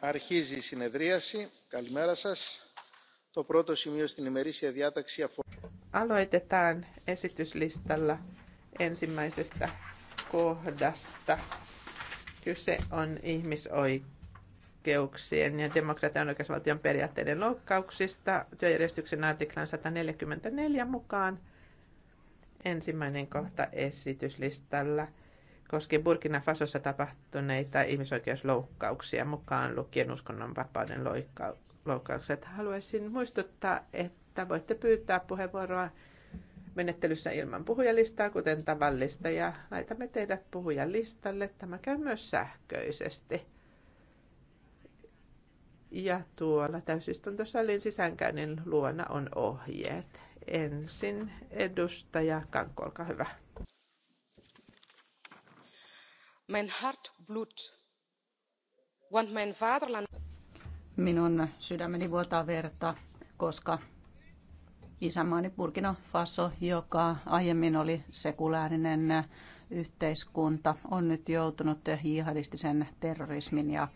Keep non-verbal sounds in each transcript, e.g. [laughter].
αρχίζει η συνεδρίαση. Καλημέρα σας. Το πρώτο σημείο στην ημερήσια διάταξη αφορά... Aloitetaan esityslistalla ensimmäisestä kohdasta. Kyse on ihmisoikeuksien ja demokratian oikeusvaltion periaatteiden loukkauksista työjärjestyksen artiklan 144 mukaan. Ensimmäinen kohta esityslistalla – koskien Burkina Fasossa tapahtuneita ihmisoikeusloukkauksia, mukaan lukien uskonnonvapauden loukkaukset. Haluaisin muistuttaa, että voitte pyytää puheenvuoroa menettelyssä ilman puhujalistaa, kuten tavallista, ja laitamme teidät puhujalistalle. Tämä käy myös sähköisesti. Ja tuolla täysistuntosalin sisäänkäynnin luona on ohjeet. Ensin edustaja Kankko, olkaa hyvä. Mein Hart blut. Want mein Vaterland... Minun sydämeni vuotaa verta, koska isämaani Burkina Faso, joka aiemmin oli sekulaarinen yhteiskunta, on nyt joutunut jihadistisen terrorismin ja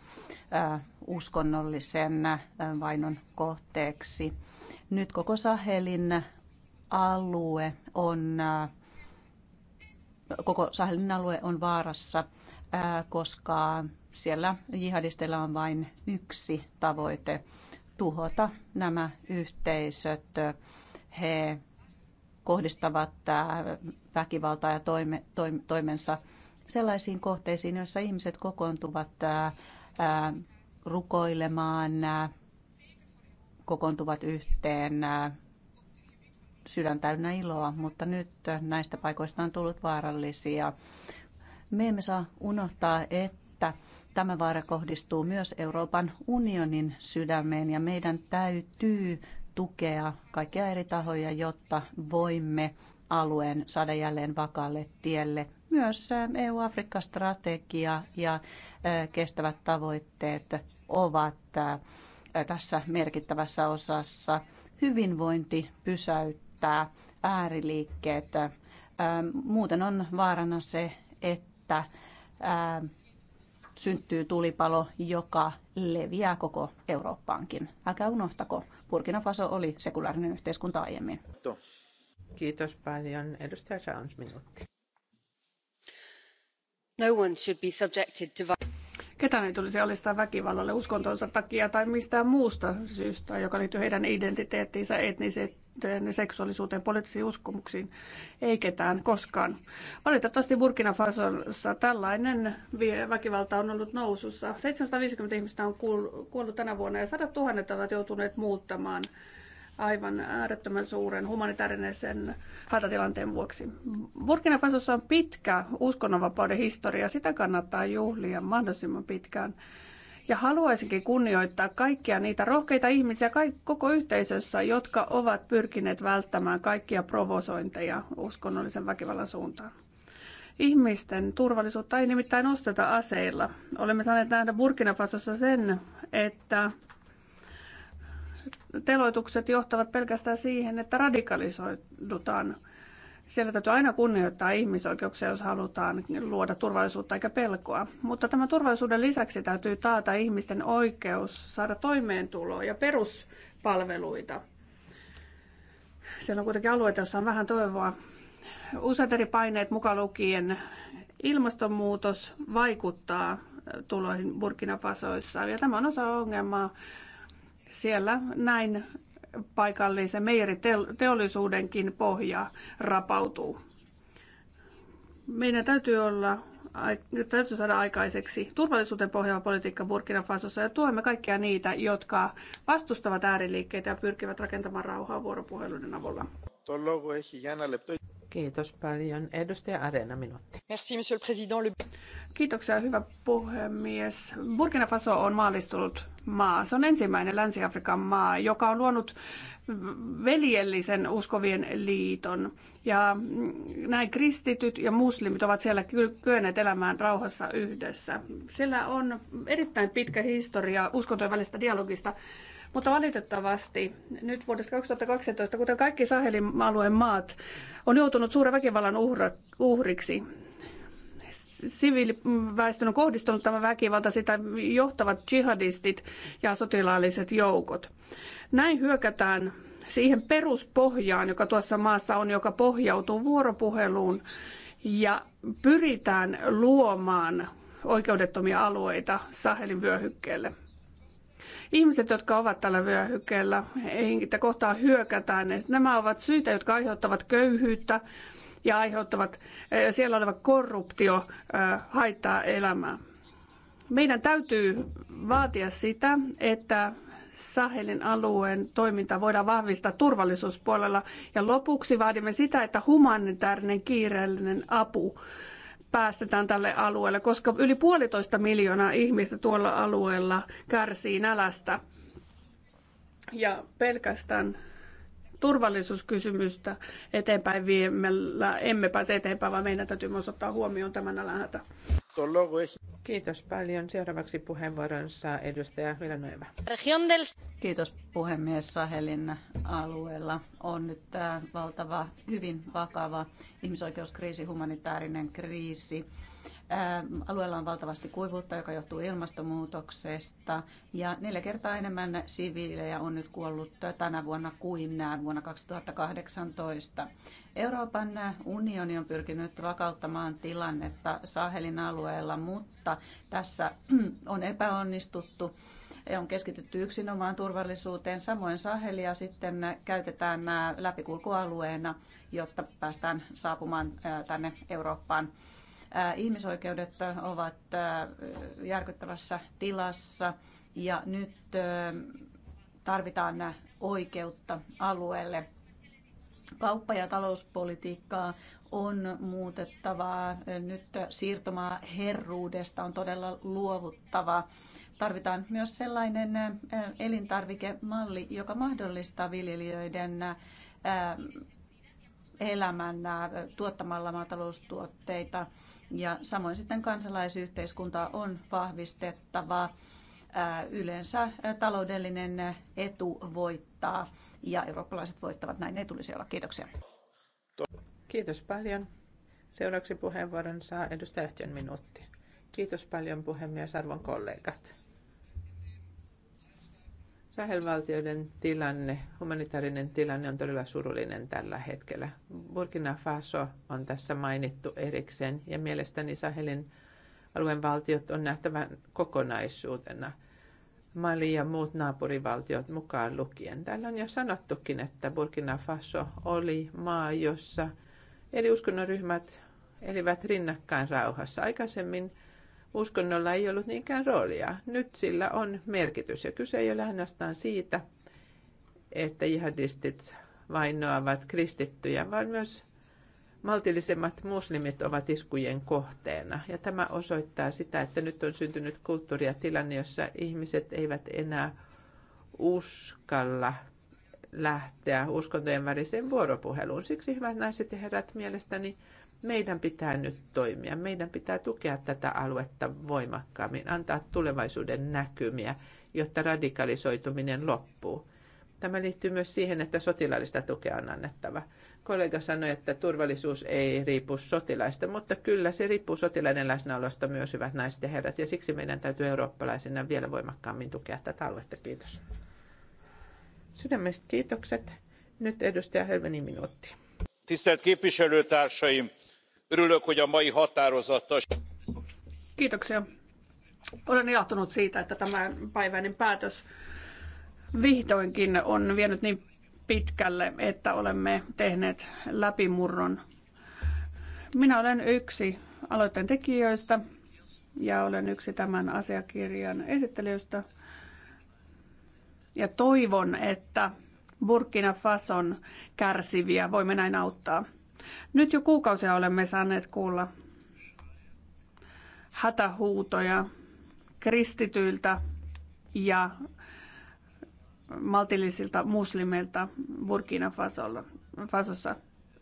uskonnollisen vainon kohteeksi. Nyt koko Sahelin alue on koko Sahelin alue on vaarassa, koska siellä jihadisteilla on vain yksi tavoite, tuhota nämä yhteisöt. He kohdistavat väkivaltaa ja toime, toim, toimensa sellaisiin kohteisiin, joissa ihmiset kokoontuvat rukoilemaan, kokoontuvat yhteen sydän täynnä iloa, mutta nyt näistä paikoista on tullut vaarallisia. Me emme saa unohtaa, että tämä vaara kohdistuu myös Euroopan unionin sydämeen ja meidän täytyy tukea kaikkia eri tahoja, jotta voimme alueen saada jälleen vakaalle tielle. Myös EU-Afrikka-strategia eh, e ja eh, kestävät tavoitteet ovat eh, tässä merkittävässä osassa. Hyvinvointi pysäyttää estää ääriliikkeet. Muuten on vaarana se, että syntyy tulipalo, joka leviää koko Eurooppaankin. Älkää unohtako, Burkina Faso oli sekulaarinen yhteiskunta aiemmin. Kiitos paljon. Edustaja Jones, minuutti. No one should be subjected to Ketään ei tulisi alistaa väkivallalle uskontonsa takia tai mistään muusta syystä, joka liittyy heidän identiteettiinsä, etnisiin? seksuaalisuuteen, poliittisiin uskomuksiin, ei ketään koskaan. Valitettavasti Burkina Fasossa tällainen väkivalta on ollut nousussa. 750 ihmistä on kuollut tänä vuonna ja sadat tuhannet ovat joutuneet muuttamaan aivan äärettömän suuren humanitaarinen hätätilanteen vuoksi. Burkina Fasossa on pitkä uskonnonvapauden historia. Sitä kannattaa juhlia mahdollisimman pitkään. Ja haluaisinkin kunnioittaa kaikkia niitä rohkeita ihmisiä koko yhteisössä, jotka ovat pyrkineet välttämään kaikkia provosointeja uskonnollisen väkivallan suuntaan. Ihmisten turvallisuutta ei nimittäin nosteta aseilla. Olemme saaneet nähdä Burkina Fasossa sen, että teloitukset johtavat pelkästään siihen, että radikalisoidutaan – siellä täytyy aina kunnioittaa ihmisoikeuksia, jos halutaan luoda turvallisuutta eikä pelkoa. Mutta tämän turvallisuuden lisäksi täytyy taata ihmisten oikeus saada toimeentuloa ja peruspalveluita. Siellä on kuitenkin alueita, joissa on vähän toivoa. Useat eri paineet mukaan lukien ilmastonmuutos vaikuttaa tuloihin Burkina Fasoissa. Ja tämä on osa ongelmaa. Siellä näin paikallisen meijeriteollisuudenkin pohja rapautuu. Meidän täytyy olla täytyy saada aikaiseksi turvallisuuteen pohjaava politiikka Burkina Fasossa ja tuemme kaikkia niitä, jotka vastustavat ääriliikkeitä ja pyrkivät rakentamaan rauhaa vuoropuheluiden avulla. Kiitos paljon. Edustaja arena minuutti. Merci, monsieur le président. Kiitoksia, hyvä puhemies. Burkina Faso on maallistunut maa. Se on ensimmäinen Länsi-Afrikan maa, joka on luonut veljellisen uskovien liiton. Ja näin kristityt ja muslimit ovat siellä kyenneet elämään rauhassa yhdessä. Siellä on erittäin pitkä historia uskontojen välistä dialogista, mutta valitettavasti nyt vuodesta 2012, kuten kaikki Sahelin alueen maat, on joutunut suuren väkivallan uhriksi siviiliväestön on kohdistunut tämä väkivalta, sitä johtavat jihadistit ja sotilaalliset joukot. Näin hyökätään siihen peruspohjaan, joka tuossa maassa on, joka pohjautuu vuoropuheluun ja pyritään luomaan oikeudettomia alueita Sahelin vyöhykkeelle. Ihmiset, jotka ovat tällä vyöhykkeellä, heitä kohtaan hyökätään. Nämä ovat syitä, jotka aiheuttavat köyhyyttä, ja aiheuttavat eh, siellä oleva korruptio eh, haittaa elämää. Meidän täytyy vaatia sitä, että Sahelin alueen toiminta voidaan vahvistaa turvallisuuspuolella. Ja lopuksi vaadimme sitä, että humanitaarinen kiireellinen apu päästetään tälle alueelle, koska yli puolitoista miljoonaa ihmistä tuolla alueella kärsii nälästä. Ja pelkästään turvallisuuskysymystä eteenpäin viemällä emme pääse eteenpäin, vaan meidän täytyy myös ottaa huomioon tämän alahätä. Kiitos paljon. Seuraavaksi puheenvuoron saa edustaja Villanueva. Kiitos puhemies. Sahelin alueella on nyt äh, valtava, hyvin vakava ihmisoikeuskriisi, humanitaarinen kriisi Alueella on valtavasti kuivuutta, joka johtuu ilmastonmuutoksesta. Ja neljä kertaa enemmän siviilejä on nyt kuollut tänä vuonna kuin vuonna 2018. Euroopan unioni on pyrkinyt vakauttamaan tilannetta Sahelin alueella, mutta tässä [clears throat] on epäonnistuttu on keskitytty yksinomaan turvallisuuteen. Samoin Sahelia sitten käytetään läpikulkualueena, jotta päästään saapumaan tänne Eurooppaan Ihmisoikeudet ovat järkyttävässä tilassa ja nyt tarvitaan oikeutta alueelle. Kauppa- ja talouspolitiikkaa on muutettava. Nyt siirtomaa herruudesta on todella luovuttava. Tarvitaan myös sellainen elintarvikemalli, joka mahdollistaa viljelijöiden elämän tuottamalla maataloustuotteita ja samoin sitten kansalaisyhteiskuntaa on vahvistettava. Äh, yleensä äh, taloudellinen etu voittaa ja eurooppalaiset voittavat. Näin ei tulisi olla. Kiitoksia. Kiitos paljon. Seuraavaksi puheenvuoron saa edustaja minuutti. Kiitos paljon puhemies, arvon kollegat. Sahelvaltioiden tilanne, humanitaarinen tilanne on todella surullinen tällä hetkellä. Burkina Faso on tässä mainittu erikseen ja mielestäni Sahelin alueen valtiot on nähtävä kokonaisuutena. Mali ja muut naapurivaltiot mukaan lukien. Täällä on jo sanottukin, että Burkina Faso oli maa, jossa eri uskonnonryhmät elivät rinnakkain rauhassa. Aikaisemmin uskonnolla ei ollut niinkään roolia. Nyt sillä on merkitys ja kyse ei ole ainoastaan siitä, että jihadistit vainoavat kristittyjä, vaan myös maltillisemmat muslimit ovat iskujen kohteena. Ja tämä osoittaa sitä, että nyt on syntynyt kulttuuri ja tilanne, jossa ihmiset eivät enää uskalla lähteä uskontojen väliseen vuoropuheluun. Siksi, hyvät naiset ja herrat, mielestäni meidän pitää nyt toimia. Meidän pitää tukea tätä aluetta voimakkaammin, antaa tulevaisuuden näkymiä, jotta radikalisoituminen loppuu. Tämä liittyy myös siihen, että sotilaallista tukea on annettava. Kollega sanoi, että turvallisuus ei riipu sotilaista, mutta kyllä se riippuu sotilaiden läsnäolosta myös, hyvät naiset ja herrat, ja siksi meidän täytyy eurooppalaisina vielä voimakkaammin tukea tätä aluetta. Kiitos. Sydämestä kiitokset. Nyt edustaja Helveni minuutti. Tisztelt képviselőtársaim! örülök hogy a mai határozattal. kiitoksia. olen ilahtunut siitä että tämä päiväinen päätös vihdoinkin on vienyt niin pitkälle että olemme tehneet läpimurron. minä olen yksi aloitteen tekijöistä ja olen yksi tämän asiakirjan esittelijöistä ja toivon että Burkina Fason kärsiviä voimme näin auttaa. Nyt jo kuukausia olemme saaneet kuulla hätähuutoja kristityiltä ja maltillisilta muslimeilta Burkina Fasolla, Fasossa.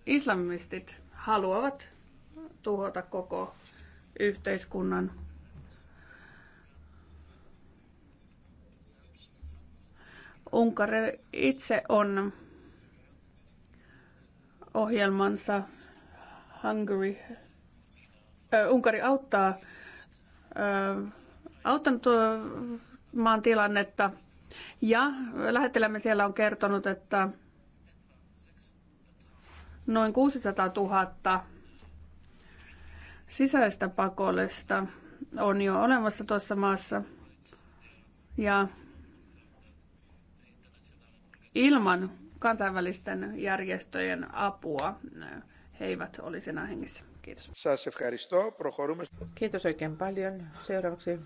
Islamistit haluavat tuhota koko yhteiskunnan. Unkari itse on ohjelmansa Hungary, äh, Unkari auttaa äh, auttanut maan tilannetta. Ja lähettelemme siellä on kertonut, että noin 600 000 sisäistä pakollista on jo olemassa tuossa maassa. Ja ilman kansainvälisten järjestöjen apua, he eivät olisi enää hengissä. Kiitos. Kiitos oikein paljon. Seuraavaksi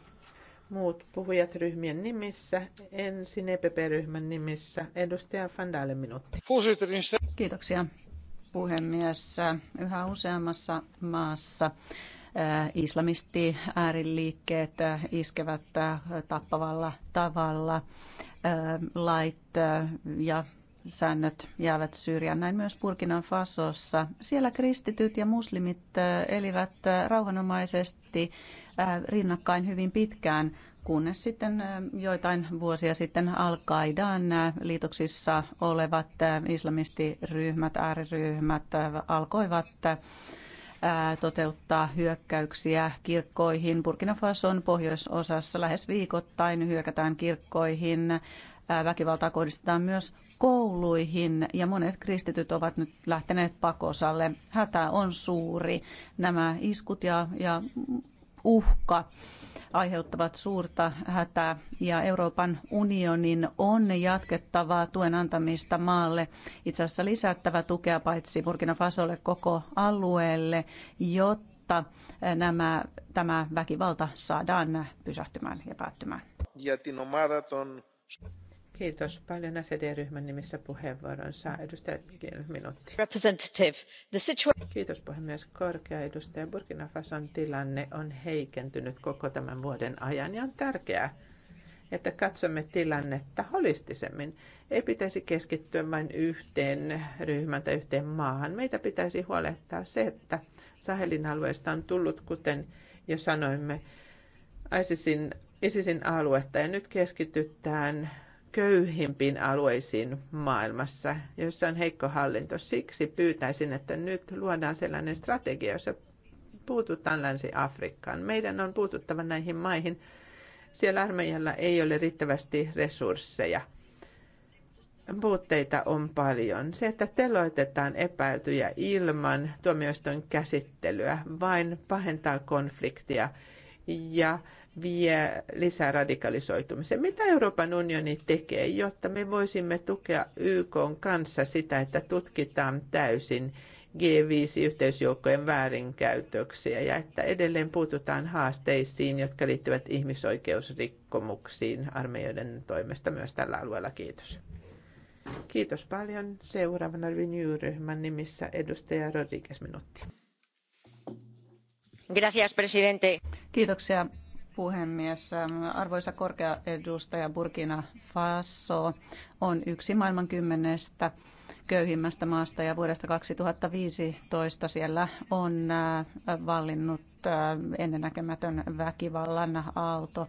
muut puhujat ryhmien nimissä. Ensin EPP-ryhmän nimissä edustaja Fandale minuutti. Kiitoksia puhemies. Yhä useammassa maassa eh, islamisti ääriliikkeet eh, iskevät eh, tappavalla tavalla lait ja säännöt jäävät syrjään, näin myös Burkinan Fasossa. Siellä kristityt ja muslimit äh, elivät äh, rauhanomaisesti äh, rinnakkain hyvin pitkään, kunnes sitten joitain vuosia sitten Al-Qaidaan liitoksissa olevat islamistiryhmät, ääriryhmät alkoivat toteuttaa hyökkäyksiä kirkkoihin. Burkina Fason pohjoisosassa lähes viikoittain hyökätään kirkkoihin. Väkivaltaa kohdistetaan myös kouluihin ja monet kristityt ovat nyt lähteneet pakosalle. Hätä on suuri. Nämä iskut ja, ja uhka aiheuttavat suurta hätää ja Euroopan unionin on jatkettavaa tuen antamista maalle, itse asiassa lisättävä tukea paitsi Burkina Fasolle koko alueelle, jotta eh, nämä, tämä väkivalta saadaan pysähtymään ja päättymään. Kiitos paljon SED-ryhmän nimissä puheenvuoron edustaja minuutti. Kiitos puhemies. Korkea edustaja Burkina Fason tilanne on heikentynyt koko tämän vuoden ajan ja on tärkeää, että katsomme tilannetta holistisemmin. Ei pitäisi keskittyä vain yhteen ryhmään tai yhteen maahan. Meitä pitäisi huolehtia se, että Sahelin alueesta on tullut, kuten jo sanoimme, ISISin, ISISin aluetta ja nyt keskitytään köyhimpiin alueisiin maailmassa, jossa on heikko hallinto. Siksi pyytäisin, että nyt luodaan sellainen strategia, jossa puututaan Länsi-Afrikkaan. Meidän on puututtava näihin maihin. Siellä armeijalla ei ole riittävästi resursseja. Puutteita on paljon. Se, että teloitetaan epäiltyjä ilman tuomioistuin käsittelyä, vain pahentaa konfliktia ja vie lisää radikalisoitumiseen. Mitä Euroopan unioni tekee, jotta me voisimme tukea YK kanssa sitä, että tutkitaan täysin G5-yhteisjoukkojen väärinkäytöksiä ja että edelleen puututaan haasteisiin, jotka liittyvät ihmisoikeusrikkomuksiin armeijoiden toimesta myös tällä alueella. Kiitos. Kiitos paljon. Seuraavana Renew-ryhmän nimissä edustaja Rodriguez Minotti. Gracias, presidente. Kiitoksia puhemies. Arvoisa korkea edustaja Burkina Faso on yksi maailman kymmenestä köyhimmästä maasta ja vuodesta 2015 siellä on äh, vallinnut äh, ennennäkemätön väkivallan aalto.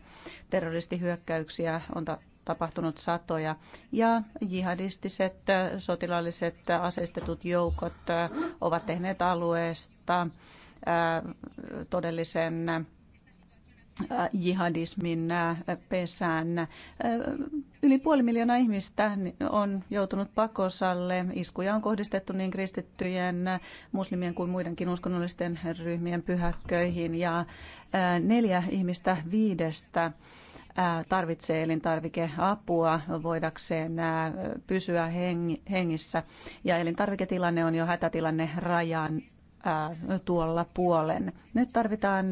Terroristihyökkäyksiä on tapahtunut satoja ja jihadistiset äh, sotilaalliset aseistetut joukot ovat tehneet alueesta todellisen Äh, jihadismin äh, pesään. Äh, yli puoli miljoonaa ihmistä on joutunut pakosalle. Iskuja on kohdistettu niin kristittyjen, muslimien kuin muidenkin uskonnollisten ryhmien pyhäkköihin. Ja neljä ihmistä viidestä tarvitsee elintarvikeapua voidakseen pysyä hengissä. Ja elintarviketilanne on jo hätätilanne rajan tuolla puolen. Nyt tarvitaan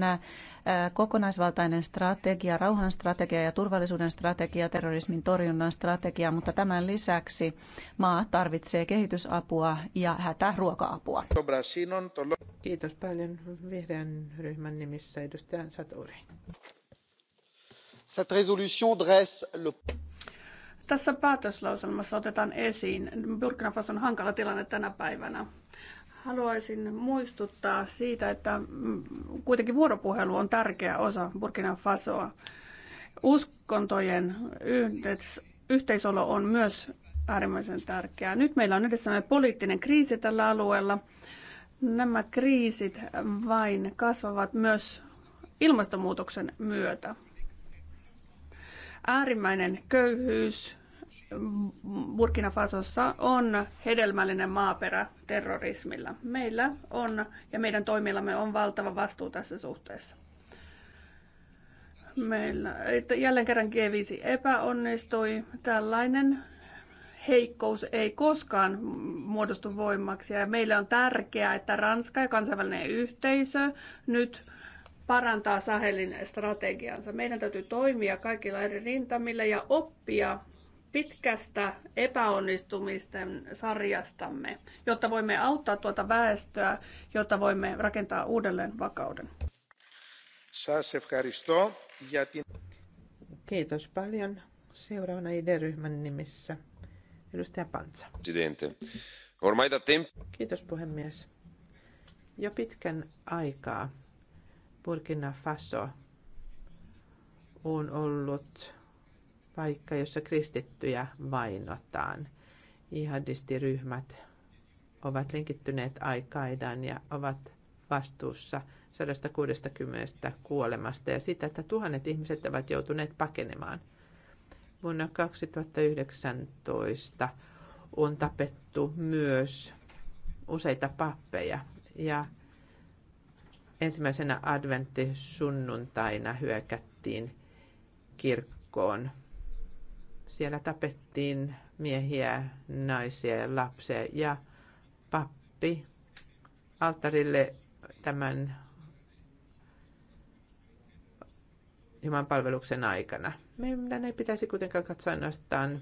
kokonaisvaltainen strategia, rauhan strategia ja turvallisuuden strategia, terrorismin torjunnan strategia, mutta tämän lisäksi maa tarvitsee kehitysapua ja hätäruoka-apua. Kiitos paljon vihreän ryhmän nimissä edustaja Satori. Cette résolution dresse le... Tässä päätöslauselmassa otetaan esiin Burkina Fason hankala tilanne tänä päivänä Haluaisin muistuttaa siitä, että kuitenkin vuoropuhelu on tärkeä osa Burkina Fasoa. Uskontojen yhteisolo on myös äärimmäisen tärkeää. Nyt meillä on edessämme poliittinen kriisi tällä alueella. Nämä kriisit vain kasvavat myös ilmastonmuutoksen myötä. Äärimmäinen köyhyys, Burkina Fasossa on hedelmällinen maaperä terrorismilla. Meillä on ja meidän toimillamme on valtava vastuu tässä suhteessa. Meillä, että jälleen kerran G5 epäonnistui. Tällainen heikkous ei koskaan muodostu voimaksi. Ja meille on tärkeää, että Ranska ja kansainvälinen yhteisö nyt parantaa Sahelin strategiansa. Meidän täytyy toimia kaikilla eri rintamilla ja oppia pitkästä epäonnistumisten sarjastamme, jotta voimme auttaa tuota väestöä, jotta voimme rakentaa uudelleen vakauden. Kiitos paljon. Seuraavana ideryhmän nimissä edustaja Pantsa. Kiitos puhemies. Jo pitkän aikaa Burkina Faso on ollut paikka, jossa kristittyjä vainotaan. Jihadistiryhmät ovat linkittyneet aikaidan ja ovat vastuussa 160 kuolemasta ja sitä, että tuhannet ihmiset ovat joutuneet pakenemaan. Vuonna 2019 on tapettu myös useita pappeja ja ensimmäisenä adventtisunnuntaina hyökättiin kirkkoon siellä tapettiin miehiä, naisia ja lapsia ja pappi alttarille tämän Jumalan palveluksen aikana. Meidän ei pitäisi kuitenkaan katsoa ainoastaan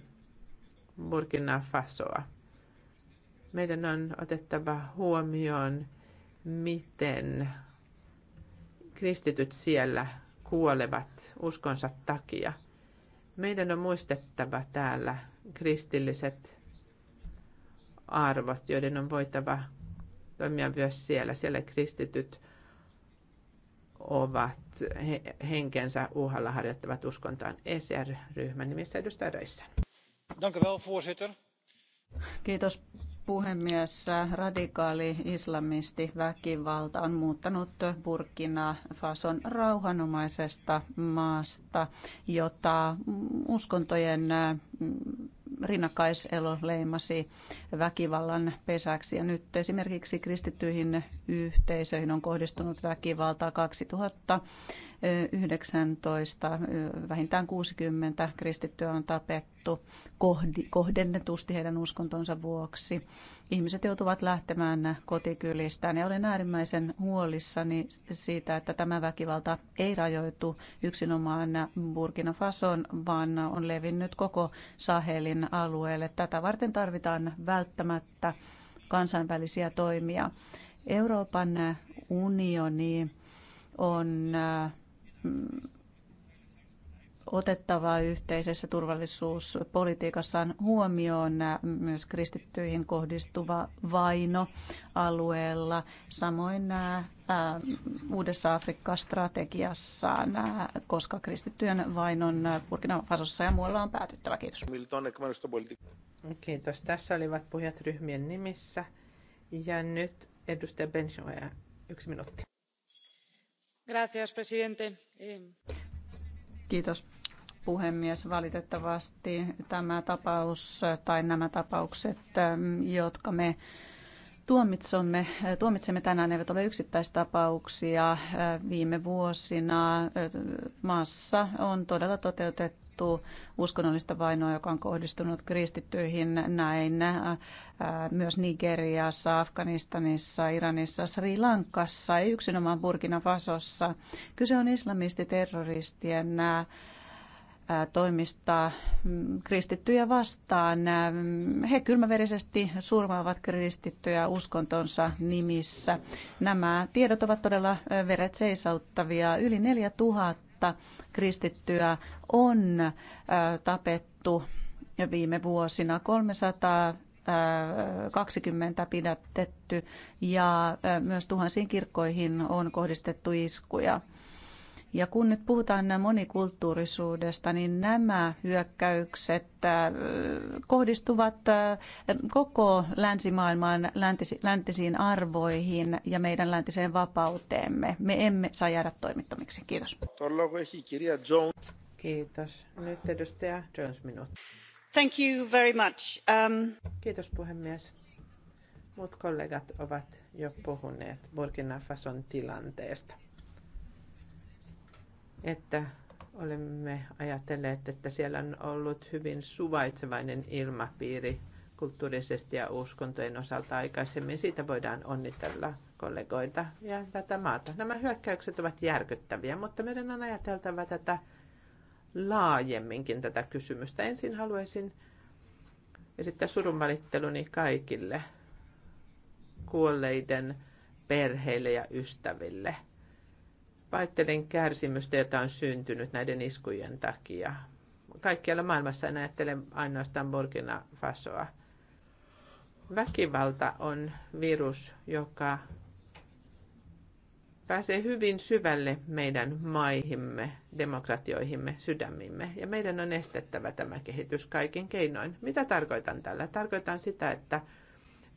Burkina Fasoa. Meidän on otettava huomioon, miten kristityt siellä kuolevat uskonsa takia. Meidän on muistettava täällä kristilliset arvot, joiden on voitava toimia myös siellä. Siellä kristityt ovat henkensä uhalla harjoittavat uskontaan ECR-ryhmän nimissä edustaja Reissan. Kiitos puhemies, radikaali islamisti väkivalta on muuttanut Burkina Fason rauhanomaisesta maasta, jota uskontojen mm, rinnakkaiselo leimasi väkivallan pesäksi. Ja nyt esimerkiksi kristittyihin yhteisöihin on kohdistunut väkivaltaa 2000 19 vähintään 60 kristittyä on tapettu kohdennetusti heidän uskontonsa vuoksi. Ihmiset joutuvat lähtemään kotikylistään ja olen äärimmäisen huolissani siitä, että tämä väkivalta ei rajoitu yksinomaan Burkina Fason, vaan on levinnyt koko Sahelin alueelle. Tätä varten tarvitaan välttämättä kansainvälisiä toimia. Euroopan unioni on Mm, otettava yhteisessä turvallisuuspolitiikassaan huomioon myös kristittyihin kohdistuva vaino alueella, samoin ää, Uudessa Afrikka-strategiassaan, koska kristittyjen vainon Burkina Fasossa ja muualla on päätyttävä. Kiitos. Kiitos. Tässä olivat puhujat ryhmien nimissä. Ja nyt edustaja Benjoa, yksi minuutti arvoisa puhemies eh, puhemies. Valitettavasti tämä tapaus tai nämä tapaukset, ähm, jotka me tuomitsemme, äh, tuomitsemme tänään, eivät ole yksittäistapauksia. Äh, viime vuosina äh, maassa on todella toteutettu tapahtuu uskonnollista vainoa, joka on kohdistunut kristittyihin näin äh, äh, myös Nigeriassa, Afganistanissa, Iranissa, Sri Lankassa ja yksinomaan Burkina Fasossa. Kyse on islamistiterroristien äh, toimista mm, kristittyjä vastaan. He kylmäverisesti surmaavat kristittyjä uskontonsa nimissä. Nämä tiedot ovat todella veret seisauttavia. Yli 4000 000 kristittyä on tapettu viime vuosina, 300 pidätetty ja myös tuhansiin kirkkoihin on kohdistettu iskuja. Ja kun nyt puhutaan monikulttuurisuudesta, niin nämä hyökkäykset äh, kohdistuvat äh, koko länsimaailmaan, läntisiin arvoihin ja meidän läntiseen vapauteemme. Me emme saa jäädä toimittomiksi. Kiitos. Kiitos. Nyt edustaja Jones minuutti. Thank you very much. Um... Kiitos puhemies. Muut kollegat ovat jo puhuneet Burkina Fason tilanteesta että olemme ajatelleet, että siellä on ollut hyvin suvaitsevainen ilmapiiri kulttuurisesti ja uskontojen osalta aikaisemmin. Siitä voidaan onnitella kollegoita ja tätä maata. Nämä hyökkäykset ovat järkyttäviä, mutta meidän on ajateltava tätä laajemminkin tätä kysymystä. Ensin haluaisin esittää surunvalitteluni kaikille kuolleiden perheille ja ystäville – Pahoittelen kärsimystä, jota on syntynyt näiden iskujen takia. Kaikkialla maailmassa en ajattele ainoastaan Burkina Fasoa. Väkivalta on virus, joka pääsee hyvin syvälle meidän maihimme, demokratioihimme, sydämimme. Ja meidän on estettävä tämä kehitys kaikin keinoin. Mitä tarkoitan tällä? Tarkoitan sitä, että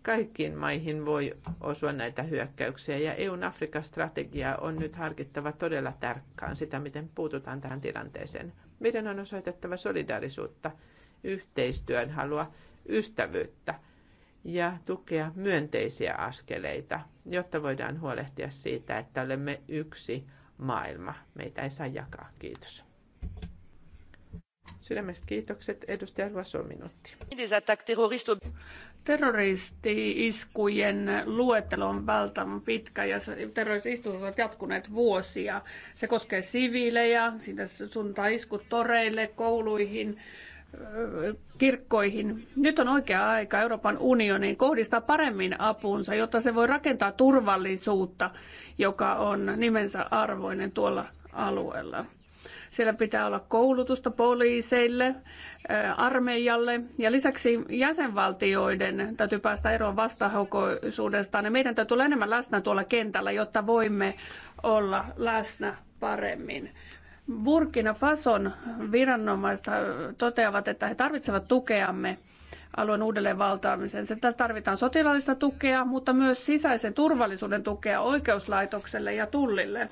kaikkiin maihin voi osua näitä hyökkäyksiä ja EUn Afrikka-strategia on nyt harkittava todella tarkkaan sitä, miten puututaan tähän tilanteeseen. Meidän on osoitettava solidaarisuutta, yhteistyön halua, ystävyyttä ja tukea myönteisiä askeleita, jotta voidaan huolehtia siitä, että olemme yksi maailma. Meitä ei saa jakaa. Kiitos. Sydämestä kiitokset. Edustaja Ruoso minuutti Terroristi-iskujen luettelo on valtavan pitkä ja terroristi ovat jatkuneet vuosia. Se koskee siviilejä, siitä suuntaan iskut toreille, kouluihin, kirkkoihin. Nyt on oikea aika Euroopan unionin kohdistaa paremmin apunsa, jotta se voi rakentaa turvallisuutta, joka on nimensä arvoinen tuolla alueella. Siellä pitää olla koulutusta poliiseille, armeijalle ja lisäksi jäsenvaltioiden täytyy päästä eroon vastahakoisuudestaan ja meidän täytyy olla enemmän läsnä tuolla kentällä, jotta voimme olla läsnä paremmin. Burkina Fason viranomaista toteavat, että he tarvitsevat tukeamme alueen uudelleen valtaamiseen. Sitä tarvitaan sotilaallista tukea, mutta myös sisäisen turvallisuuden tukea oikeuslaitokselle ja tullille.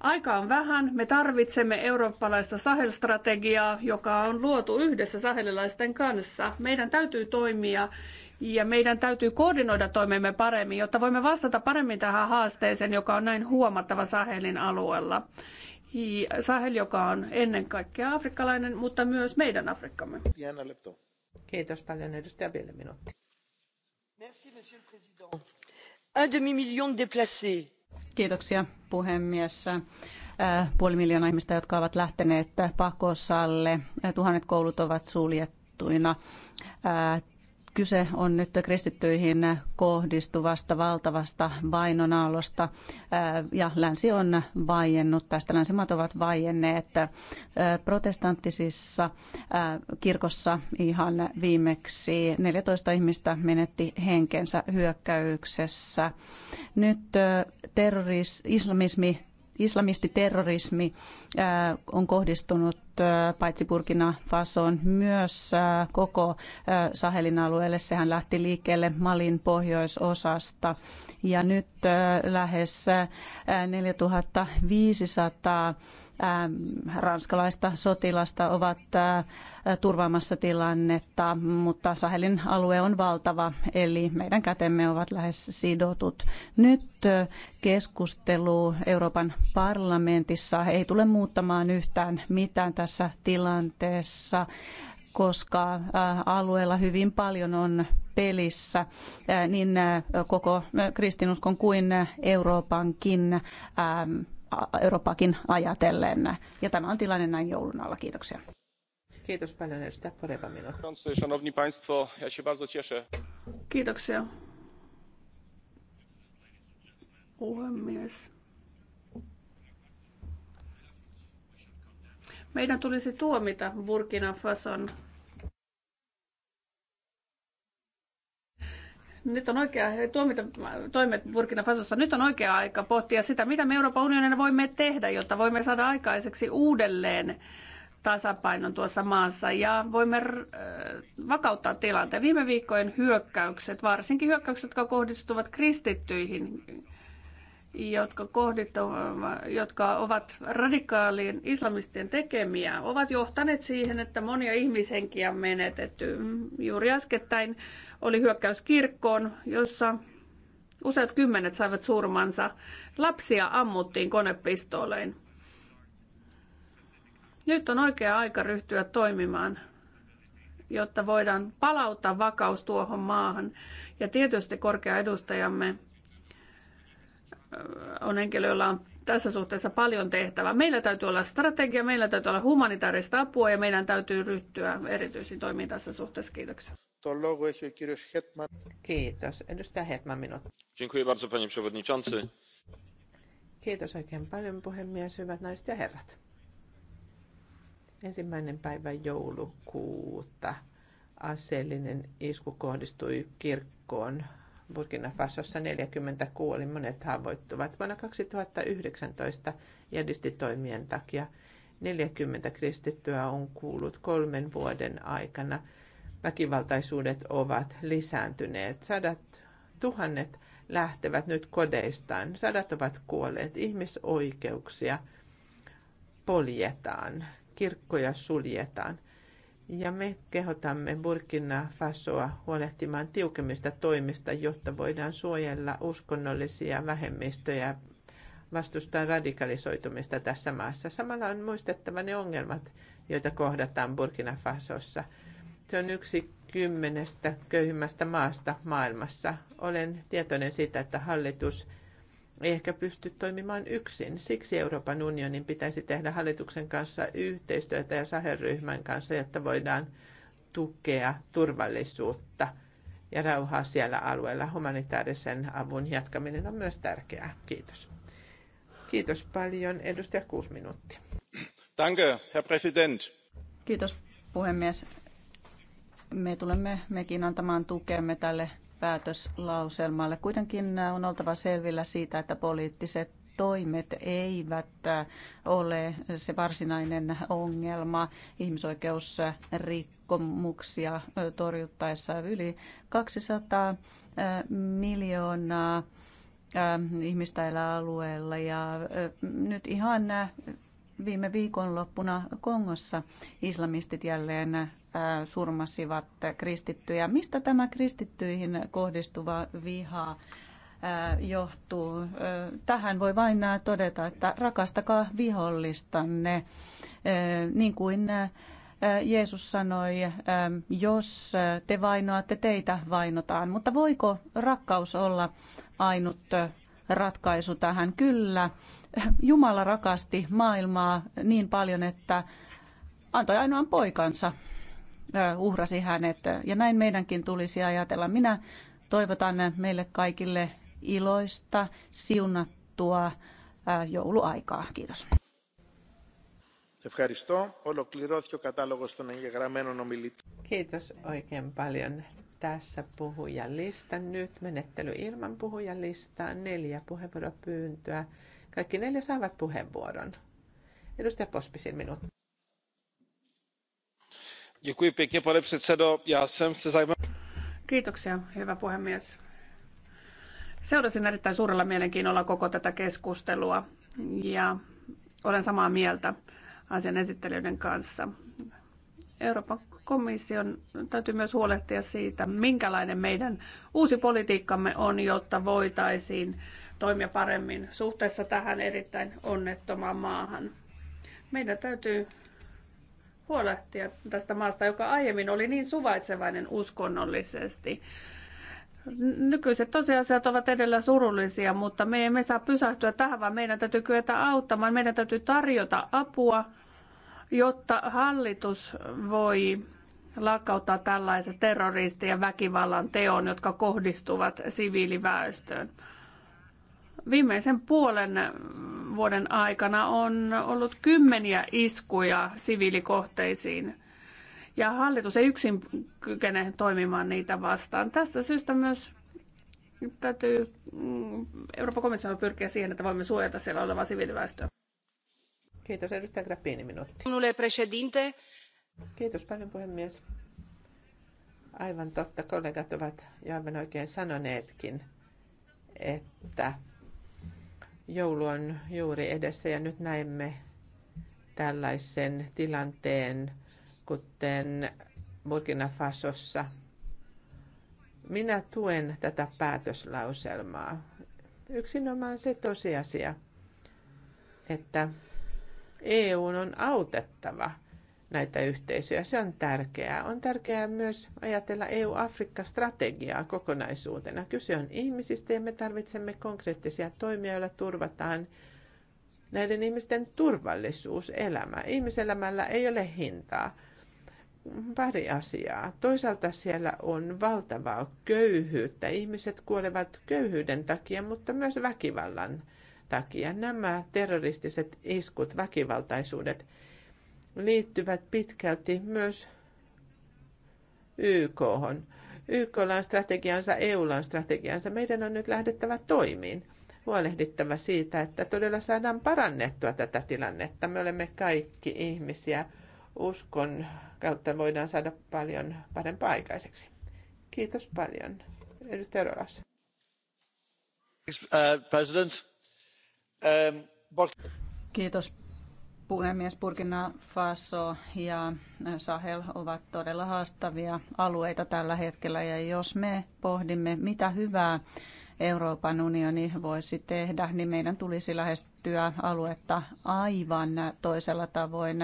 Aika on vähän. Me tarvitsemme eurooppalaista Sahel-strategiaa, joka on luotu yhdessä sahelilaisten kanssa. Meidän täytyy toimia ja meidän täytyy koordinoida toimemme paremmin, jotta voimme vastata paremmin tähän haasteeseen, joka on näin huomattava Sahelin alueella. Sahel, joka on ennen kaikkea afrikkalainen, mutta myös meidän Afrikkamme. Kiitos paljon, edustaja minuutti. Merci, monsieur le président. Un demi-million de déplacés Kiitoksia puhemies. Äh, puoli miljoonaa ihmistä, jotka ovat lähteneet pakosalle. Äh, tuhannet koulut ovat suljettuina. Äh, Kyse on nyt kristittyihin kohdistuvasta valtavasta vainonaalosta ja länsi on vaiennut tästä. Länsimaat ovat vaienneet protestanttisissa kirkossa ihan viimeksi 14 ihmistä menetti henkensä hyökkäyksessä. Nyt terroris, islamismi Islamistiterrorismi äh, on kohdistunut äh, paitsi Burkina Fasoon myös äh, koko Sahelin alueelle. Sehän lähti liikkeelle Malin pohjoisosasta ja nyt lähes 4500 Ähm, ranskalaista sotilasta ovat äh, turvaamassa tilannetta, mutta Sahelin alue on valtava, eli meidän kätemme ovat lähes sidotut. Nyt äh, keskustelu Euroopan parlamentissa ei tule muuttamaan yhtään mitään tässä tilanteessa koska äh, alueella hyvin paljon on pelissä niin koko kristinuskon kuin Euroopankin ähm, Eurooppaakin ajatellen. Ja tämä on tilanne näin joulun alla. Kiitoksia. Kiitos paljon, edustaja Poreva minuutti. ja Kiitoksia. Puhemies. Meidän tulisi tuomita Burkina Fason nyt on oikea tuomita toimet Burkina Fasossa. Nyt on oikea aika pohtia sitä, mitä me Euroopan unionina voimme tehdä, jotta voimme saada aikaiseksi uudelleen tasapainon tuossa maassa ja voimme äh, vakauttaa tilanteen. Viime viikkojen hyökkäykset, varsinkin hyökkäykset, jotka kohdistuvat kristittyihin, jotka, jotka ovat radikaalien islamistien tekemiä, ovat johtaneet siihen, että monia ihmishenkiä on menetetty. Mm, juuri äskettäin oli hyökkäys kirkkoon, jossa useat kymmenet saivat surmansa. Lapsia ammuttiin konepistoolein. Nyt on oikea aika ryhtyä toimimaan, jotta voidaan palauttaa vakaus tuohon maahan. Ja tietysti korkea edustajamme on henkilö, jolla on tässä suhteessa paljon tehtävää. Meillä täytyy olla strategia, meillä täytyy olla humanitaarista apua ja meidän täytyy ryhtyä erityisiin toimiin tässä suhteessa. Kiitoksia. Kiitos. Edustaja Hetman minut. Dziękuję bardzo, panie przewodniczący. Kiitos oikein paljon puhemies, hyvät naiset ja herrat. Ensimmäinen päivä joulukuuta aseellinen isku kohdistui kirkkoon Burkina Fasossa 40 kuoli, monet haavoittuvat. Vuonna 2019 jihadistitoimien takia 40 kristittyä on kuullut kolmen vuoden aikana. Väkivaltaisuudet ovat lisääntyneet. Sadat tuhannet lähtevät nyt kodeistaan. Sadat ovat kuolleet. Ihmisoikeuksia poljetaan. Kirkkoja suljetaan. Ja me kehotamme Burkina Fasoa huolehtimaan tiukemmista toimista, jotta voidaan suojella uskonnollisia vähemmistöjä vastustaa radikalisoitumista tässä maassa. Samalla on muistettava ne ongelmat, joita kohdataan Burkina Fasossa. Se on yksi kymmenestä köyhimmästä maasta maailmassa. Olen tietoinen siitä, että hallitus ei ehkä pysty toimimaan yksin. Siksi Euroopan unionin pitäisi tehdä hallituksen kanssa yhteistyötä ja sahelryhmän kanssa, jotta voidaan tukea turvallisuutta ja rauhaa siellä alueella. Humanitaarisen avun jatkaminen on myös tärkeää. Kiitos. Kiitos paljon. Edustaja kuusi minuuttia. Danke, Herr Präsident. Kiitos puhemies. Me tulemme mekin antamaan tukemme tälle päätöslauselmalle. Kuitenkin on oltava selvillä siitä, että poliittiset toimet eivät ole se varsinainen ongelma ihmisoikeusrikkomuksia torjuttaessa. Yli 200 miljoonaa ihmistä elää alueella ja nyt ihan Viime viikonloppuna Kongossa islamistit jälleen äh, surmasivat kristittyjä. Mistä tämä kristittyihin kohdistuva viha äh, johtuu? Äh, tähän voi vain todeta, että rakastakaa vihollistanne. Niin kuin Jeesus sanoi, jos te vainoatte, teitä vainotaan. Mutta voiko rakkaus olla ainut ratkaisu tähän? Kyllä, Jumala rakasti maailmaa niin paljon, että antoi ainoan poikansa, uhrasi hänet. Ja näin meidänkin tulisi ajatella. Minä toivotan meille kaikille iloista, siunattua jouluaikaa. Kiitos. Kiitos oikein paljon. Tässä puhujalista. Nyt menettely ilman listaa. Neljä puheenvuoropyyntöä. Kaikki neljä saavat puheenvuoron. Edustaja Pospisin minuutti. pane předsedo. Já jsem se zajímal... Kiitoksia, hyvä puhemies. Seurasin erittäin suurella mielenkiinnolla koko tätä keskustelua ja olen samaa mieltä asian esittelijöiden kanssa. Euroopan komission täytyy myös huolehtia siitä, minkälainen meidän uusi politiikkamme on, jotta voitaisiin toimia paremmin suhteessa tähän erittäin onnettomaan maahan. Meidän täytyy huolehtia tästä maasta, joka aiemmin oli niin suvaitsevainen uskonnollisesti. Nykyiset tosiasiat ovat edellä surullisia, mutta me emme saa pysähtyä tähän, vaan meidän täytyy kyetä auttamaan. Meidän täytyy tarjota apua, jotta hallitus voi lakkauttaa tällaiset terroristi- ja väkivallan teon, jotka kohdistuvat siviiliväestöön. Viimeisen puolen vuoden aikana on ollut kymmeniä iskuja siviilikohteisiin ja hallitus ei yksin kykene toimimaan niitä vastaan. Tästä syystä myös täytyy mm, Euroopan komissio pyrkiä siihen, että voimme suojata siellä olevaa siviiliväestöä. Kiitos, edustaja Grappini minuutti. Kiitos paljon puhemies. Aivan totta, kollegat ovat jo aivan oikein sanoneetkin, että Joulu on juuri edessä ja nyt näemme tällaisen tilanteen, kuten Burkina Fasossa. Minä tuen tätä päätöslauselmaa. Yksinomaan se tosiasia, että EU on autettava – näitä yhteisöjä. Se on tärkeää. On tärkeää myös ajatella EU-Afrikka-strategiaa kokonaisuutena. Kyse on ihmisistä ja me tarvitsemme konkreettisia toimia, joilla turvataan näiden ihmisten turvallisuus, elämä. Ihmiselämällä ei ole hintaa. Pari asiaa. Toisaalta siellä on valtavaa köyhyyttä. Ihmiset kuolevat köyhyyden takia, mutta myös väkivallan takia. Nämä terroristiset iskut, väkivaltaisuudet, liittyvät pitkälti myös YK. -hon. YKlla on strategiansa, EU on strategiansa. Meidän on nyt lähdettävä toimiin, huolehdittava siitä, että todella saadaan parannettua tätä tilannetta. Me olemme kaikki ihmisiä. Uskon kautta voidaan saada paljon parempaa aikaiseksi. Kiitos paljon. Edustaja Rolas. Uh, um, Kiitos puhemies Burkina Faso ja Sahel ovat todella haastavia alueita tällä hetkellä ja jos me pohdimme mitä hyvää Euroopan unioni voisi tehdä, niin meidän tulisi lähestyä aluetta aivan toisella tavoin.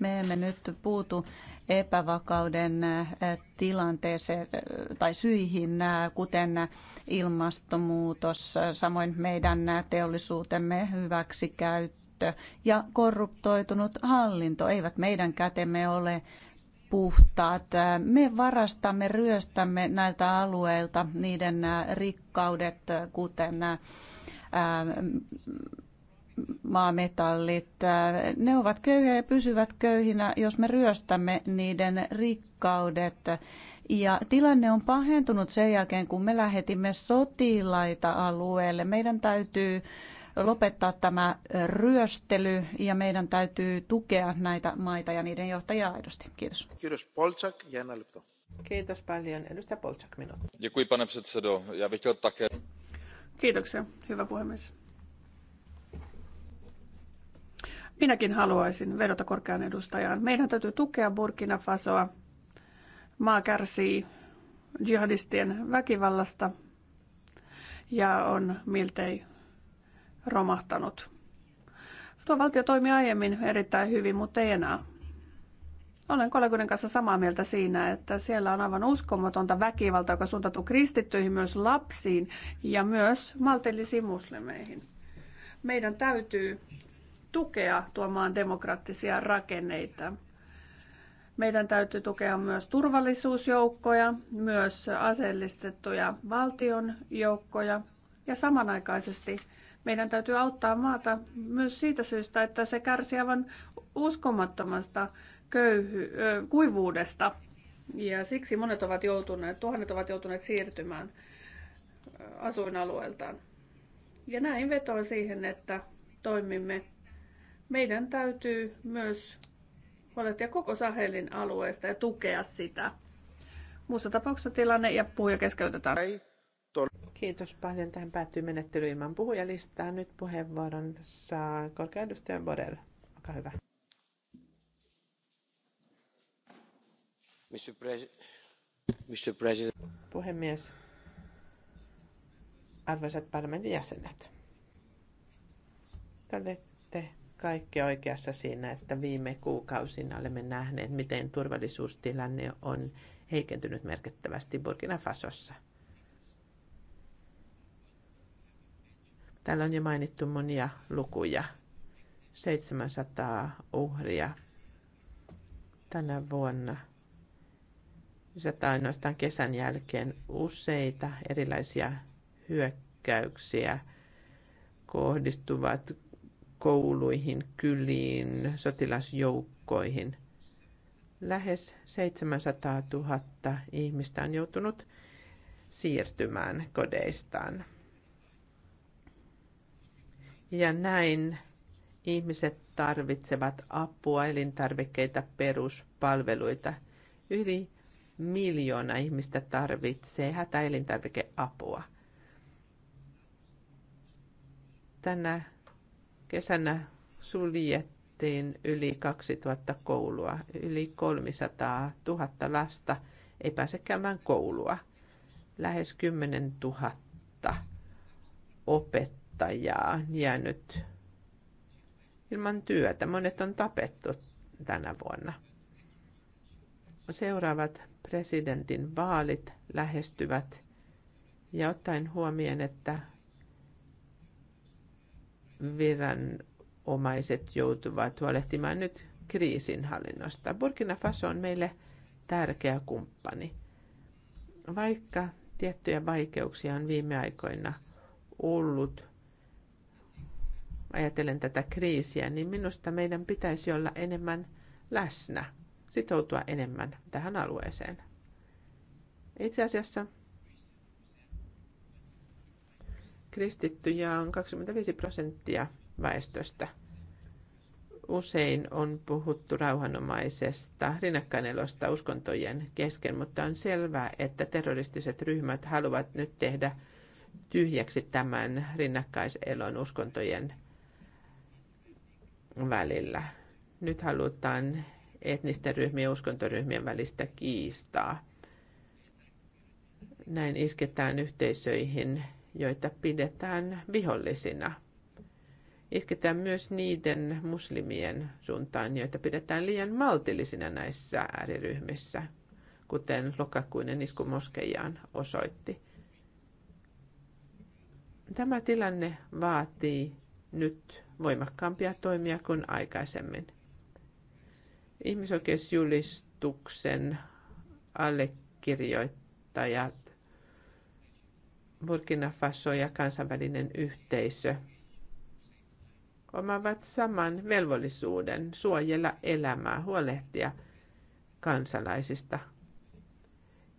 Me emme nyt puutu epävakauden tilanteeseen tai syihin, kuten ilmastonmuutos, samoin meidän teollisuutemme hyväksikäyttö käyttö ja korruptoitunut hallinto eivät meidän kätemme ole puhtaat. Me varastamme, ryöstämme näiltä alueilta niiden rikkaudet, kuten maametallit. Ne ovat köyhiä ja pysyvät köyhinä, jos me ryöstämme niiden rikkaudet. Ja tilanne on pahentunut sen jälkeen, kun me lähetimme sotilaita alueelle. Meidän täytyy lopettaa tämä ryöstely ja meidän täytyy tukea näitä maita ja niiden johtajia aidosti. Kiitos. Kiitos Polczak ja Kiitos paljon. Edustaja Polczak, minuutti. Děkuji, také... Kiitoksia, hyvä puhemies. Minäkin haluaisin vedota korkean edustajaan. Meidän täytyy tukea Burkina Fasoa. Maa kärsii jihadistien väkivallasta ja on miltei romahtanut. Tuo valtio toimi aiemmin erittäin hyvin, mutta ei enää. Olen kollegoiden kanssa samaa mieltä siinä, että siellä on aivan uskomatonta väkivaltaa, joka suuntautuu kristittyihin, myös lapsiin ja myös maltillisiin muslimeihin. Meidän täytyy tukea tuomaan demokraattisia rakenneita. Meidän täytyy tukea myös turvallisuusjoukkoja, myös aseellistettuja valtion joukkoja ja samanaikaisesti – meidän täytyy auttaa maata myös siitä syystä, että se kärsii aivan uskomattomasta köyhy- kuivuudesta. Ja siksi monet ovat joutuneet, tuhannet ovat joutuneet siirtymään asuinalueeltaan. Ja näin vetoan siihen, että toimimme. Meidän täytyy myös huolehtia koko Sahelin alueesta ja tukea sitä. Muussa tapauksessa tilanne ja puhuja keskeytetään. Kiitos paljon. Tähän päättyy menettely ilman puhujalistaa. Nyt puheenvuoron saa korkea edustaja Borel. Olkaa hyvä. Mr. Mr. President. Puhemies, arvoisat parlamentin jäsenet, te olette kaikki oikeassa siinä, että viime kuukausina olemme nähneet, miten turvallisuustilanne on heikentynyt merkittävästi Burkina Fasossa – Täällä on jo mainittu monia lukuja. 700 uhria tänä vuonna. Lisätään ainoastaan kesän jälkeen useita erilaisia hyökkäyksiä kohdistuvat kouluihin, kyliin, sotilasjoukkoihin. Lähes 700 000 ihmistä on joutunut siirtymään kodeistaan. Ja näin ihmiset tarvitsevat apua, elintarvikkeita, peruspalveluita. Yli miljoona ihmistä tarvitsee hätäelintarvikeapua. Tänä kesänä suljettiin yli 2000 koulua. Yli 300 000 lasta ei pääse käymään koulua. Lähes 10 000 opettajaa opettajaa jäänyt ilman työtä. Monet on tapettu tänä vuonna. Seuraavat presidentin vaalit lähestyvät ja ottaen huomioon, että viranomaiset joutuvat huolehtimaan nyt kriisinhallinnosta. Burkina Faso on meille tärkeä kumppani. Vaikka tiettyjä vaikeuksia on viime aikoina ollut, ajatellen tätä kriisiä, niin minusta meidän pitäisi olla enemmän läsnä, sitoutua enemmän tähän alueeseen. Itse asiassa kristittyjä on 25 prosenttia väestöstä. Usein on puhuttu rauhanomaisesta rinnakkainelosta uskontojen kesken, mutta on selvää, että terroristiset ryhmät haluavat nyt tehdä tyhjäksi tämän rinnakkaiselon uskontojen välillä. Nyt halutaan etnisten ryhmien ja uskontoryhmien välistä kiistaa. Näin isketään yhteisöihin, joita pidetään vihollisina. Isketään myös niiden muslimien suuntaan, joita pidetään liian maltillisina näissä ääriryhmissä, kuten lokakuinen isku moskejaan osoitti. Tämä tilanne vaatii nyt voimakkaampia toimia kuin aikaisemmin. Ihmisoikeusjulistuksen allekirjoittajat, Burkina Faso ja kansainvälinen yhteisö omaavat saman velvollisuuden suojella elämää, huolehtia kansalaisista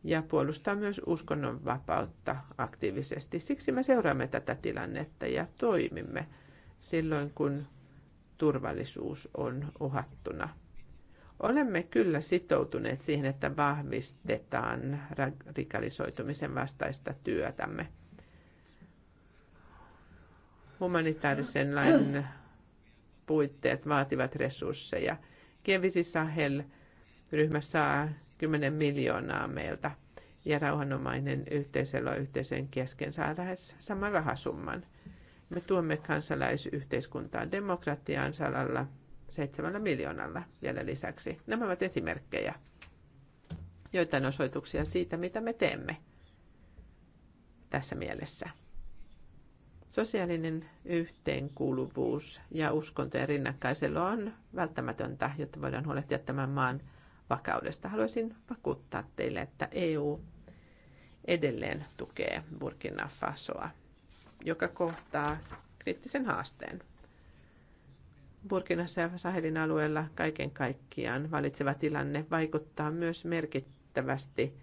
ja puolustaa myös uskonnonvapautta aktiivisesti. Siksi me seuraamme tätä tilannetta ja toimimme – silloin, kun turvallisuus on uhattuna. Olemme kyllä sitoutuneet siihen, että vahvistetaan radikalisoitumisen vastaista työtämme. Humanitaarisen lain puitteet vaativat resursseja. Kievisi Sahel-ryhmä saa 10 miljoonaa meiltä ja rauhanomainen yhteiselo yhteisen kesken saa lähes saman rahasumman – me tuomme kansalaisyhteiskuntaan demokratiaan salalla seitsemällä miljoonalla vielä lisäksi. Nämä ovat esimerkkejä, joitain osoituksia siitä, mitä me teemme tässä mielessä. Sosiaalinen yhteenkuuluvuus ja uskontojen rinnakkaiselo on välttämätöntä, jotta voidaan huolehtia tämän maan vakaudesta. Haluaisin vakuuttaa teille, että EU edelleen tukee Burkina Fasoa joka kohtaa kriittisen haasteen. Burkinassa ja Sahelin alueella kaiken kaikkiaan valitseva tilanne vaikuttaa myös merkittävästi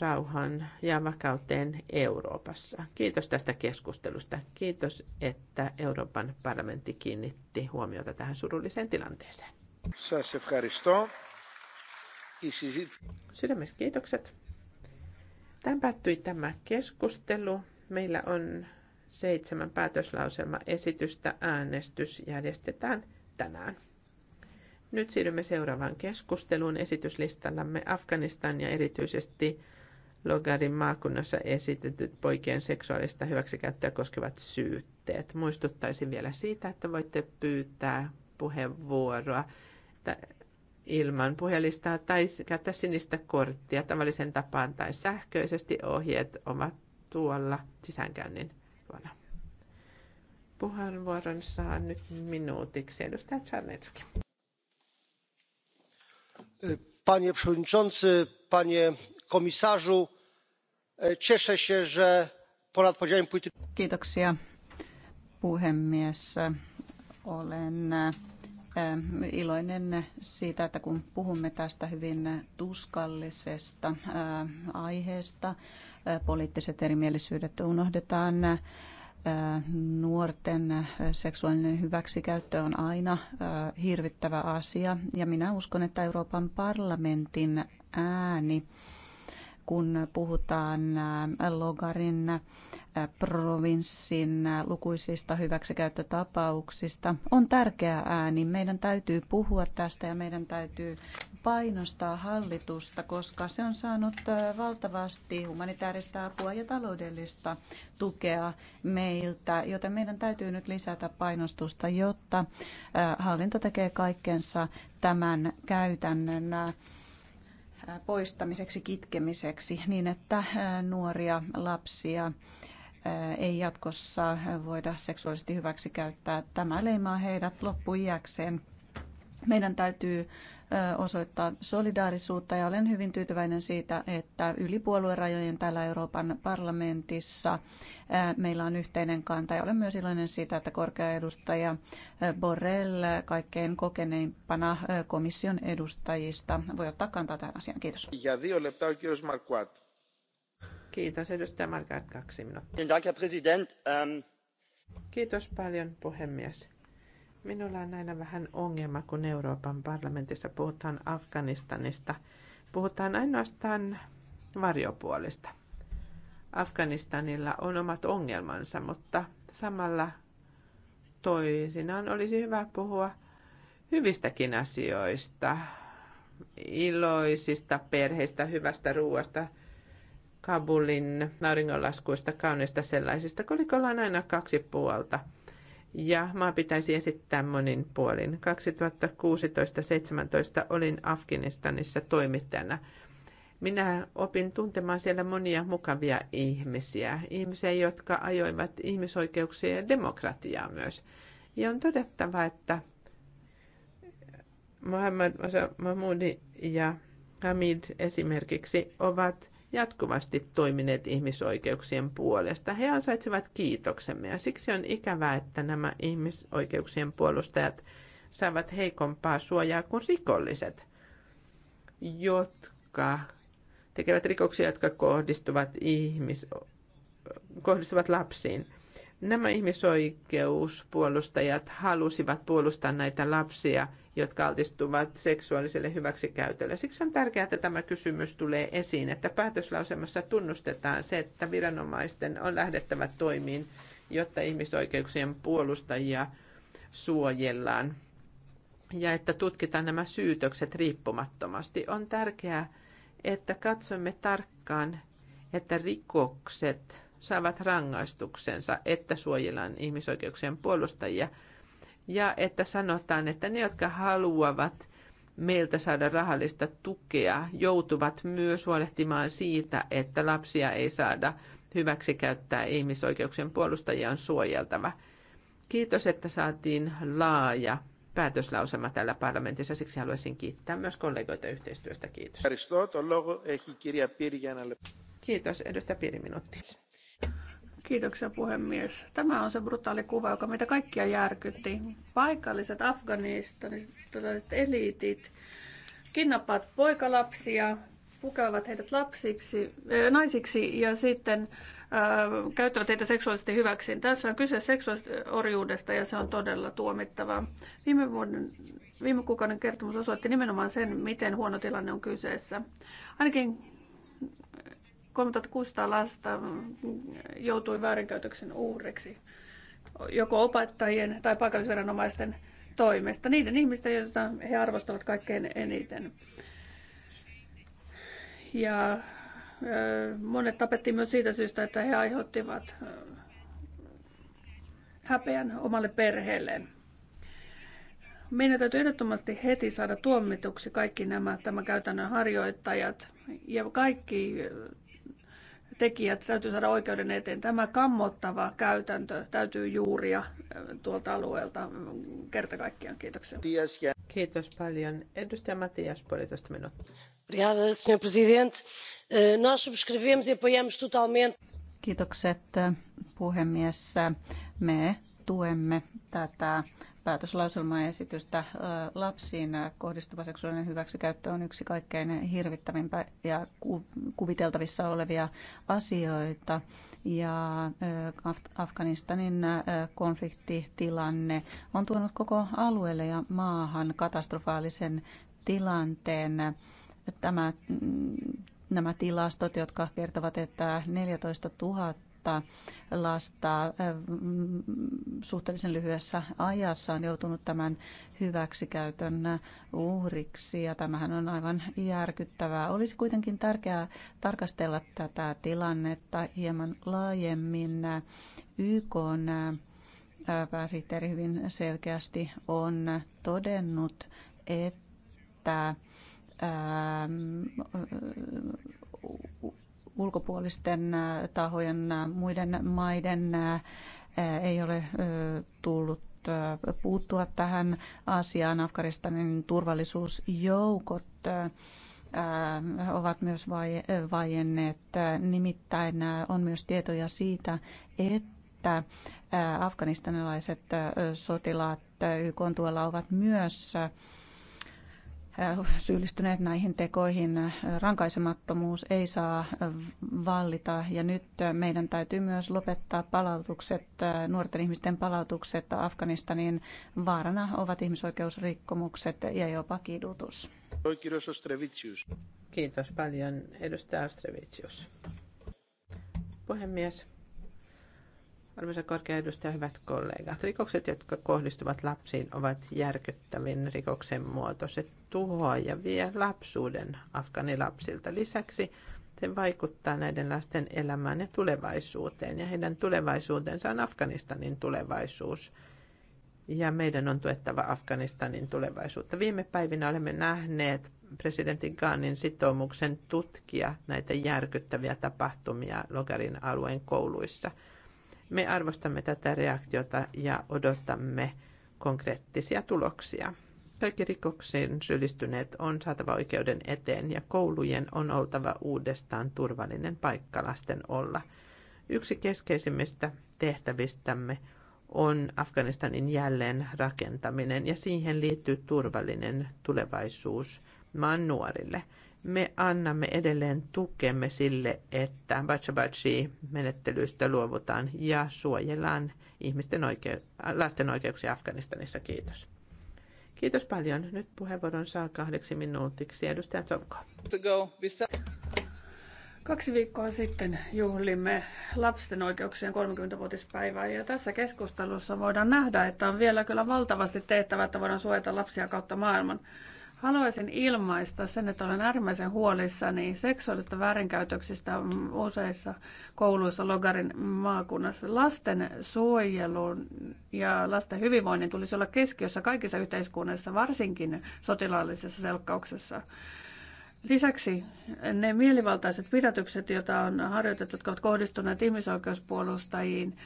rauhan ja vakauteen Euroopassa. Kiitos tästä keskustelusta. Kiitos, että Euroopan parlamentti kiinnitti huomiota tähän surulliseen tilanteeseen. Sydämestä kiitokset. Tämän päättyi tämä keskustelu. Meillä on seitsemän esitystä Äänestys järjestetään tänään. Nyt siirrymme seuraavaan keskusteluun esityslistallamme Afganistan ja erityisesti Logarin maakunnassa esitetyt poikien seksuaalista hyväksikäyttöä koskevat syytteet. Muistuttaisin vielä siitä, että voitte pyytää puheenvuoroa ilman puhelista tai käyttää sinistä korttia tavallisen tapaan tai sähköisesti. Ohjeet ovat tuolla sisäänkäynnin puolella. Puheenvuoron saa nyt minuutiksi edustaja Czarnecki. Panie przewodniczący, panie komisarzu, e, cieszę się, że ponad podziałem politycznym. Kiitoksia puhemies. Olen Ähm, iloinen siitä, että kun puhumme tästä hyvin tuskallisesta äh, aiheesta, äh, poliittiset erimielisyydet unohdetaan, äh, nuorten seksuaalinen hyväksikäyttö on aina hirvittävä asia. Ja minä uskon, että Euroopan parlamentin ääni, kun puhutaan Logarin provinssin lukuisista hyväksikäyttötapauksista on tärkeä ääni. Meidän täytyy puhua tästä ja meidän täytyy painostaa hallitusta, koska se on saanut valtavasti humanitaarista apua ja taloudellista tukea meiltä, joten meidän täytyy nyt lisätä painostusta, jotta hallinto tekee kaikkensa tämän käytännön poistamiseksi, kitkemiseksi, niin että nuoria lapsia ei jatkossa voida seksuaalisesti hyväksikäyttää. Tämä leimaa heidät loppuiäkseen. Meidän täytyy osoittaa solidaarisuutta ja olen hyvin tyytyväinen siitä, että yli puoluerajojen täällä Euroopan parlamentissa meillä on yhteinen kanta ja olen myös iloinen siitä, että korkea edustaja Borrell kaikkein kokeneimpana komission edustajista voi ottaa kantaa tähän asiaan. Kiitos. Ja kiitos Kiitos, edustaja Margaret, kaksi minuuttia. Ähm, Kiitos paljon, puhemies. Minulla on aina vähän ongelma, kun Euroopan parlamentissa puhutaan Afganistanista. Puhutaan ainoastaan varjopuolista. Afganistanilla on omat ongelmansa, mutta samalla toisinaan olisi hyvä puhua hyvistäkin asioista, iloisista perheistä, hyvästä ruoasta – Kabulin auringonlaskuista, kaunista sellaisista. Kolikolla on aina kaksi puolta ja maa pitäisi esittää monin puolin. 2016 2017 olin Afganistanissa toimittajana. Minä opin tuntemaan siellä monia mukavia ihmisiä, ihmisiä, jotka ajoivat ihmisoikeuksia ja demokratiaa myös. Ja on todettava, että Mohammed Mahmoudi ja Hamid esimerkiksi ovat jatkuvasti toimineet ihmisoikeuksien puolesta. He ansaitsevat kiitoksemme ja siksi on ikävää, että nämä ihmisoikeuksien puolustajat saavat heikompaa suojaa kuin rikolliset, jotka tekevät rikoksia, jotka kohdistuvat, ihmis, kohdistuvat lapsiin. Nämä ihmisoikeuspuolustajat halusivat puolustaa näitä lapsia – jotka altistuvat seksuaaliselle hyväksikäytölle. Siksi on tärkeää, että tämä kysymys tulee esiin, että päätöslausemassa tunnustetaan se, että viranomaisten on lähdettävä toimiin, jotta ihmisoikeuksien puolustajia suojellaan ja että tutkitaan nämä syytökset riippumattomasti. On tärkeää, että katsomme tarkkaan, että rikokset saavat rangaistuksensa, että suojellaan ihmisoikeuksien puolustajia – ja että sanotaan, että ne, jotka haluavat meiltä saada rahallista tukea, joutuvat myös huolehtimaan siitä, että lapsia ei saada hyväksikäyttää ihmisoikeuksien puolustajia on suojeltava. Kiitos, että saatiin laaja päätöslausema täällä parlamentissa. Siksi haluaisin kiittää myös kollegoita yhteistyöstä. Kiitos. Kiitos, edustaja Piri, minuutti. Kiitoksia puhemies. Tämä on se brutaali kuva, joka meitä kaikkia järkytti. Paikalliset afganistaniset eliitit kidnappaat poikalapsia, pukevat heidät lapsiksi, naisiksi ja sitten ää, käyttävät heitä seksuaalisesti hyväksi. Tässä on kyse seksuaalisesta orjuudesta ja se on todella tuomittavaa. Viime, vuoden, viime kuukauden kertomus osoitti nimenomaan sen, miten huono tilanne on kyseessä. Ainakin 3600 lasta joutui väärinkäytöksen uhreksi joko opettajien tai paikallisviranomaisten toimesta, niiden ihmisten, joita he arvostavat kaikkein eniten. Ja monet tapettiin myös siitä syystä, että he aiheuttivat häpeän omalle perheelleen. Meidän täytyy ehdottomasti heti saada tuomituksi kaikki nämä tämän käytännön harjoittajat ja kaikki tekijät täytyy saada oikeuden eteen. Tämä kammottava käytäntö täytyy juuria äh, tuolta alueelta mm, kerta kaikkiaan. Kiitoksia. Kiitos paljon. Edustaja Matias, puolitoista minuuttia. Obrigada, eh, e Kiitokset eh, puhemies. Me tuemme tätä päätöslauselmaesitystä. Lapsiin kohdistuva seksuaalinen hyväksikäyttö on yksi kaikkein hirvittävimpä ja kuviteltavissa olevia asioita. Ja Afganistanin konfliktitilanne on tuonut koko alueelle ja maahan katastrofaalisen tilanteen. Tämä mm, nämä tilastot, jotka kertovat, että 14 000 lasta, lasta äh, mm, suhteellisen lyhyessä ajassa on joutunut tämän hyväksikäytön uhriksi ja tämähän on aivan järkyttävää. Olisi kuitenkin tärkeää tarkastella tätä tilannetta hieman laajemmin. YK on äh, pääsihteeri hyvin selkeästi on todennut, että ähm, ulkopuolisten äh, tahojen, äh, muiden maiden äh, ei ole tullut puuttua tähän asiaan. Afganistanin turvallisuusjoukot ovat myös vaienneet. Nimittäin on myös tietoja siitä, että afganistanilaiset sotilaat YK tuolla ovat myös Äh, syyllistyneet näihin tekoihin. Äh, rankaisemattomuus ei saa äh, vallita ja nyt meidän täytyy myös lopettaa palautukset, nuorten ihmisten palautukset Afganistanin vaarana ovat ihmisoikeusrikkomukset ja jopa kidutus. Kiitos paljon edustaja Ostrevitsius. Puhemies, Arvoisa korkea edustaja, hyvät kollegat, rikokset, jotka kohdistuvat lapsiin, ovat järkyttävin rikoksen muoto. Se tuhoaa ja vie lapsuuden afganilapsilta. Lisäksi se vaikuttaa näiden lasten elämään ja tulevaisuuteen. Ja heidän tulevaisuutensa on Afganistanin tulevaisuus. Ja meidän on tuettava Afganistanin tulevaisuutta. Viime päivinä olemme nähneet presidentin Ghanin sitoumuksen tutkia näitä järkyttäviä tapahtumia Logarin alueen kouluissa. Me arvostamme tätä reaktiota ja odotamme konkreettisia tuloksia. Kaikki rikoksiin syyllistyneet on saatava oikeuden eteen ja koulujen on oltava uudestaan turvallinen paikka lasten olla. Yksi keskeisimmistä tehtävistämme on Afganistanin jälleen rakentaminen ja siihen liittyy turvallinen tulevaisuus maan nuorille. Me annamme edelleen tukemme sille, että Bachabachi-menettelystä luovutaan ja suojellaan ihmisten oikeu- lasten oikeuksia Afganistanissa. Kiitos. Kiitos paljon. Nyt puheenvuoron saa kahdeksi minuutiksi. Edustaja Zonko. Kaksi viikkoa sitten juhlimme lapsen oikeuksien 30-vuotispäivää ja tässä keskustelussa voidaan nähdä, että on vielä kyllä valtavasti tehtävää, että voidaan suojata lapsia kautta maailman. Haluaisin ilmaista sen, että olen äärimmäisen huolissani seksuaalista väärinkäytöksistä useissa kouluissa Logarin maakunnassa. Lasten suojelun ja lasten hyvinvoinnin tulisi olla keskiössä kaikissa yhteiskunnissa, varsinkin sotilaallisessa selkkauksessa. Lisäksi ne mielivaltaiset pidätykset, joita on harjoitettu, jotka ovat kohdistuneet ihmisoikeuspuolustajiin,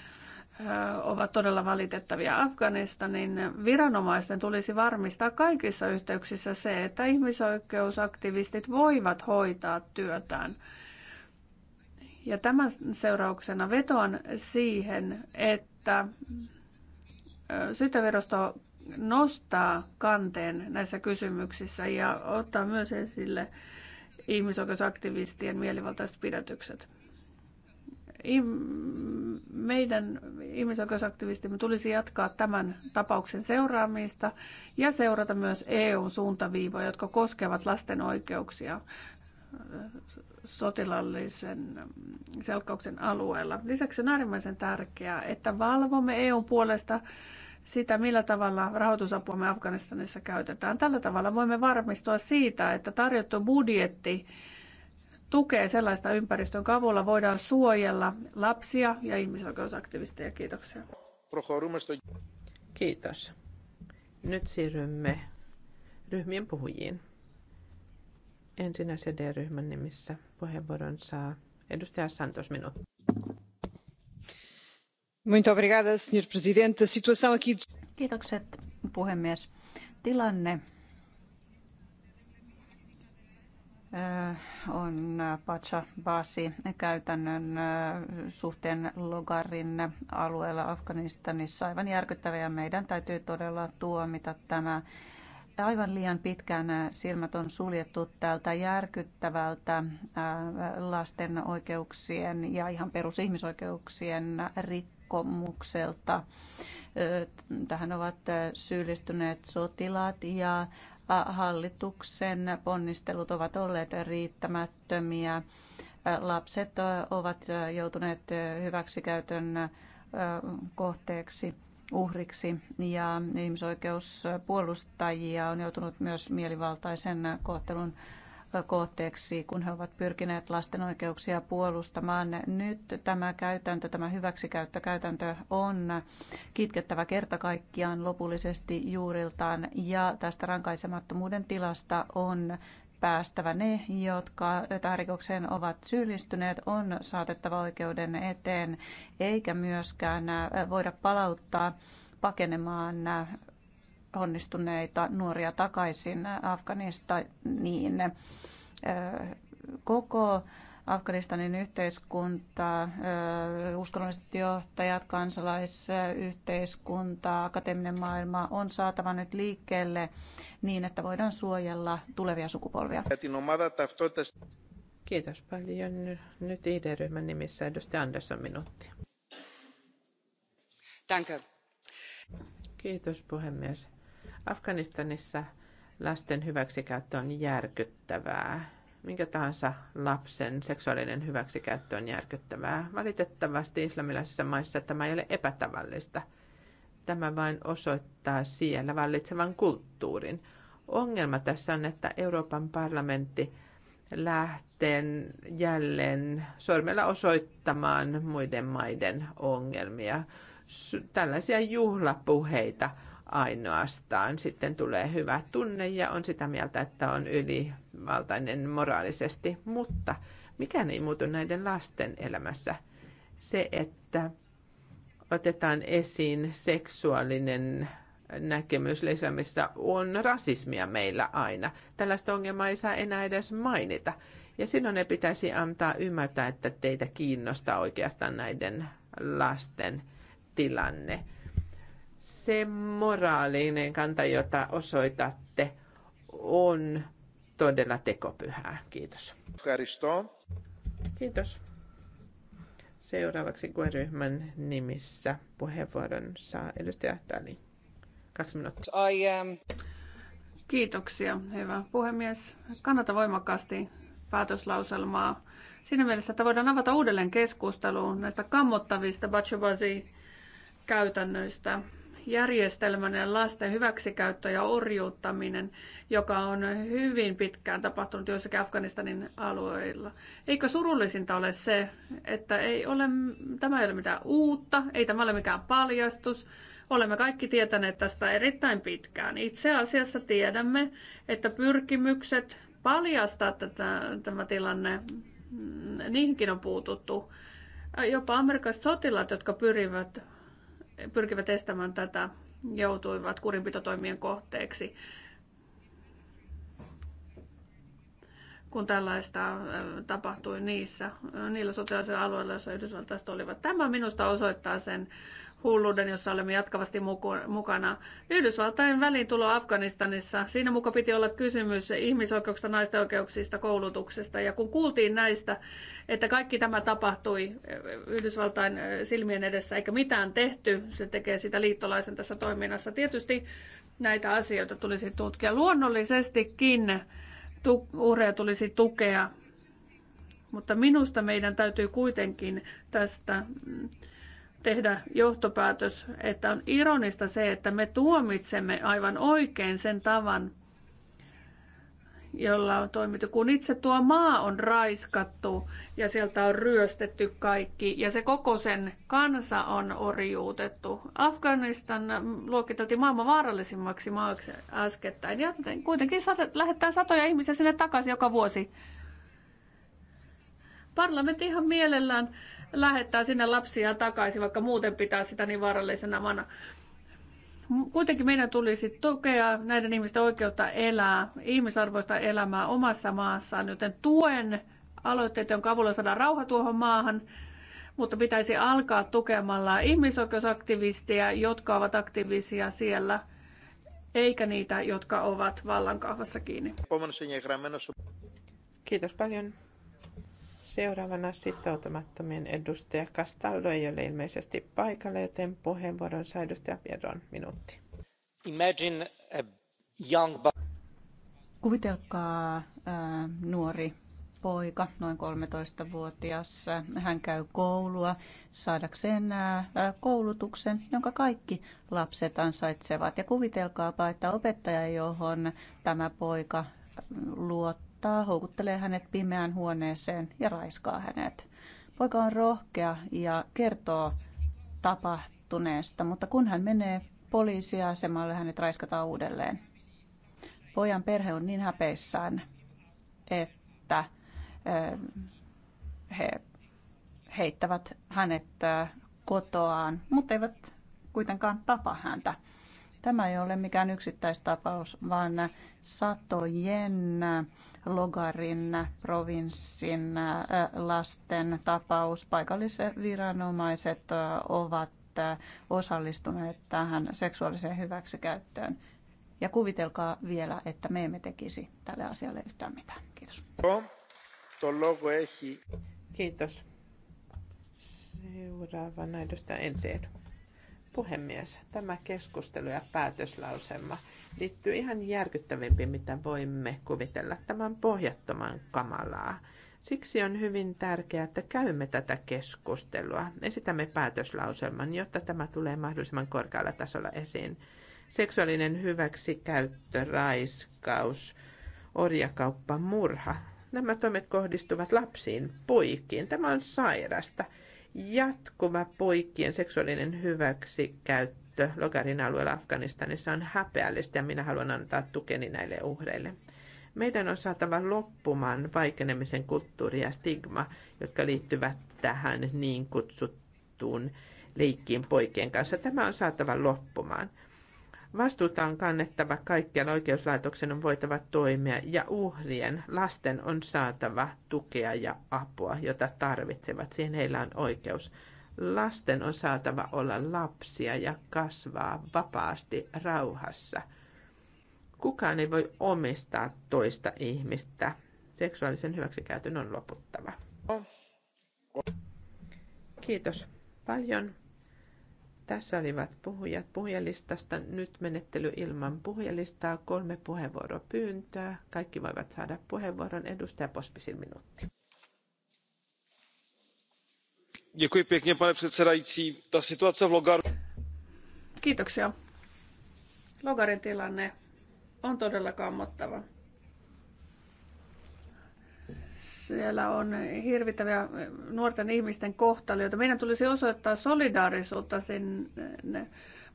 ovat todella valitettavia. Afganistanin viranomaisten tulisi varmistaa kaikissa yhteyksissä se, että ihmisoikeusaktivistit voivat hoitaa työtään. Ja tämän seurauksena vetoan siihen, että syyttävirasto nostaa kanteen näissä kysymyksissä ja ottaa myös esille ihmisoikeusaktivistien mielivaltaiset pidätykset meidän ihmisoikeusaktivistimme tulisi jatkaa tämän tapauksen seuraamista ja seurata myös EUn suuntaviivoja, jotka koskevat lasten oikeuksia sotilaallisen selkkauksen alueella. Lisäksi on äärimmäisen tärkeää, että valvomme EUn puolesta sitä, millä tavalla me Afganistanissa käytetään. Tällä tavalla voimme varmistua siitä, että tarjottu budjetti tukee sellaista ympäristöä, jonka avulla voidaan suojella lapsia ja ihmisoikeusaktivisteja. Kiitoksia. Kiitos. Nyt siirrymme ryhmien puhujiin. Ensin SED-ryhmän nimissä puheenvuoron saa edustaja Santos Minu. Muito obrigada, senhor presidente. Situação aqui... Kiitokset, puhemies. Tilanne on Pacha Basi käytännön suhteen Logarin alueella Afganistanissa aivan järkyttävä ja meidän täytyy todella tuomita tämä aivan liian pitkään silmät on suljettu tältä järkyttävältä lasten oikeuksien ja ihan perusihmisoikeuksien rikkomukselta. Tähän ovat syyllistyneet sotilaat ja hallituksen ponnistelut ovat olleet riittämättömiä. Lapset ovat joutuneet hyväksikäytön kohteeksi uhriksi ja ihmisoikeuspuolustajia on joutunut myös mielivaltaisen kohtelun kohteeksi, kun he ovat pyrkineet lasten oikeuksia puolustamaan. Nyt tämä käytäntö, tämä hyväksikäyttökäytäntö on kitkettävä kerta kaikkiaan lopullisesti juuriltaan ja tästä rankaisemattomuuden tilasta on päästävä ne, jotka tähän rikokseen ovat syyllistyneet, on saatettava oikeuden eteen, eikä myöskään voida palauttaa pakenemaan onnistuneita nuoria takaisin Afganistaniin. Koko Afganistanin yhteiskunta, uskonnolliset johtajat, kansalaisyhteiskunta, akateeminen maailma on saatava nyt liikkeelle niin, että voidaan suojella tulevia sukupolvia. Kiitos paljon. Nyt ID-ryhmän nimissä edustaja Andersson minuutti. Danke. Kiitos puhemies. Afganistanissa lasten hyväksikäyttö on järkyttävää. Minkä tahansa lapsen seksuaalinen hyväksikäyttö on järkyttävää. Valitettavasti islamilaisissa maissa tämä ei ole epätavallista. Tämä vain osoittaa siellä vallitsevan kulttuurin. Ongelma tässä on, että Euroopan parlamentti lähtee jälleen sormella osoittamaan muiden maiden ongelmia. Tällaisia juhlapuheita – ainoastaan sitten tulee hyvä tunne ja on sitä mieltä, että on ylivaltainen moraalisesti, mutta mikään ei muutu näiden lasten elämässä. Se, että otetaan esiin seksuaalinen näkemys lisäämissä on rasismia meillä aina. Tällaista ongelmaa ei saa enää edes mainita. Ja silloin ne pitäisi antaa ymmärtää, että teitä kiinnostaa oikeastaan näiden lasten tilanne se moraalinen kanta, jota osoitatte, on todella tekopyhää. Kiitos. Kiitos. Seuraavaksi kueryhmän nimissä puheenvuoron saa edustaja Dali. Kaksi minuuttia. I am... Um, Kiitoksia, hyvä puhemies. Kannata voimakkaasti päätöslauselmaa. Siinä mielessä, että voidaan avata uudelleen keskusteluun näistä kammottavista Bachabasi-käytännöistä, järjestelmänä lasten hyväksikäyttö ja orjuuttaminen, joka on hyvin pitkään tapahtunut joissakin Afganistanin alueilla. Eikö surullisinta ole se, että ei ole, tämä ei ole mitään uutta, ei tämä ole mikään paljastus, Olemme kaikki tietäneet tästä erittäin pitkään. Itse asiassa tiedämme, että pyrkimykset paljastaa tätä, tämä tilanne, niihinkin on puututtu. Jopa amerikkalaiset sotilaat, jotka pyrivät pyrkivät estämään tätä, joutuivat kurinpitotoimien kohteeksi. kun tällaista äh, tapahtui niissä, niillä sotilaisilla alueilla, joissa yhdysvaltaiset olivat. Tämä minusta osoittaa sen hulluuden, jossa olemme jatkavasti mukana. Yhdysvaltain välintulo Afganistanissa, siinä muka piti olla kysymys ihmisoikeuksista, naisten oikeuksista, koulutuksesta. Ja kun kuultiin näistä, että kaikki tämä tapahtui eh, Yhdysvaltain eh, silmien edessä eikä mitään tehty, se tekee sitä liittolaisen tässä toiminnassa. Tietysti näitä asioita tulisi tutkia. Luonnollisestikin tu- uhreja tulisi tukea, mutta minusta meidän täytyy kuitenkin tästä mm, tehdä johtopäätös, että on ironista se, että me tuomitsemme aivan oikein sen tavan, jolla on toimittu, kun itse tuo maa on raiskattu ja sieltä on ryöstetty kaikki ja se koko sen kansa on orjuutettu. Afganistan luokiteltiin maailman vaarallisimmaksi maaksi äskettäin ja kuitenkin lähettää satoja ihmisiä sinne takaisin joka vuosi. Parlamentti ihan mielellään lähettää sinne lapsia takaisin, vaikka muuten pitää sitä niin vaarallisena maana. Kuitenkin meidän tulisi tukea näiden ihmisten oikeutta elää, ihmisarvoista elämää omassa maassaan, joten tuen aloitteet, jonka avulla saadaan rauha tuohon maahan, mutta pitäisi alkaa tukemalla ihmisoikeusaktivisteja, jotka ovat aktiivisia siellä, eikä niitä, jotka ovat vallankahvassa kiinni. Kiitos paljon. Seuraavana sitoutumattomien edustaja Castaldo ei ole ilmeisesti paikalla, joten puheenvuoron saa edustaja Pierron minuutti. Imagine a young... Kuvitelkaa äh, nuori poika, noin 13-vuotias. Hän käy koulua saadakseen koulutuksen, jonka kaikki lapset ansaitsevat. Ja kuvitelkaapa, että opettaja, johon tämä poika luottaa, ottaa, houkuttelee hänet pimeään huoneeseen ja raiskaa hänet. Poika on rohkea ja kertoo tapahtuneesta, mutta kun hän menee poliisiasemalle, hänet raiskataan uudelleen. Pojan perhe on niin häpeissään, että ähm, he heittävät hänet äh, kotoaan, mutta eivät kuitenkaan tapa häntä. Tämä ei ole mikään yksittäistapaus, vaan satojen Logarin provinssin äh, lasten tapaus. viranomaiset äh, ovat äh, osallistuneet tähän seksuaaliseen hyväksikäyttöön. Ja kuvitelkaa vielä, että me emme tekisi tälle asialle yhtään mitään. Kiitos. Kiitos. Seuraavana edustaja Enseedu. Puhemies, tämä keskustelu ja päätöslauselma liittyy ihan järkyttävimpiin, mitä voimme kuvitella tämän pohjattoman kamalaa. Siksi on hyvin tärkeää, että käymme tätä keskustelua. Esitämme päätöslauselman, jotta tämä tulee mahdollisimman korkealla tasolla esiin. Seksuaalinen hyväksikäyttö, raiskaus, orjakauppa, murha. Nämä toimet kohdistuvat lapsiin, poikiin. Tämä on sairasta. Jatkuva poikien seksuaalinen hyväksikäyttö Logarin alueella Afganistanissa on häpeällistä ja minä haluan antaa tukeni näille uhreille. Meidän on saatava loppumaan vaikenemisen kulttuuri ja stigma, jotka liittyvät tähän niin kutsuttuun leikkiin poikien kanssa. Tämä on saatava loppumaan. Vastuuta on kannettava kaikkien oikeuslaitoksen on voitava toimia ja uhrien, lasten on saatava tukea ja apua, jota tarvitsevat. Siihen heillä on oikeus. Lasten on saatava olla lapsia ja kasvaa vapaasti rauhassa. Kukaan ei voi omistaa toista ihmistä. Seksuaalisen hyväksikäytön on loputtava. Oh. Kiitos paljon. Tässä olivat puhujat puhujalistasta. Nyt menettely ilman puhujalistaa. Kolme puheenvuoropyyntöä. Kaikki voivat saada puheenvuoron. Edustaja Pospisil minuutti. Děkuji pěkně, pane předsedající. Ta situace v Kiitoksia. Logarin tilanne on todella kammottava. Siellä on hirvittäviä nuorten ihmisten kohtaloita. Meidän tulisi osoittaa solidaarisuutta sinne,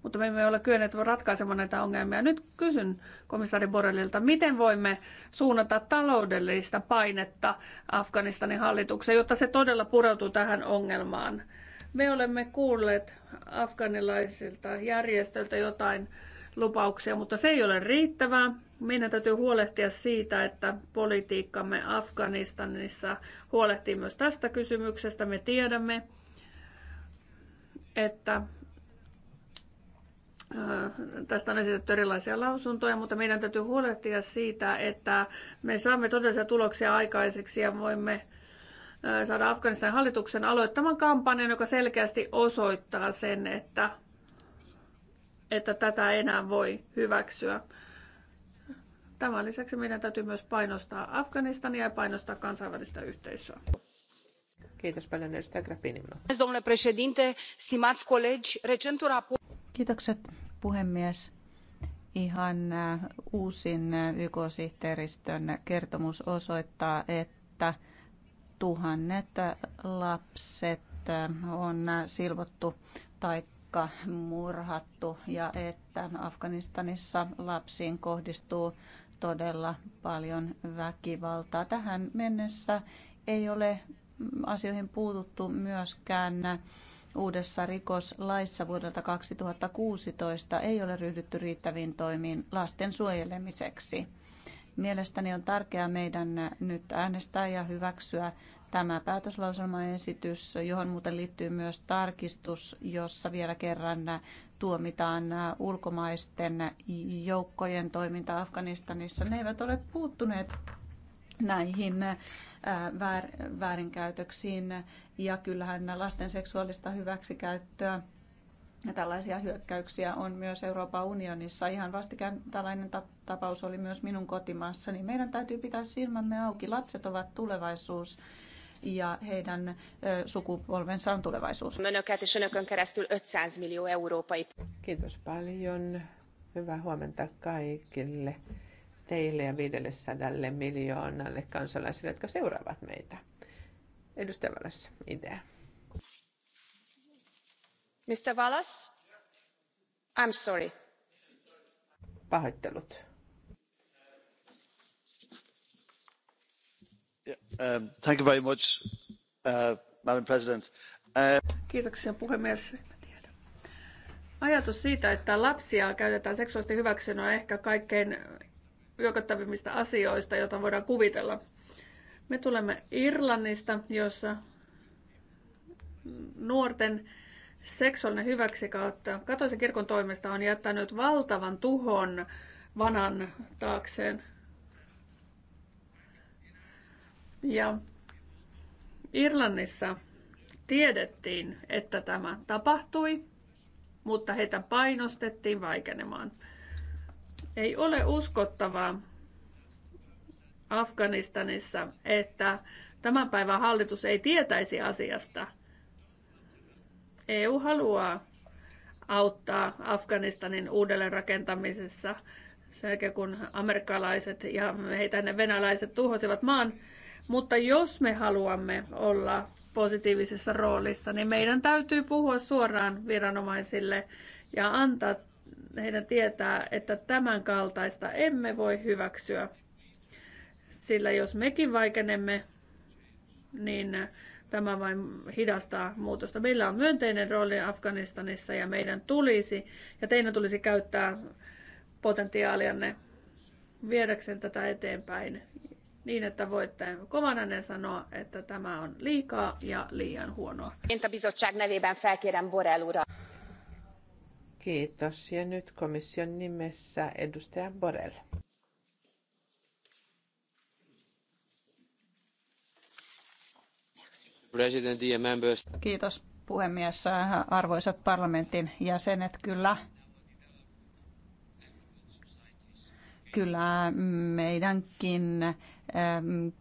mutta me emme ole kyenneet ratkaisemaan näitä ongelmia. Nyt kysyn komissaari Borrellilta, miten voimme suunnata taloudellista painetta Afganistanin hallitukseen, jotta se todella pureutuu tähän ongelmaan. Me olemme kuulleet afganilaisilta järjestöiltä jotain lupauksia, mutta se ei ole riittävää. Meidän täytyy huolehtia siitä, että politiikkamme Afganistanissa huolehtii myös tästä kysymyksestä. Me tiedämme, että Tästä on esitetty erilaisia lausuntoja, mutta meidän täytyy huolehtia siitä, että me saamme todellisia tuloksia aikaiseksi ja voimme saada Afganistanin hallituksen aloittaman kampanjan, joka selkeästi osoittaa sen, että, että tätä enää voi hyväksyä. Tämän lisäksi meidän täytyy myös painostaa Afganistania ja painostaa kansainvälistä yhteisöä. Kiitos paljon edustaja Grappini. Domnule Kiitokset puhemies. Ihan äh, uusin äh, YK-sihteeristön kertomus osoittaa, että tuhannet äh, lapset on silvottu taikka murhattu ja että Afganistanissa lapsiin kohdistuu todella paljon väkivaltaa. Tähän mennessä ei ole asioihin puututtu myöskään uudessa rikoslaissa vuodelta 2016 ei ole ryhdytty riittäviin toimiin lasten suojelemiseksi. Mielestäni on tärkeää meidän nyt äänestää ja hyväksyä tämä päätöslauselmaesitys, johon muuten liittyy myös tarkistus, jossa vielä kerran tuomitaan ulkomaisten joukkojen toiminta Afganistanissa. Ne eivät ole puuttuneet näihin äh, väärinkäytöksiin ja kyllähän lasten seksuaalista hyväksikäyttöä ja tällaisia hyökkäyksiä on myös Euroopan unionissa. Ihan vastikään tällainen tapaus oli myös minun kotimaassani. Meidän täytyy pitää silmämme auki. Lapset ovat tulevaisuus ja heidän sukupolvensa on tulevaisuus. Önöket és önökön 500 millió európai. Kiitos paljon. Hyvää huomenta kaikille teille ja 500 miljoonalle kansalaisille, jotka seuraavat meitä. Edustaja Valas, idea. Mr. Valas? I'm sorry. Pahoittelut. Um, arvoisa uh, uh, Kiitoksia puhemies. Ajatus siitä, että lapsia käytetään seksuaalisesti hyväksi on ehkä kaikkein yököttävimmistä asioista, joita voidaan kuvitella. Me tulemme Irlannista, jossa nuorten seksuaalinen hyväksikäyttö katolisen kirkon toimesta on jättänyt valtavan tuhon vanan taakseen Ja Irlannissa tiedettiin, että tämä tapahtui, mutta heitä painostettiin vaikenemaan. Ei ole uskottavaa Afganistanissa, että tämän päivän hallitus ei tietäisi asiasta. EU haluaa auttaa Afganistanin uudelleenrakentamisessa sen jälkeen, kun amerikkalaiset ja heitä ne venäläiset tuhosivat maan. Mutta jos me haluamme olla positiivisessa roolissa, niin meidän täytyy puhua suoraan viranomaisille ja antaa heidän tietää, että tämän kaltaista emme voi hyväksyä. Sillä jos mekin vaikenemme, niin tämä vain hidastaa muutosta. Meillä on myönteinen rooli Afganistanissa ja meidän tulisi ja teidän tulisi käyttää potentiaalianne viedäkseen tätä eteenpäin niin, että voitte kovan äänen sanoa, että tämä on liikaa ja liian huonoa. Entä nevében felkérem Borrell ura. Kiitos. Ja nyt komission nimessä edustaja Borrell. Kiitos puhemies, arvoisat parlamentin jäsenet. Kyllä, kyllä meidänkin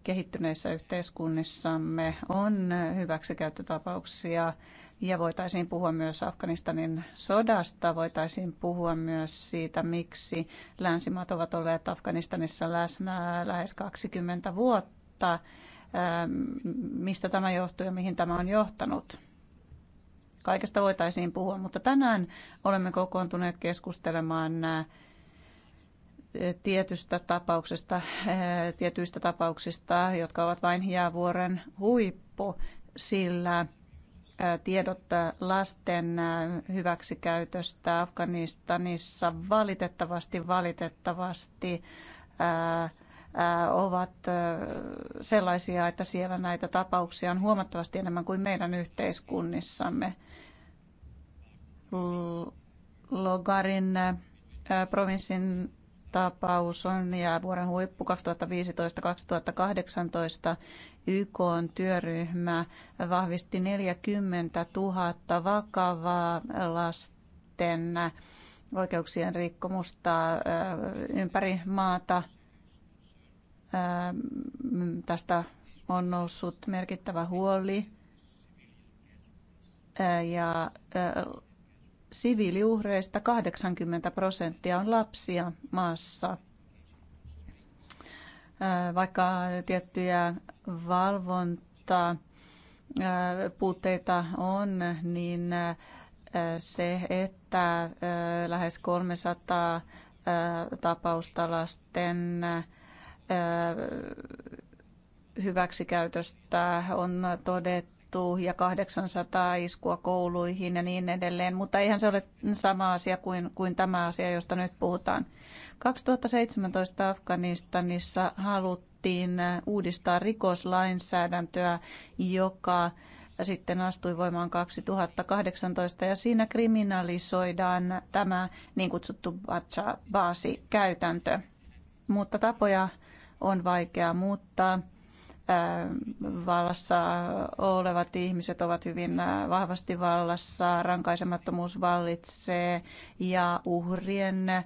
kehittyneissä yhteiskunnissamme on hyväksikäyttötapauksia ja voitaisiin puhua myös Afganistanin sodasta, voitaisiin puhua myös siitä, miksi länsimaat ovat olleet Afganistanissa läsnä lähes 20 vuotta, mistä tämä johtuu ja mihin tämä on johtanut. Kaikesta voitaisiin puhua, mutta tänään olemme kokoontuneet keskustelemaan tietystä tapauksesta, eh, tietyistä tapauksista, jotka ovat vain jäävuoren huippu, sillä eh, tiedot lasten eh, hyväksikäytöstä Afganistanissa valitettavasti, valitettavasti ovat sellaisia, että siellä näitä tapauksia on huomattavasti enemmän kuin meidän yhteiskunnissamme. Logarin provinssin tapaus on ja vuoden huippu 2015-2018 YK työryhmä vahvisti 40 000 vakavaa lasten oikeuksien rikkomusta ympäri maata. Tästä on noussut merkittävä huoli ja siviiliuhreista 80 prosenttia on lapsia maassa. Vaikka tiettyjä valvontaa puutteita on, niin se, että lähes 300 tapausta lasten hyväksikäytöstä on todettu, tapahtuu ja 800 iskua kouluihin ja niin edelleen, mutta eihän se ole sama asia kuin, kuin tämä asia, josta nyt puhutaan. 2017 Afganistanissa haluttiin uudistaa rikoslainsäädäntöä, joka sitten astui voimaan 2018 ja siinä kriminalisoidaan tämä niin kutsuttu baasi käytäntö. Mutta tapoja on vaikea muuttaa vallassa olevat ihmiset ovat hyvin äh, vahvasti vallassa, rankaisemattomuus vallitsee ja uhrien, äh,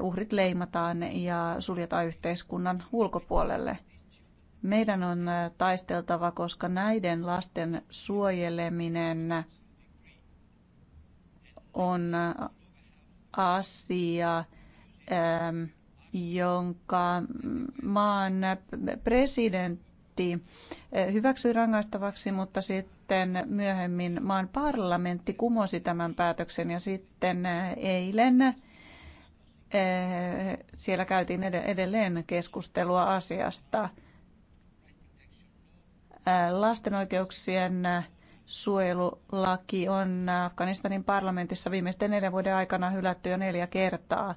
uhrit leimataan ja suljetaan yhteiskunnan ulkopuolelle. Meidän on äh, taisteltava, koska näiden lasten suojeleminen on asia, ähm, jonka maan presidentti parlamentti eh, hyväksyi rangaistavaksi, mutta sitten myöhemmin maan parlamentti kumosi tämän päätöksen ja sitten eh, eilen eh, siellä käytiin edelleen keskustelua asiasta. Lasten oikeuksien suojelulaki on Afganistanin parlamentissa viimeisten neljän vuoden aikana hylätty jo neljä kertaa.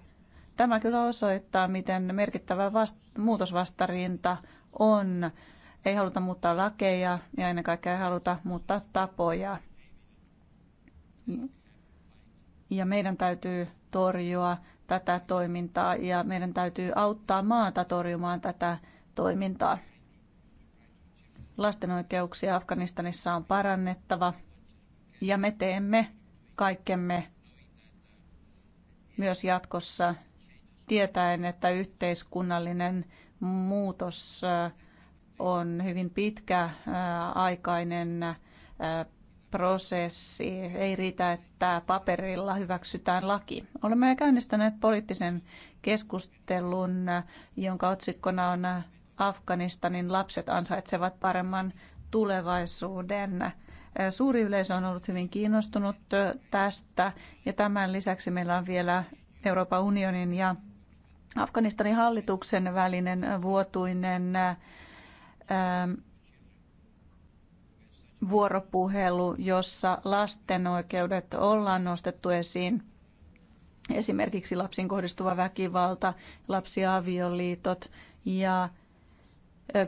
Tämä kyllä osoittaa, miten merkittävä vast- muutosvastarinta on ei haluta muuttaa lakeja ja ennen kaikkea ei haluta muuttaa tapoja. Ja meidän täytyy torjua tätä toimintaa ja meidän täytyy auttaa maata torjumaan tätä toimintaa. Lasten oikeuksia Afganistanissa on parannettava ja me teemme kaikkemme myös jatkossa tietäen, että yhteiskunnallinen muutos on hyvin pitkäaikainen prosessi. Ei riitä, että paperilla hyväksytään laki. Olemme käynnistäneet poliittisen keskustelun, jonka otsikkona on Afganistanin lapset ansaitsevat paremman tulevaisuuden. Suuri yleisö on ollut hyvin kiinnostunut tästä ja tämän lisäksi meillä on vielä Euroopan unionin ja Afganistanin hallituksen välinen vuotuinen Ähm, vuoropuhelu, jossa lasten oikeudet ollaan nostettu esiin. Esimerkiksi lapsiin kohdistuva väkivalta, lapsiavioliitot ja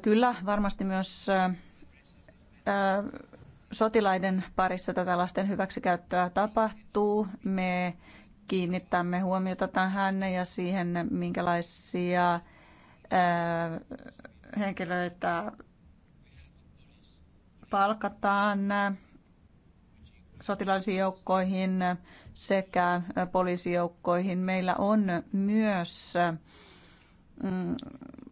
kyllä varmasti myös sotilaiden parissa tätä lasten hyväksikäyttöä tapahtuu. Me kiinnittämme huomiota tähän ja siihen, minkälaisia henkilöitä palkataan sotilaallisiin joukkoihin sekä poliisijoukkoihin. Meillä on myös mm,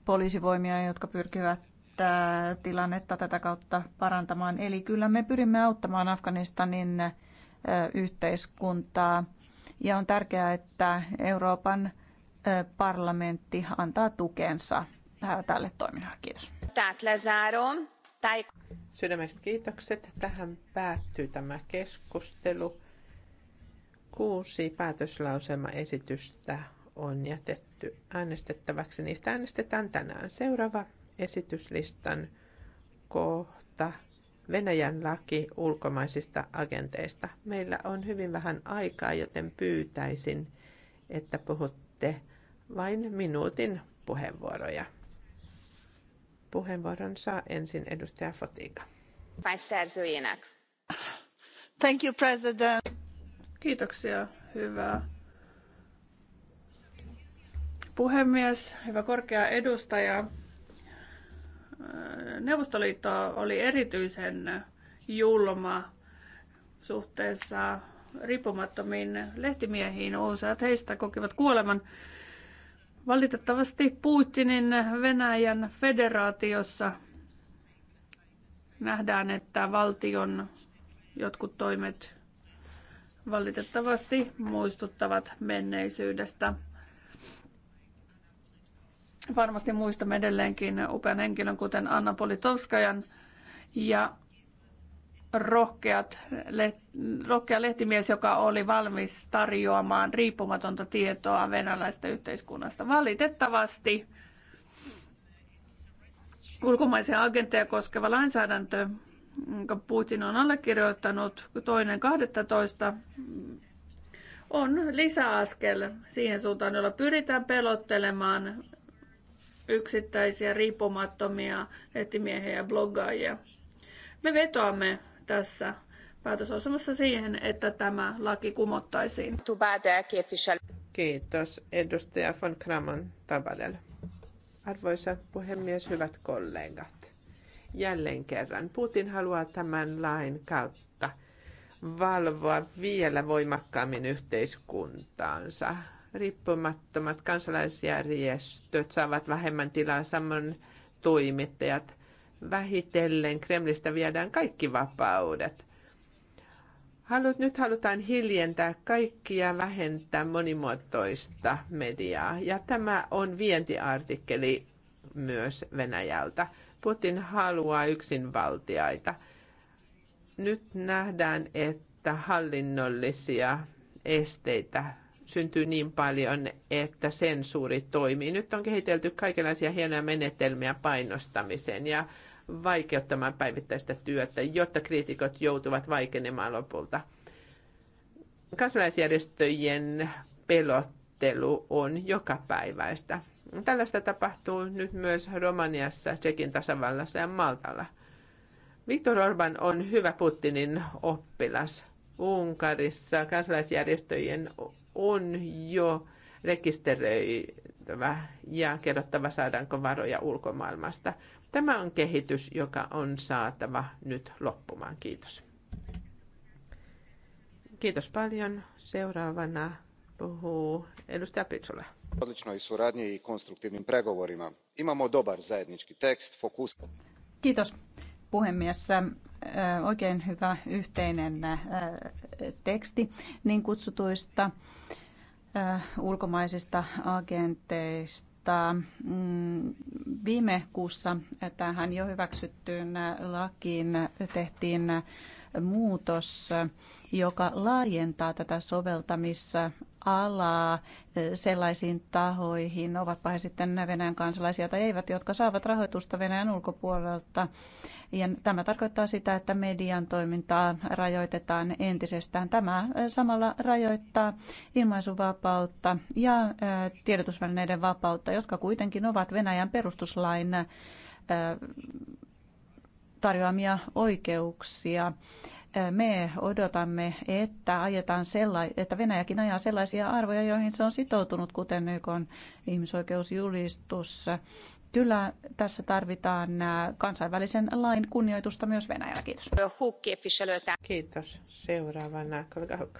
poliisivoimia, jotka pyrkivät äh, tilannetta tätä kautta parantamaan. Eli kyllä me pyrimme auttamaan Afganistanin äh, yhteiskuntaa ja on tärkeää, että Euroopan äh, parlamentti antaa tukensa Äh, tälle toiminnalle. Kiitos. Sydämestä kiitokset. Tähän päättyy tämä keskustelu. Kuusi päätöslauselmaesitystä on jätetty äänestettäväksi. Niistä äänestetään tänään. Seuraava esityslistan kohta. Venäjän laki ulkomaisista agenteista. Meillä on hyvin vähän aikaa, joten pyytäisin, että puhutte vain minuutin puheenvuoroja. Puheenvuoron saa ensin edustaja Fotiga. Thank you, President. Kiitoksia, hyvä puhemies, hyvä korkea edustaja. Neuvostoliitto oli erityisen julma suhteessa riippumattomiin lehtimiehiin. Useat heistä kokivat kuoleman Valitettavasti Putinin Venäjän federaatiossa nähdään, että valtion jotkut toimet valitettavasti muistuttavat menneisyydestä. Varmasti muistamme edelleenkin upean henkilön, kuten Anna Politovskajan. ja rohkeat, rohkea lehtimies, joka oli valmis tarjoamaan riippumatonta tietoa venäläistä yhteiskunnasta. Valitettavasti ulkomaisia agentteja koskeva lainsäädäntö, jonka Putin on allekirjoittanut toinen 12 on lisäaskel siihen suuntaan, jolla pyritään pelottelemaan yksittäisiä riippumattomia lehtimiehiä ja bloggaajia. Me vetoamme tässä päätösosumassa siihen, että tämä laki kumottaisiin. Kiitos edustaja von Kraman Tavalel. Arvoisa puhemies, hyvät kollegat. Jälleen kerran Putin haluaa tämän lain kautta valvoa vielä voimakkaammin yhteiskuntaansa. Riippumattomat kansalaisjärjestöt saavat vähemmän tilaa, samoin toimittajat – vähitellen Kremlistä viedään kaikki vapaudet. Halut, nyt halutaan hiljentää kaikkia vähentää monimuotoista mediaa. Ja tämä on vientiartikkeli myös Venäjältä. Putin haluaa yksinvaltiaita. Nyt nähdään, että hallinnollisia esteitä syntyy niin paljon, että sensuuri toimii. Nyt on kehitelty kaikenlaisia hienoja menetelmiä painostamiseen ja vaikeuttamaan päivittäistä työtä, jotta kriitikot joutuvat vaikenemaan lopulta. Kansalaisjärjestöjen pelottelu on jokapäiväistä. Tällaista tapahtuu nyt myös Romaniassa, Tsekin tasavallassa ja Maltalla. Viktor Orban on hyvä Putinin oppilas. Unkarissa kansalaisjärjestöjen on jo rekisteröitävä ja kerrottava, saadaanko varoja ulkomaailmasta. Tämä on kehitys, joka on saatava nyt loppumaan. Kiitos. Kiitos paljon. Seuraavana puhuu edustaja Pitsula. Odličnoj suradnji i konstruktivnim pregovorima. Imamo dobar zajednički tekst, fokus... Kiitos puhemies. Oikein hyvä yhteinen teksti niin kutsutuista ulkomaisista agenteista viittaa mm, viime kuussa tähän jo hyväksyttyyn lakiin tehtiin muutos, joka laajentaa tätä soveltamissa alaa sellaisiin tahoihin, ovatpa he sitten Venäjän kansalaisia tai eivät, jotka saavat rahoitusta Venäjän ulkopuolelta. Ja tämä tarkoittaa sitä, että median toimintaa rajoitetaan entisestään. Tämä samalla rajoittaa ilmaisuvapautta ja tiedotusvälineiden vapautta, jotka kuitenkin ovat Venäjän perustuslain tarjoamia oikeuksia me odotamme, että, ajetaan sellai- että Venäjäkin ajaa sellaisia arvoja, joihin se on sitoutunut, kuten YK on ihmisoikeusjulistus. Kyllä tässä tarvitaan äh, kansainvälisen lain kunnioitusta myös Venäjällä. Kiitos. Kiitos. Seuraavana Kalkauk.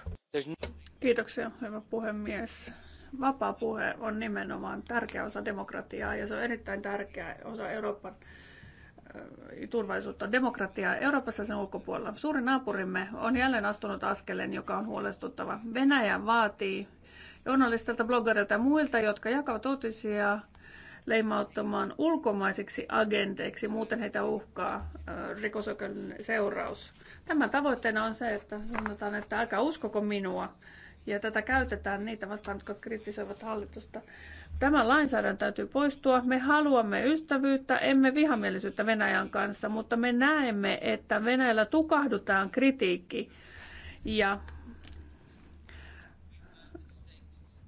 Kiitoksia, hyvä puhemies. Vapaa puhe on nimenomaan tärkeä osa demokratiaa ja se on erittäin tärkeä osa Euroopan äh, turvallisuutta, demokratiaa Euroopassa sen ulkopuolella. Suuri naapurimme on jälleen astunut askeleen, joka on huolestuttava. Venäjä vaatii journalistilta, bloggerilta ja muilta, jotka jakavat uutisia leimauttamaan ulkomaisiksi agenteiksi, muuten heitä uhkaa rikosoikeuden seuraus. Tämän tavoitteena on se, että sanotaan, että älkää uskoko minua, ja tätä käytetään niitä vastaan, jotka kritisoivat hallitusta. Tämä lainsäädäntö täytyy poistua. Me haluamme ystävyyttä, emme vihamielisyyttä Venäjän kanssa, mutta me näemme, että Venäjällä tukahdutaan kritiikki. Ja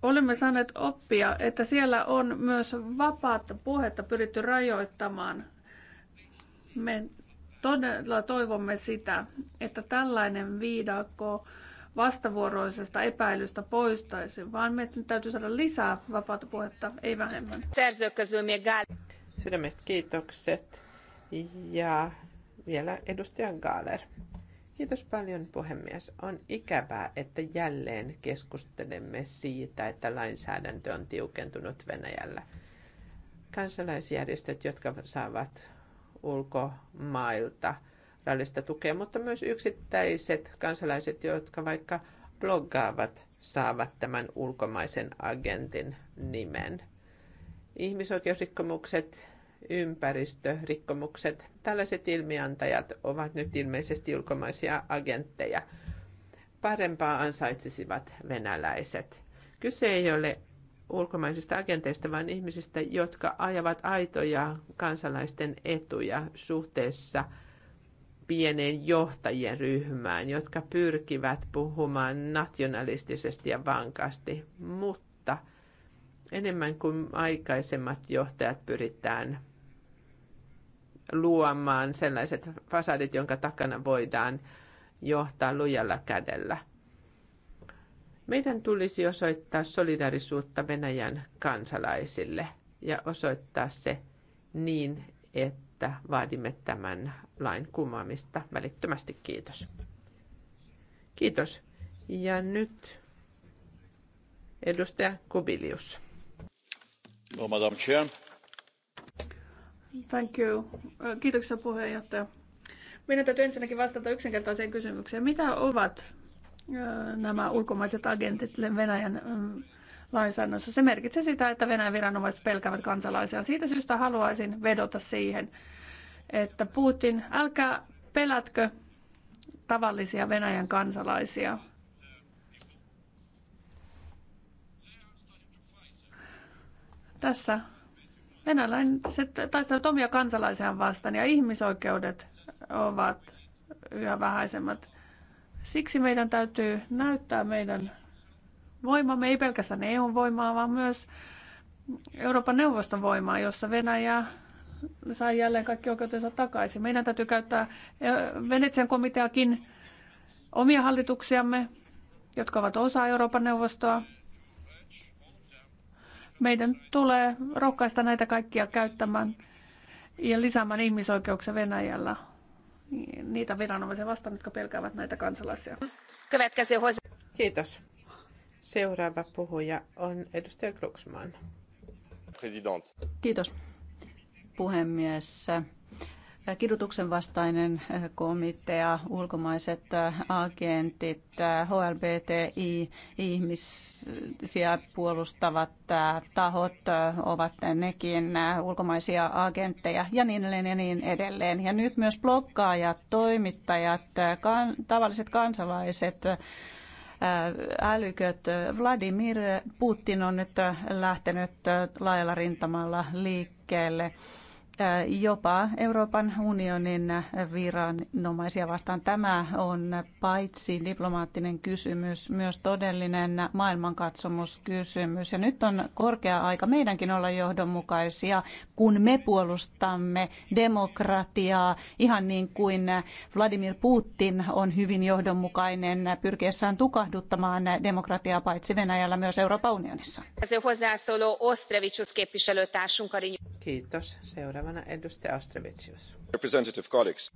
olemme saaneet oppia, että siellä on myös vapaata puhetta pyritty rajoittamaan. Me todella toivomme sitä, että tällainen viidakko vastavuoroisesta epäilystä poistaisi, vaan meidän täytyy saada lisää vapaata puhetta, ei vähemmän. Sydämet kiitokset. Ja vielä edustajan Gaaler. Kiitos paljon puhemies. On ikävää, että jälleen keskustelemme siitä, että lainsäädäntö on tiukentunut Venäjällä. Kansalaisjärjestöt, jotka saavat ulkomailta rallista tukea, mutta myös yksittäiset kansalaiset, jotka vaikka bloggaavat, saavat tämän ulkomaisen agentin nimen. Ihmisoikeusrikkomukset ympäristörikkomukset. Tällaiset ilmiantajat ovat nyt ilmeisesti ulkomaisia agentteja. Parempaa ansaitsisivat venäläiset. Kyse ei ole ulkomaisista agenteista, vaan ihmisistä, jotka ajavat aitoja kansalaisten etuja suhteessa pieneen johtajien ryhmään, jotka pyrkivät puhumaan nationalistisesti ja vankasti, mutta enemmän kuin aikaisemmat johtajat pyritään luomaan sellaiset fasadit, jonka takana voidaan johtaa lujalla kädellä. Meidän tulisi osoittaa solidarisuutta Venäjän kansalaisille ja osoittaa se niin, että vaadimme tämän lain kumoamista välittömästi. Kiitos. Kiitos. Ja nyt edustaja Kubilius. No, Madam Chair. Thank you. Kiitoksia puheenjohtaja. Minä täytyy ensinnäkin vastata yksinkertaiseen kysymykseen. Mitä ovat nämä ulkomaiset agentit Venäjän lainsäädännössä? Se merkitsee sitä, että Venäjän viranomaiset pelkäävät kansalaisia. Siitä syystä haluaisin vedota siihen, että Putin, älkää pelätkö tavallisia Venäjän kansalaisia. Tässä Venäläiset taistelevat omia kansalaisiaan vastaan ja ihmisoikeudet ovat yhä vähäisemmät. Siksi meidän täytyy näyttää meidän voimamme, ei pelkästään EUn voimaa, vaan myös Euroopan neuvoston voimaa, jossa Venäjä sai jälleen kaikki oikeutensa takaisin. Meidän täytyy käyttää Venetsian komiteakin omia hallituksiamme, jotka ovat osa Euroopan neuvostoa, meidän tulee rohkaista näitä kaikkia käyttämään ja lisäämään ihmisoikeuksia Venäjällä niitä viranomaisia vastaan, jotka pelkäävät näitä kansalaisia. Kiitos. Seuraava puhuja on edustaja Kruksman. Kiitos puhemies kidutuksen vastainen eh, komitea, ulkomaiset eh, agentit, HLBTI-ihmisiä eh, puolustavat tahot ovat nekin ulkomaisia agentteja ja niin edelleen ja niin edelleen. Ja nyt myös blokkaajat, toimittajat, kan, tavalliset kansalaiset, älyköt. Vladimir Putin on nyt lähtenyt laajalla rintamalla liikkeelle Äh, jopa Euroopan unionin viranomaisia vastaan. Tämä on paitsi diplomaattinen kysymys, myös todellinen maailmankatsomuskysymys. Ja nyt on korkea aika meidänkin olla johdonmukaisia, kun me puolustamme demokratiaa, ihan niin kuin Vladimir Putin on hyvin johdonmukainen pyrkiessään tukahduttamaan demokratiaa paitsi Venäjällä myös Euroopan unionissa. Kiitos. Seuraava Seuraavana edustaja Ostrovicius. Representative colleagues.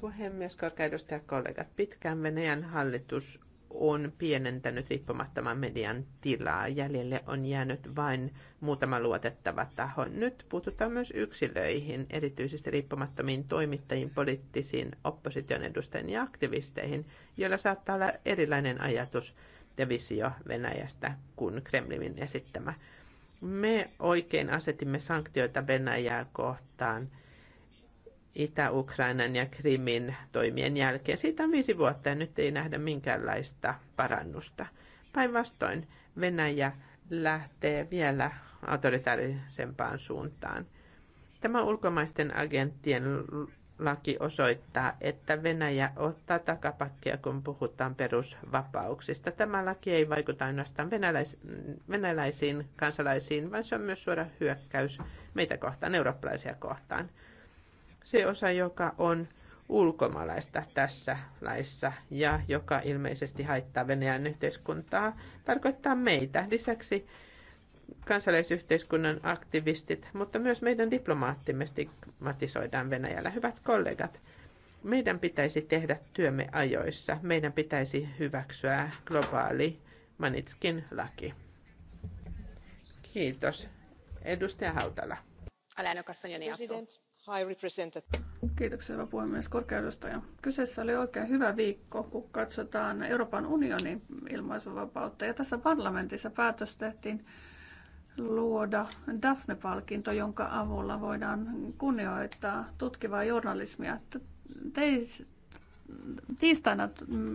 Puhemies, korkeudustaja kollegat. Pitkään Venäjän hallitus on pienentänyt riippumattoman median tilaa. Jäljelle on jäänyt vain muutama luotettava taho. Nyt puututaan myös yksilöihin, erityisesti riippumattomiin toimittajiin, poliittisiin opposition edustajiin ja aktivisteihin, joilla saattaa olla erilainen ajatus ja visio Venäjästä kuin Kremlin esittämä. Me oikein asetimme sanktioita Venäjää kohtaan Itä-Ukrainan ja Krimin toimien jälkeen. Siitä on viisi vuotta ja nyt ei nähdä minkäänlaista parannusta. Päinvastoin Venäjä lähtee vielä autoritaarisempaan suuntaan. Tämä ulkomaisten agenttien laki osoittaa, että Venäjä ottaa takapakkia, kun puhutaan perusvapauksista. Tämä laki ei vaikuta ainoastaan venäläis- venäläisiin kansalaisiin, vaan se on myös suora hyökkäys meitä kohtaan, eurooppalaisia kohtaan. Se osa, joka on ulkomaalaista tässä laissa ja joka ilmeisesti haittaa Venäjän yhteiskuntaa, tarkoittaa meitä. Lisäksi kansalaisyhteiskunnan aktivistit, mutta myös meidän diplomaattimme stigmatisoidaan Venäjällä. Hyvät kollegat, meidän pitäisi tehdä työmme ajoissa. Meidän pitäisi hyväksyä globaali Manitskin laki. Kiitos. Edustaja Hautala. Kiitoksia, hyvä puhemies, korkeudustaja. Kyseessä oli oikein hyvä viikko, kun katsotaan Euroopan unionin ilmaisuvapautta. Ja tässä parlamentissa päätös tehtiin luoda Daphne-palkinto, jonka avulla voidaan kunnioittaa tutkivaa journalismia. Teis, tiistaina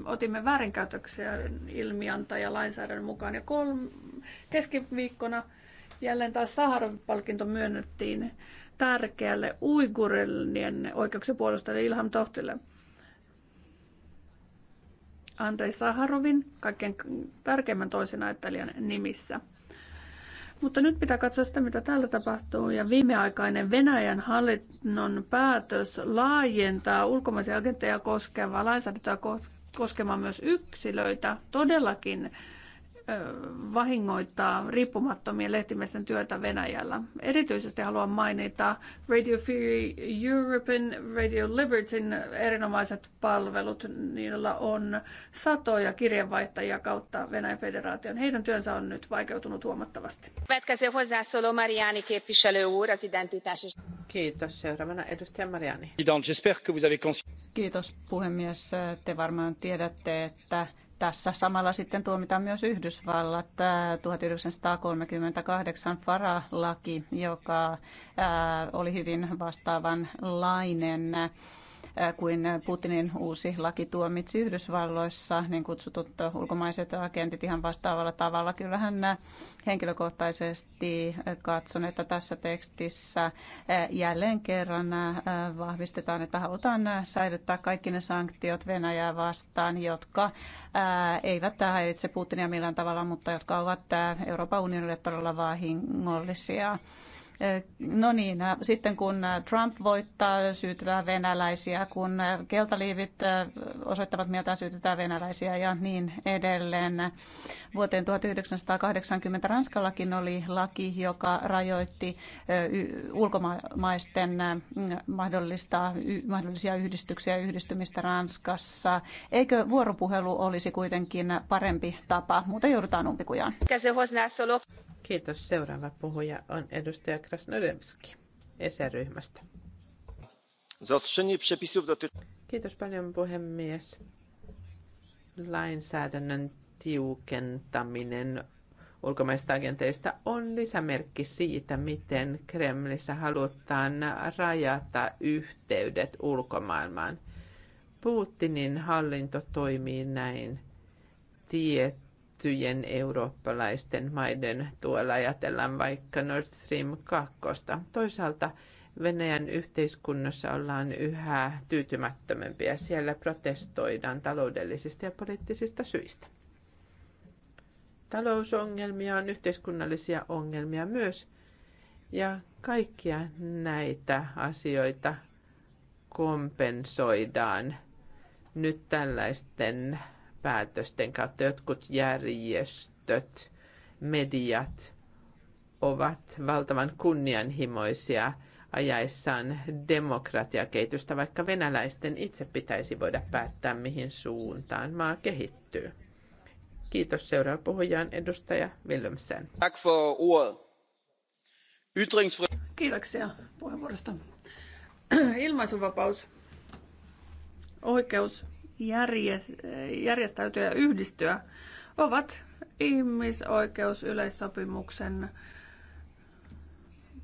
otimme väärinkäytöksiä ja lainsäädännön mukaan ja kolm, keskiviikkona jälleen taas Saharov-palkinto myönnettiin tärkeälle uigurilien oikeuksien puolustajalle Ilham Tohtille. Andrei Saharovin, kaikkein tärkeimmän toisen ajattelijan nimissä – mutta nyt pitää katsoa sitä, mitä täällä tapahtuu. Ja viimeaikainen Venäjän hallinnon päätös laajentaa ulkomaisia agentteja koskevaa lainsäädäntöä koskemaan myös yksilöitä todellakin vahingoittaa riippumattomien lehtimiesten työtä Venäjällä. Erityisesti haluan mainita Radio Free European, Radio Libertyn erinomaiset palvelut. Niillä on satoja kirjeenvaihtajia kautta Venäjän federaation. Heidän työnsä on nyt vaikeutunut huomattavasti. Kiitos. Seuraavana edustaja Mariani. Kiitos puhemies. Te varmaan tiedätte, että tässä samalla sitten tuomitaan myös Yhdysvallat 1938 farah laki joka oli hyvin vastaavanlainen kuin Putinin uusi laki tuomitsi Yhdysvalloissa, niin kutsutut ulkomaiset agentit ihan vastaavalla tavalla. Kyllähän henkilökohtaisesti katson, että tässä tekstissä jälleen kerran vahvistetaan, että halutaan säilyttää kaikki ne sanktiot Venäjää vastaan, jotka eivät häiritse Putinia millään tavalla, mutta jotka ovat Euroopan unionille todella vahingollisia. No niin, äh, sitten kun äh, Trump voittaa, syytetään venäläisiä, kun äh, keltaliivit osoittavat mieltä, syytetään venäläisiä ja niin edelleen. Vuoteen 1980 Ranskallakin oli laki, joka rajoitti ulkomaisten mahdollista, mahdollisia yhdistyksiä ja yhdistymistä Ranskassa. Eikö vuoropuhelu olisi kuitenkin parempi tapa? Muuten joudutaan umpikujaan. Kiitos. Seuraava puhuja on edustaja Krasnodemski ESR-ryhmästä. Kiitos paljon puhemies. Lainsäädännön tiukentaminen ulkomaista agenteista on lisämerkki siitä, miten Kremlissä halutaan rajata yhteydet ulkomaailmaan. Putinin hallinto toimii näin tiet tiettyjen eurooppalaisten maiden tuella, ajatellaan vaikka Nord Stream 2. Toisaalta Venäjän yhteiskunnassa ollaan yhä tyytymättömämpiä. Siellä protestoidaan taloudellisista ja poliittisista syistä. Talousongelmia on yhteiskunnallisia ongelmia myös, ja kaikkia näitä asioita kompensoidaan nyt tällaisten päätösten kautta. Jotkut järjestöt, mediat ovat valtavan kunnianhimoisia ajaessaan demokratiakehitystä, vaikka venäläisten itse pitäisi voida päättää, mihin suuntaan maa kehittyy. Kiitos seuraava puhujaan edustaja Willemsen. Kiitoksia puheenvuorosta. [clears throat] Ilmaisuvapaus, oikeus järjestäytyä ja yhdistyä ovat ihmisoikeusyleissopimuksen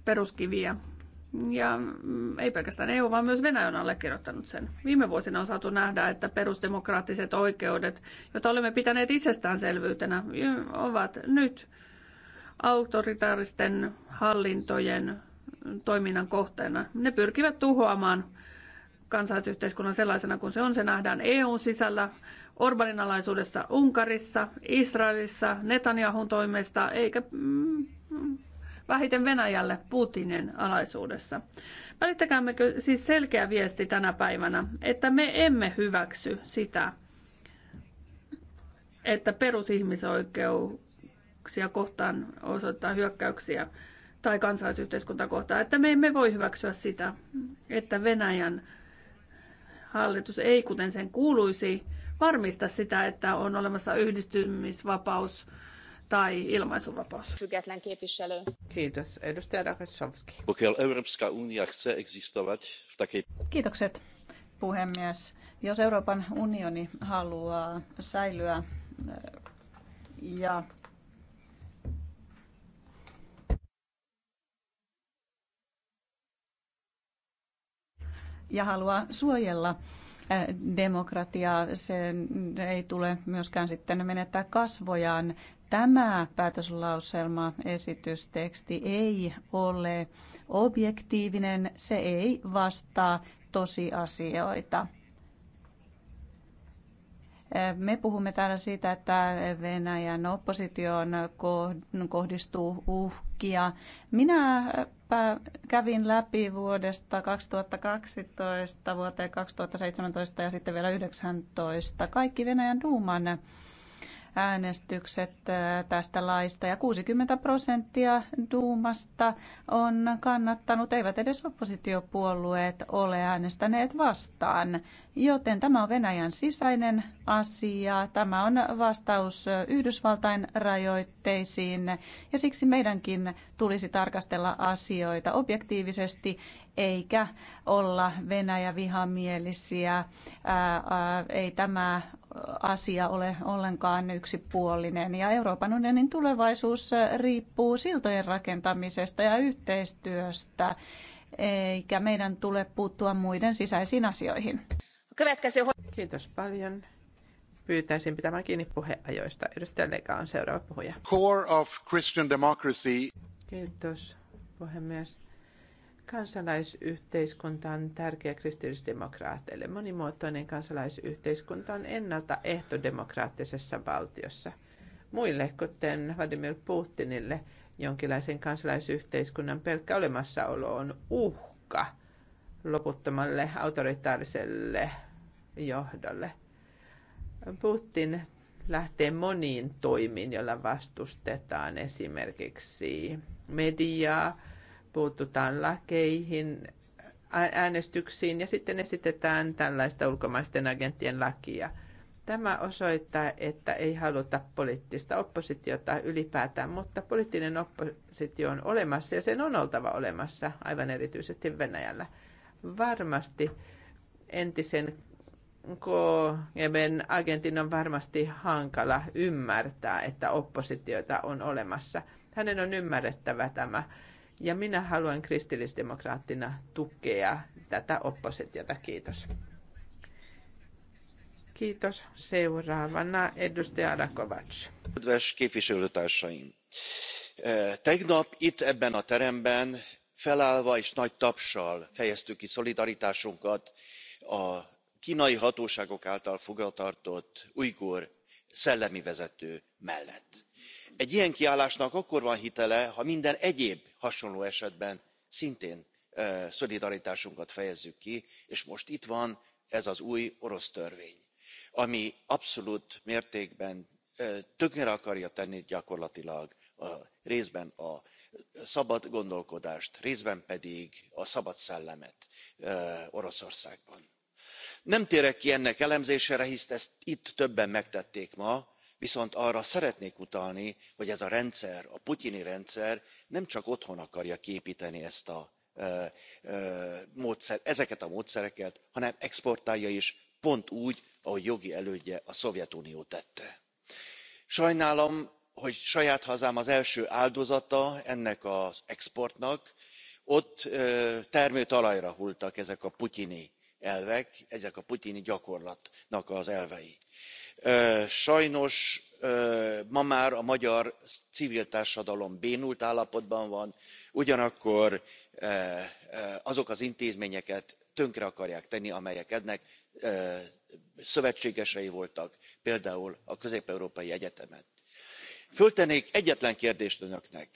peruskiviä. Ja mm, ei pelkästään EU, vaan myös Venäjä on allekirjoittanut sen. Viime vuosina on saatu nähdä, että perusdemokraattiset oikeudet, joita olemme pitäneet itsestäänselvyytenä, ovat nyt autoritaaristen hallintojen toiminnan kohteena. Ne pyrkivät tuhoamaan kansalaisyhteiskunnan sellaisena kuin se on. Se nähdään EUn sisällä, Orbanin alaisuudessa Unkarissa, Israelissa, Netanyahun toimesta, eikä mm, vähiten Venäjälle Putinin alaisuudessa. Välittäkäämmekö siis selkeä viesti tänä päivänä, että me emme hyväksy sitä, että perusihmisoikeuksia kohtaan osoittaa hyökkäyksiä tai kansalaisyhteiskuntaa kohtaan, että me emme voi hyväksyä sitä, että Venäjän hallitus ei, kuten sen kuuluisi, varmista sitä, että on olemassa yhdistymisvapaus tai ilmaisuvapaus. Kiitos. Edustaja Rakashowski. Kiitokset, puhemies. Jos Euroopan unioni haluaa säilyä e, ja ja haluaa suojella demokratiaa. se ei tule myöskään sitten menettää kasvojaan. Tämä päätöslauselma esitysteksti ei ole objektiivinen, se ei vastaa tosiasioita. Me puhumme täällä siitä, että Venäjän opposition kohdistuu uhkia. Minä äh, kävin läpi vuodesta 2012 vuoteen 2017 ja sitten vielä 2019 kaikki Venäjän duuman äänestykset äh, tästä laista ja 60 prosenttia Duumasta on kannattanut, eivät edes oppositiopuolueet ole äänestäneet vastaan. Joten tämä on Venäjän sisäinen asia, tämä on vastaus Yhdysvaltain rajoitteisiin ja siksi meidänkin tulisi tarkastella asioita objektiivisesti eikä olla Venäjä vihamielisiä. Ää, ää, ei tämä asia ole ollenkaan yksipuolinen ja Euroopan unionin tulevaisuus riippuu siltojen rakentamisesta ja yhteistyöstä, eikä meidän tule puuttua muiden sisäisiin asioihin. Kiitos paljon. Pyytäisin pitämään kiinni puheajoista. Edustaja Lega on seuraava puhuja. Core of Christian democracy. Kiitos puhemies Kansalaisyhteiskunta on tärkeä kristillisdemokraateille. Monimuotoinen kansalaisyhteiskunta on ehto demokraattisessa valtiossa. Muille, kuten Vladimir Putinille, jonkinlaisen kansalaisyhteiskunnan pelkkä olemassaolo on uhka loputtomalle autoritaariselle johdolle. Putin lähtee moniin toimiin, joilla vastustetaan esimerkiksi mediaa, puututaan lakeihin, äänestyksiin ja sitten esitetään tällaista ulkomaisten agenttien lakia. Tämä osoittaa, että ei haluta poliittista oppositiota ylipäätään, mutta poliittinen oppositio on olemassa ja sen on oltava olemassa, aivan erityisesti Venäjällä. Varmasti entisen KGBn agentin on varmasti hankala ymmärtää, että oppositiota on olemassa. Hänen on ymmärrettävä tämä ja minä haluan kristillisdemokraattina tukea tätä oppositiota. Kiitos. Kiitos. Seuraavana edustaja Rakovac. Kedves képviselőtársaim! Eh, tegnap itt ebben a teremben felállva és nagy tapsal fejeztük ki szolidaritásunkat a kínai hatóságok által fogvatartott ujgur szellemi vezető mellett egy ilyen kiállásnak akkor van hitele ha minden egyéb hasonló esetben szintén szolidaritásunkat fejezzük ki és most itt van ez az új orosz törvény ami abszolút mértékben tönkre akarja tenni gyakorlatilag részben a szabad gondolkodást részben pedig a szabad szellemet oroszországban. nem térek ki ennek elemzésére hisz ezt itt többen megtették ma viszont arra szeretnék utalni hogy ez a rendszer a putyini rendszer nem csak otthon akarja kiépteni ezeket a módszereket hanem exportálja is pont úgy ahogy jogi elődje a szovjetunió tette. sajnálom hogy saját hazám az első áldozata ennek az exportnak ott termőtalajra hullottak ezek a putyini elvek ennek a putyini gyakorlatnak az elvei sajnos ma már a magyar civil társadalom bénult állapotban van ugyanakkor azokat az intézményeket tönkre akarják tenni amelyek ennek szövetségesei voltak például a közép európai egyetemet. föltennék egyetlen kérdést önöknek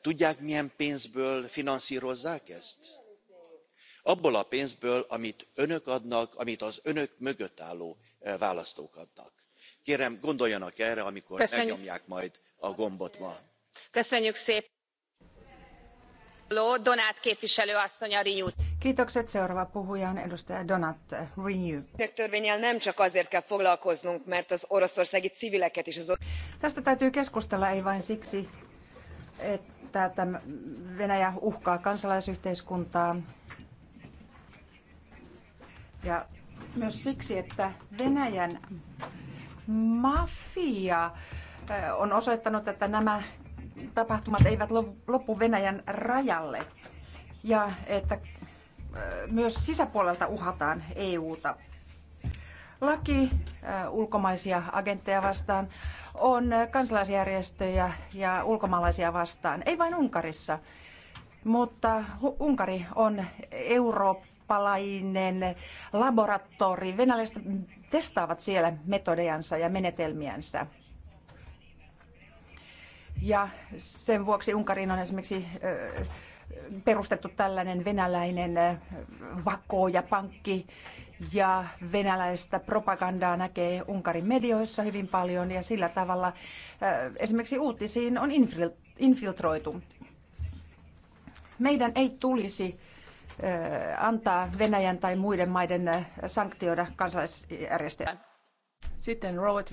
tudják milyen pénzből finanszrozzák ezt? abból a pénzből amit önök adnak amit az önök mögött álló választók adnak. kérem gondoljanak erre amikor megnyomják majd a gombot ma. köszönjük nem csak azért kell foglalkoznunk, mert az oroszországi civileket is az... Tästä täytyy keskustella ei vain siksi, että Venäjä uhkaa kansalaisyhteiskuntaa ja myös siksi, että Venäjän mafia on osoittanut, että nämä tapahtumat eivät lopu Venäjän rajalle ja että myös sisäpuolelta uhataan EUta. Laki ulkomaisia agentteja vastaan on kansalaisjärjestöjä ja ulkomaalaisia vastaan, ei vain Unkarissa, mutta Unkari on Euroopan eurooppalainen laboratori. Venäläiset testaavat siellä metodejansa ja menetelmiänsä. Ja sen vuoksi Unkariin on esimerkiksi perustettu tällainen venäläinen vako ja pankki ja venäläistä propagandaa näkee Unkarin medioissa hyvin paljon ja sillä tavalla esimerkiksi uutisiin on infiltroitu. Meidän ei tulisi Eh, antaa Venäjän tai muiden maiden eh, sanktioida kansalaisjärjestöjä. Sitten Robert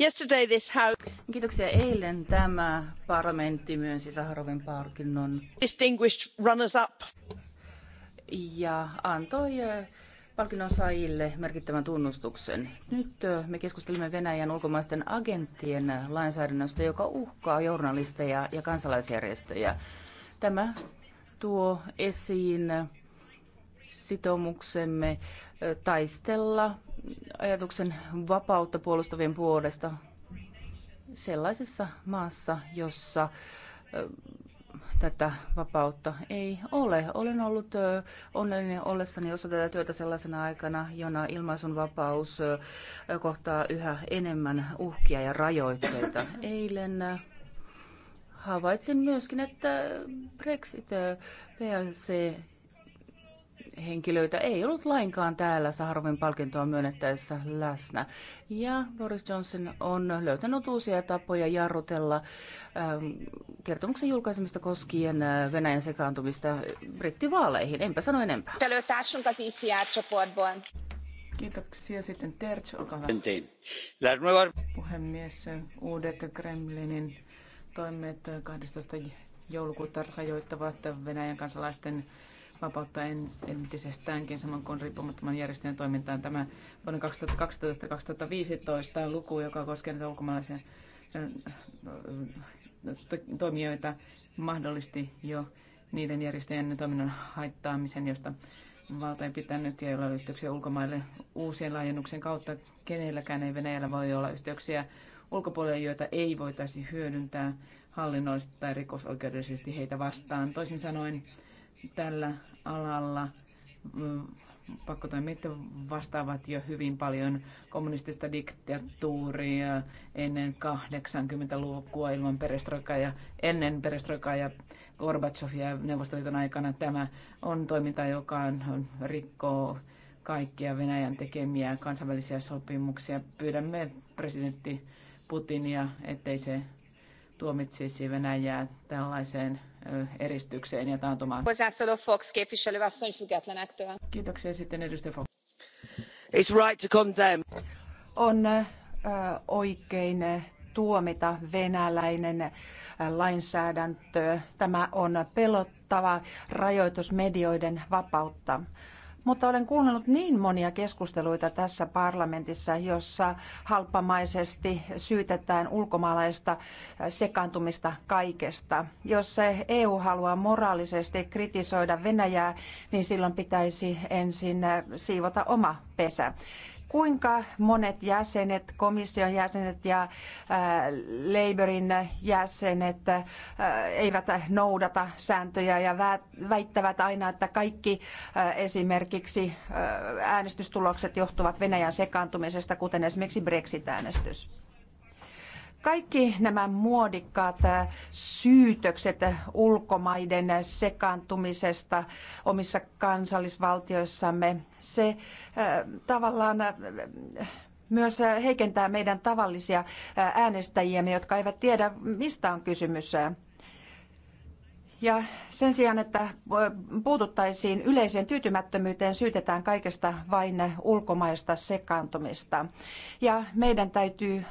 Yesterday this house... Kiitoksia. Eilen tämä parlamentti myönsi Saharovin palkinnon. Distinguished runners-up. Ja antoi eh, palkinnon saajille merkittävän tunnustuksen. Nyt me keskustelemme Venäjän ulkomaisten agenttien lainsäädännöstä, joka uhkaa journalisteja ja kansalaisjärjestöjä. Tämä tuo esiin sitoumuksemme taistella ajatuksen vapautta puolustavien puolesta sellaisessa maassa, jossa tätä vapautta ei ole. Olen ollut onnellinen ollessani osa tätä työtä sellaisena aikana, jona ilmaisun vapaus kohtaa yhä enemmän uhkia ja rajoitteita. Eilen Havaitsin myöskin, että Brexit PLC henkilöitä ei ollut lainkaan täällä Saharovin palkintoa myönnettäessä läsnä. Ja Boris Johnson on löytänyt uusia tapoja jarrutella ähm, kertomuksen julkaisemista koskien äh, Venäjän sekaantumista brittivaaleihin. Enpä sano enempää. Siis Kiitoksia. Sitten Terts, olkaa hyvä. Puhemies, uudet Kremlinin toimet 12. joulukuuta rajoittavat Venäjän kansalaisten vapautta entisestäänkin saman kuin riippumattoman järjestöjen toimintaan. Tämä vuonna 2012-2015 luku, joka koskee näitä ulkomaalaisia äh, toimijoita, mahdollisti jo niiden järjestöjen toiminnan haittaamisen, josta valta ei pitänyt ja joilla yhteyksiä ulkomaille uusien laajennuksen kautta. Kenelläkään ei Venäjällä voi olla yhteyksiä ulkopuolelle, joita ei voitaisi hyödyntää hallinnollisesti tai rikosoikeudellisesti heitä vastaan. Toisin sanoen tällä alalla mm, pakkotoimit vastaavat jo hyvin paljon kommunistista diktatuuria ennen 80-lukua ilman perestroikaa ja ennen perestroikaa ja Gorbachevia Neuvostoliiton aikana. Tämä on toiminta, joka rikkoo kaikkia Venäjän tekemiä kansainvälisiä sopimuksia. Pyydämme presidentti Putinia, ettei se tuomitsisi Venäjää tällaiseen eristykseen ja taantumaan. Fox, Kiitoksia sitten edustaja Fox. It's right to condemn. On äh, oikein tuomita venäläinen lainsäädäntö. Tämä on pelottava rajoitus medioiden vapautta. Mutta olen kuunnellut niin monia keskusteluita tässä parlamentissa, jossa halpamaisesti syytetään ulkomaalaista äh, sekaantumista kaikesta. Jos EU e haluaa moraalisesti kritisoida Venäjää, niin silloin pitäisi ensin äh, siivota oma pesä kuinka monet jäsenet, komission jäsenet ja äh, Labourin jäsenet äh, eivät noudata sääntöjä ja väittävät aina, että kaikki äh, esimerkiksi äänestystulokset johtuvat Venäjän sekaantumisesta, kuten esimerkiksi Brexit-äänestys. Kaikki nämä muodikkaat syytökset ulkomaiden sekaantumisesta omissa kansallisvaltioissamme, se tavallaan myös heikentää meidän tavallisia äänestäjiämme, jotka eivät tiedä, mistä on kysymys. Ja sen sijaan, että puututtaisiin yleiseen tyytymättömyyteen, syytetään kaikesta vain ulkomaista sekaantumista. Ja meidän täytyy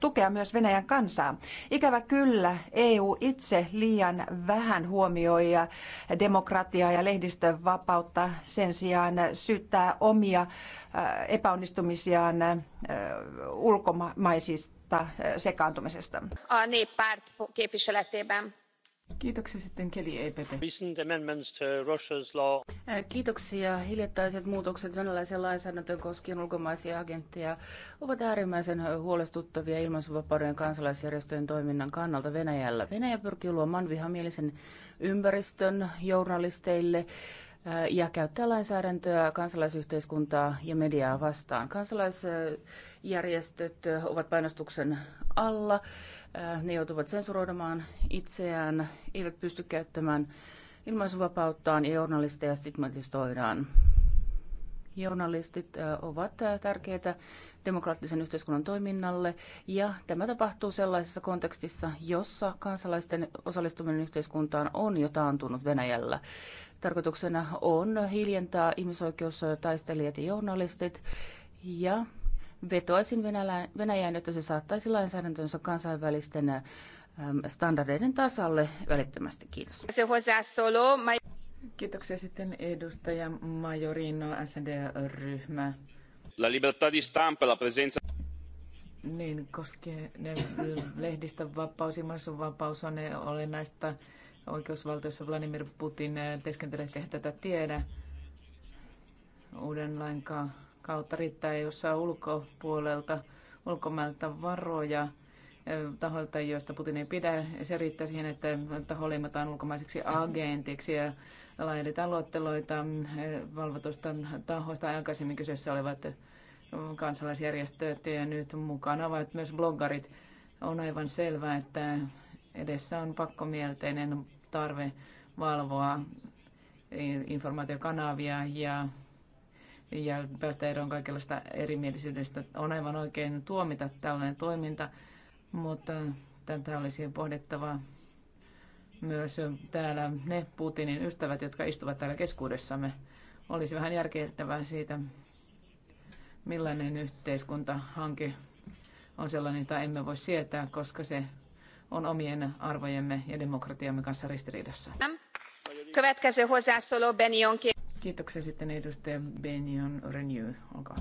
tukea myös Venäjän kansaa. Ikävä kyllä, EU itse liian vähän huomioi demokratiaa ja lehdistön vapautta. Sen sijaan syyttää omia epäonnistumisiaan ulkomaisista sekaantumisesta. A néppárt képviseletében Kiitoksia sitten Keli e law. Kiitoksia. Hiljattaiset muutokset venäläisen lainsäädäntöön koskien ulkomaisia agentteja ovat äärimmäisen huolestuttavia ilmaisuvapauden kansalaisjärjestöjen toiminnan kannalta Venäjällä. Venäjä pyrkii luomaan vihamielisen ympäristön journalisteille ja käyttää lainsäädäntöä, kansalaisyhteiskuntaa ja mediaa vastaan. Kansalaisjärjestöt ovat painostuksen alla. Ne joutuvat sensuroidamaan itseään, eivät pysty käyttämään ilmaisuvapauttaan ja journalisteja stigmatisoidaan. Journalistit ovat tärkeitä demokraattisen yhteiskunnan toiminnalle. Ja tämä tapahtuu sellaisessa kontekstissa, jossa kansalaisten osallistuminen yhteiskuntaan on jo taantunut Venäjällä. Tarkoituksena on hiljentää ihmisoikeustaistelijat ja journalistit ja vetoaisin Venäjään, että se saattaisi lainsäädäntönsä kansainvälisten standardeiden tasalle välittömästi. Kiitos. Kiitoksia sitten edustaja Majorino, SND-ryhmä. La libertà di stampa, e la presenza... Niin, koskee ne lehdistön vapaus, vapaus on olennaista oikeusvaltiossa. Vladimir Putin teeskentelee, että tätä tiedä uuden lain kautta riittää, jos saa ulkopuolelta, ulkomailta varoja e, tahoilta, joista Putin ei pidä. Se riittää siihen, että taho leimataan ulkomaiseksi agentiksi ja laaditaan luetteloita eh, valvotusta tahoista. Aikaisemmin kyseessä olivat kansalaisjärjestöt ja nyt mukana ovat myös bloggarit. On aivan selvää, että edessä on pakkomielteinen tarve valvoa informaatiokanavia ja, ja päästä eroon kaikenlaista erimielisyydestä. On aivan oikein tuomita tällainen toiminta, mutta tätä olisi pohdittava myös täällä ne Putinin ystävät, jotka istuvat täällä keskuudessamme. Olisi vähän järkeistävää siitä, millainen yhteiskuntahanke on sellainen, jota emme voi sietää, koska se on omien arvojemme ja demokratiamme kanssa ristiriidassa. Kiitoksia sitten edustaja Benion Renew. Olkaa.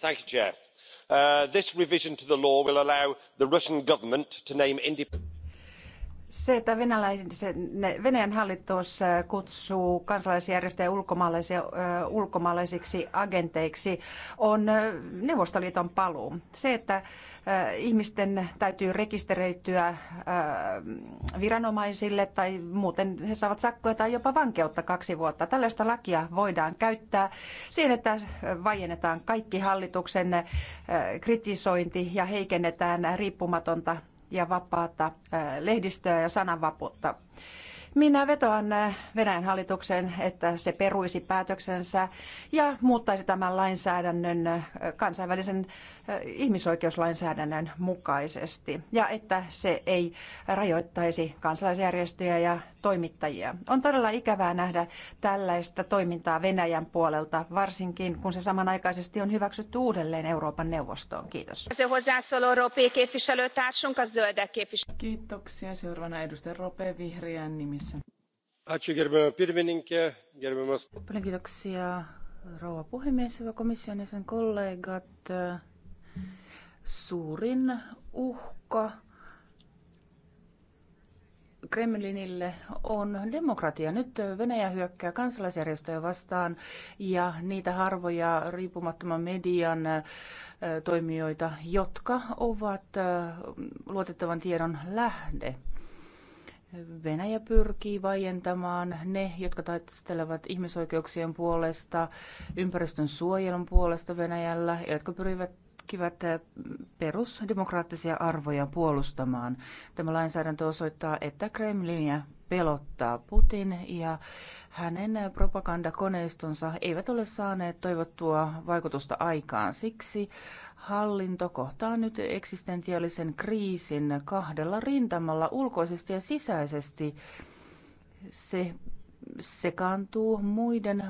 Thank you, Chair Uh, this revision to the law will allow the russian government to name independent. Se, että Venäjän hallitus äh, kutsuu kansalaisjärjestöjä ulkomaalaisia, äh, ulkomaalaisiksi agenteiksi, on äh, Neuvostoliiton paluu. Se, että ihmisten täytyy rekisteröityä viranomaisille tai muuten he saavat sakkoja tai jopa vankeutta kaksi vuotta. Tällaista lakia voidaan käyttää siihen, että vaiennetaan kaikki hallituksen kritisointi ja heikennetään riippumatonta ja vapaata lehdistöä ja sananvapautta. Minä vetoan Venäjän hallituksen, että se peruisi päätöksensä ja muuttaisi tämän lainsäädännön kansainvälisen ihmisoikeuslainsäädännön mukaisesti ja että se ei rajoittaisi kansalaisjärjestöjä ja toimittajia. On todella ikävää nähdä tällaista toimintaa Venäjän puolelta, varsinkin kun se samanaikaisesti on hyväksytty uudelleen Euroopan neuvostoon. Kiitos. Kiitoksia. Seuraavana edustaja Rope Vihreän nimissä. Paljon kiitoksia, rouva puhemies, hyvä komission ja sen kollegat. Suurin uhka Kremlinille on demokratia. Nyt Venäjä hyökkää kansalaisjärjestöjä vastaan ja niitä harvoja riippumattoman median toimijoita, jotka ovat luotettavan tiedon lähde. Venäjä pyrkii vaientamaan ne, jotka taistelevat ihmisoikeuksien puolesta, ympäristön suojelun puolesta Venäjällä, ja jotka pyrivät pyrkivät eh, perusdemokraattisia arvoja puolustamaan. Tämä lainsäädäntö osoittaa, että Kremlinia pelottaa Putin ja hänen propagandakoneistonsa eivät ole saaneet toivottua vaikutusta aikaan. Siksi hallinto kohtaa nyt eksistentiaalisen kriisin kahdella rintamalla ulkoisesti ja sisäisesti. Se sekaantuu muiden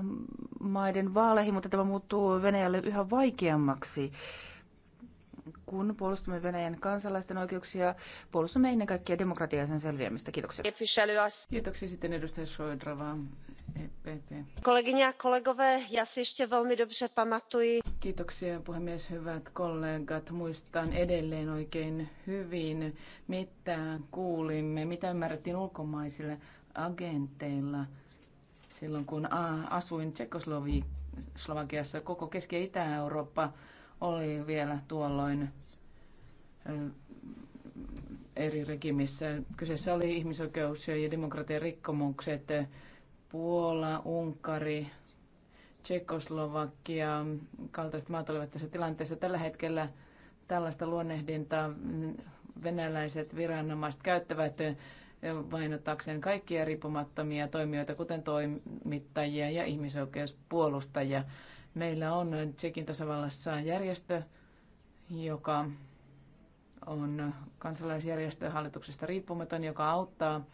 maiden vaaleihin, mutta tämä muuttuu Venäjälle yhä vaikeammaksi kun puolustamme Venäjän kansalaisten oikeuksia, puolustamme ennen kaikkea demokratiaa sen selviämistä. Kiitoksia. Kiitoksia sitten edustaja Šojdrova, ja e Kiitoksia puhemies, hyvät kollegat. Muistan edelleen oikein hyvin, mitä kuulimme, mitä ymmärrettiin ulkomaisille agenteilla silloin, kun asuin Tsekoslovakiassa koko Keski- ja Itä-Eurooppa oli vielä tuolloin eri regimissä. Kyseessä oli ihmisoikeus- ja demokratian rikkomukset. Puola, Unkari, Tsekoslovakia, kaltaiset maat olivat tässä tilanteessa. Tällä hetkellä tällaista luonnehdintaa mm, venäläiset viranomaiset käyttävät vainottakseen kaikkia riippumattomia toimijoita, kuten toimittajia ja ihmisoikeuspuolustajia. Meillä on Tsekin tasavallassa järjestö, joka on kansalaisjärjestö hallituksesta riippumaton, joka auttaa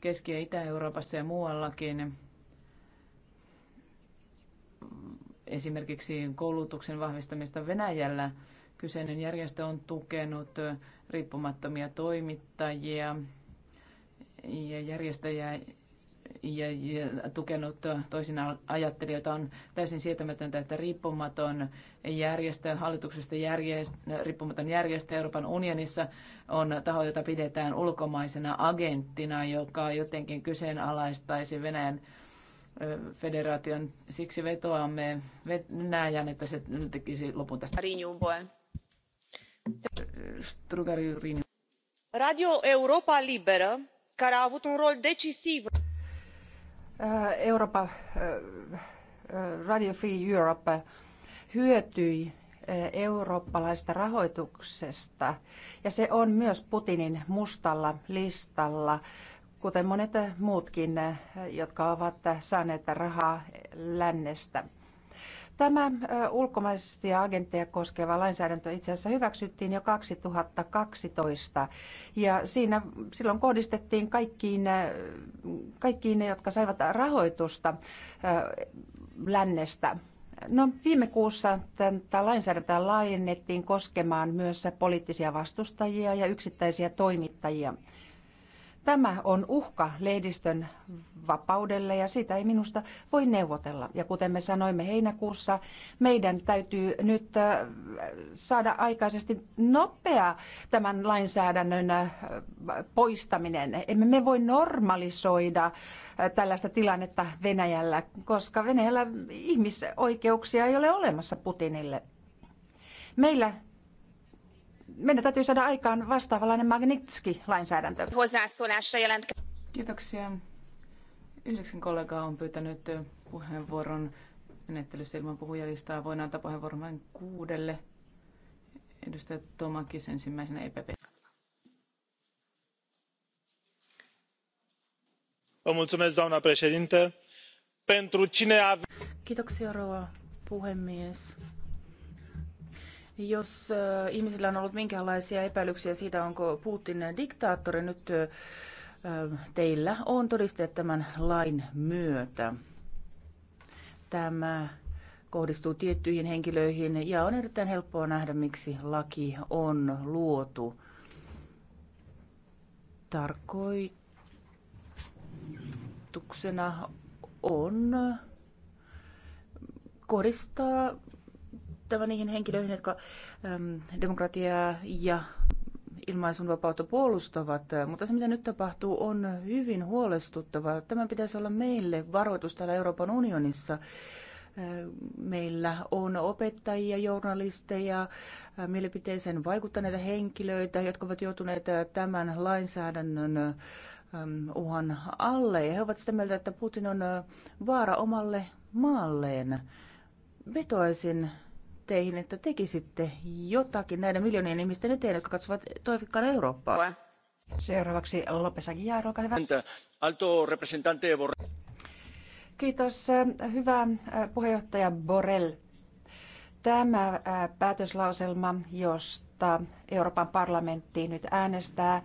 Keski- ja Itä-Euroopassa ja muuallakin esimerkiksi koulutuksen vahvistamista Venäjällä. Kyseinen järjestö on tukenut riippumattomia toimittajia ja järjestöjä, ja, ja tukenut toisinaan ajattelijoita. On täysin sietämätöntä, että riippumaton järjestö, hallituksesta järjestö, riippumaton järjestö Euroopan unionissa on taho, jota pidetään ulkomaisena agenttina, joka jotenkin kyseenalaistaisi Venäjän federaation. Siksi vetoamme Venäjän, että se tekisi lopun tästä. Radio Europa Libera, care a avut un rol decisiv Äh, Euroopan äh, äh, Radio Free Europe hyötyi eurooppalaista rahoituksesta ja se on myös Putinin mustalla listalla, kuten monet muutkin, jotka ovat saaneet rahaa lännestä. Tämä ulkomaisia agentteja koskeva lainsäädäntö itse asiassa hyväksyttiin jo 2012 ja siinä silloin kohdistettiin kaikkiin, kaikkiin ne, jotka saivat rahoitusta lännestä. No, viime kuussa tätä lainsäädäntöä laajennettiin koskemaan myös poliittisia vastustajia ja yksittäisiä toimittajia. Tämä on uhka lehdistön vapaudelle ja sitä ei minusta voi neuvotella. Ja kuten me sanoimme heinäkuussa, meidän täytyy nyt äh, saada aikaisesti nopea tämän lainsäädännön äh, poistaminen. Emme me voi normalisoida äh, tällaista tilannetta Venäjällä, koska Venäjällä ihmisoikeuksia ei ole olemassa Putinille. Meillä meidän täytyy saada aikaan vastaavanlainen Magnitski-lainsäädäntö. Kiitoksia. Yhdeksän kollegaa on pyytänyt puheenvuoron menettelyssä ilman puhujalistaa. Voin antaa puheenvuoron vain kuudelle. Edustaja Tomakis ensimmäisenä EPP. doamnă pentru cine Kiitoksia, rouva puhemies. Jos ihmisillä on ollut minkäänlaisia epäilyksiä siitä, onko Putin diktaattori, nyt teillä on todisteet tämän lain myötä. Tämä kohdistuu tiettyihin henkilöihin ja on erittäin helppoa nähdä, miksi laki on luotu. Tarkoituksena on kohdistaa keskityttävä niihin henkilöihin, jotka äm, demokratiaa ja ilmaisun vapautta puolustavat, mutta se mitä nyt tapahtuu on hyvin huolestuttavaa. Tämän pitäisi olla meille varoitus täällä Euroopan unionissa. Äh, meillä on opettajia, journalisteja, äh, mielipiteeseen vaikuttaneita henkilöitä, jotka ovat joutuneet äh, tämän lainsäädännön uhan alle. Ja he ovat sitä mieltä, että Putin on vaara omalle maalleen. Vetoaisin teihin, että tekisitte jotakin näiden miljoonien ihmisten eteen, jotka katsovat toivikkaan Eurooppaa. Seuraavaksi Lopes Aguiar, olkaa hyvä. Alto representante Borrell. Kiitos. Äh, hyvä äh, puheenjohtaja Borrell. Tämä äh, päätöslauselma, josta Euroopan parlamentti nyt äänestää,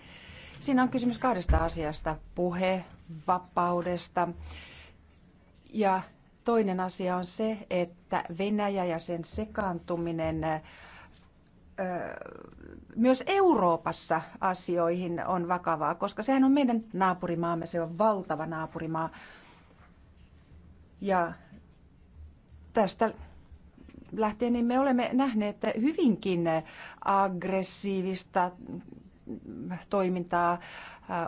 siinä on kysymys kahdesta asiasta. Puhevapaudesta ja Toinen asia on se, että Venäjä ja sen sekaantuminen myös Euroopassa asioihin on vakavaa, koska sehän on meidän naapurimaamme, se on valtava naapurimaa. Ja tästä lähtien niin me olemme nähneet hyvinkin aggressiivista toimintaa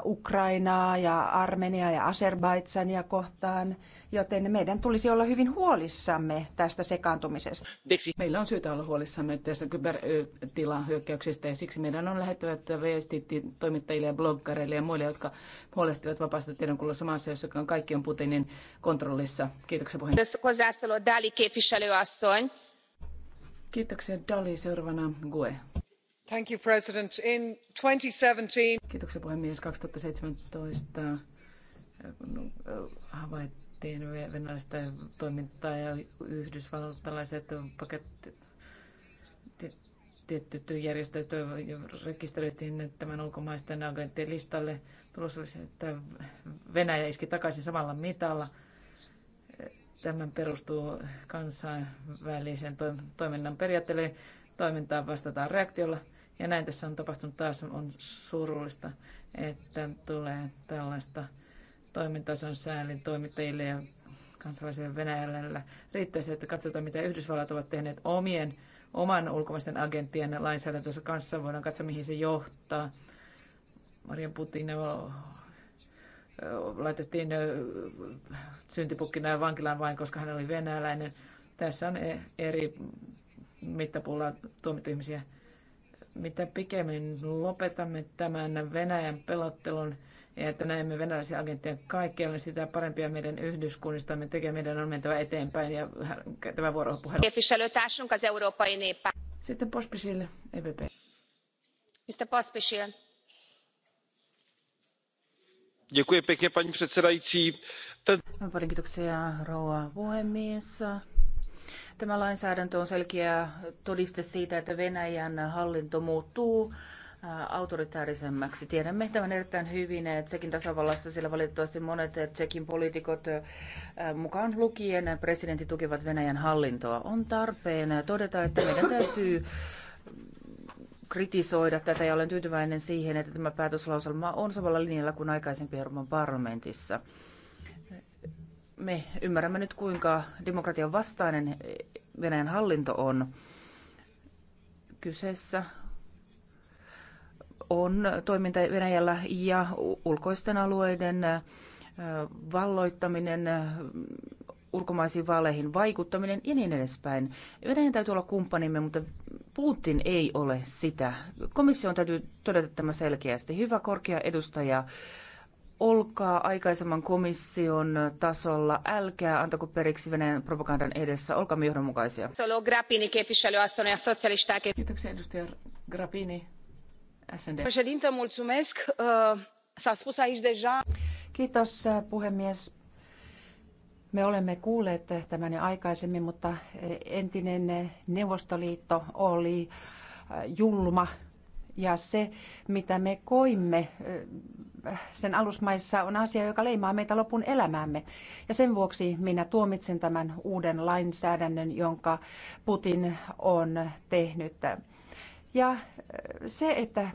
Ukrainaa ja Armeniaa ja Azerbaidsania kohtaan – joten meidän tulisi olla hyvin huolissamme tästä sekaantumisesta. Meillä on syytä olla huolissamme tästä kybertilan hyökkäyksistä ja siksi meidän on lähettävä viestit toimittajille ja bloggareille ja muille, jotka huolehtivat vapaasta tiedonkulussa maassa, jossa kaikki on Putinin kontrollissa. Kiitoksia puheenjohtaja. Kiitoksia Dali. Seuraavana Gue Kiitoksia puhemies 2017 äh, äh, havaittiin tuettiin venäläistä toimintaa ja yhdysvaltalaiset paketti, tietyt järjestöt rekisteröitiin tämän ulkomaisten agenttien listalle. Tulos oli se, että Venäjä iski takaisin samalla mitalla. Tämä perustuu kansainvälisen toiminnan periaatteelle. Toimintaan vastataan reaktiolla. Ja näin tässä on tapahtunut taas. On surullista, että tulee tällaista on säälin toimittajille ja kansalaisille Venäjällä. Riittäisi, että katsotaan, mitä Yhdysvallat ovat tehneet omien, oman ulkomaisten agenttien lainsäädäntönsä kanssa. Voidaan katsoa, mihin se johtaa. Maria Putin laitettiin syntipukkina vankilaan vain, koska hän oli venäläinen. Tässä on e, eri mittapuulla tuomittu ihmisiä. Mitä pikemmin lopetamme tämän Venäjän pelottelun, ja että näemme venäläisiä agentteja kaikkialla, niin sitä parempia meidän Yhdyskunnistamme tekee. Meidän on mentävä eteenpäin ja käytävä vuoropuhelu. Sitten Pospisil, EPP. paljon Pospisil paní předsedající tämä lainsäädäntö on selkeä todiste siitä että venäjän hallinto muuttuu autoritäärisemmäksi. Tiedämme tämän erittäin hyvin että Tsekin tasavallassa, sillä valitettavasti monet Tsekin poliitikot mukaan lukien presidentti tukivat Venäjän hallintoa. On tarpeen todeta, että meidän täytyy kritisoida tätä ja olen tyytyväinen siihen, että tämä päätöslauselma on samalla linjalla kuin aikaisempi Euroopan parlamentissa. Me ymmärrämme nyt, kuinka demokratian vastainen Venäjän hallinto on kyseessä on toiminta Venäjällä ja ulkoisten alueiden valloittaminen, ulkomaisiin vaaleihin vaikuttaminen ja niin edespäin. Venäjän täytyy olla kumppanimme, mutta Putin ei ole sitä. Komission täytyy todeta tämä selkeästi. Hyvä korkea edustaja, olkaa aikaisemman komission tasolla, älkää antako periksi Venäjän propagandan edessä, olkaa johdonmukaisia. Kiitoksia edustaja Grappini. SND. Președintă, mulțumesc. Uh, s-a spus aici deja. Kiitos uh, puhemies. Me olemme kuulleet tämän jo aikaisemmin, mutta uh, entinen Neuvostoliitto oli julma ja se, mitä me koimme sen alusmaissa, on asia, joka leimaa meitä lopun elämäämme. Ja sen vuoksi minä tuomitsen tämän uuden lainsäädännön, jonka Putin on tehnyt. Ja äh, se, että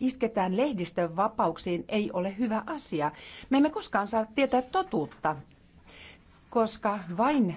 isketään lehdistön vapauksiin, ei ole hyvä asia. Me emme koskaan saa tietää totuutta, koska vain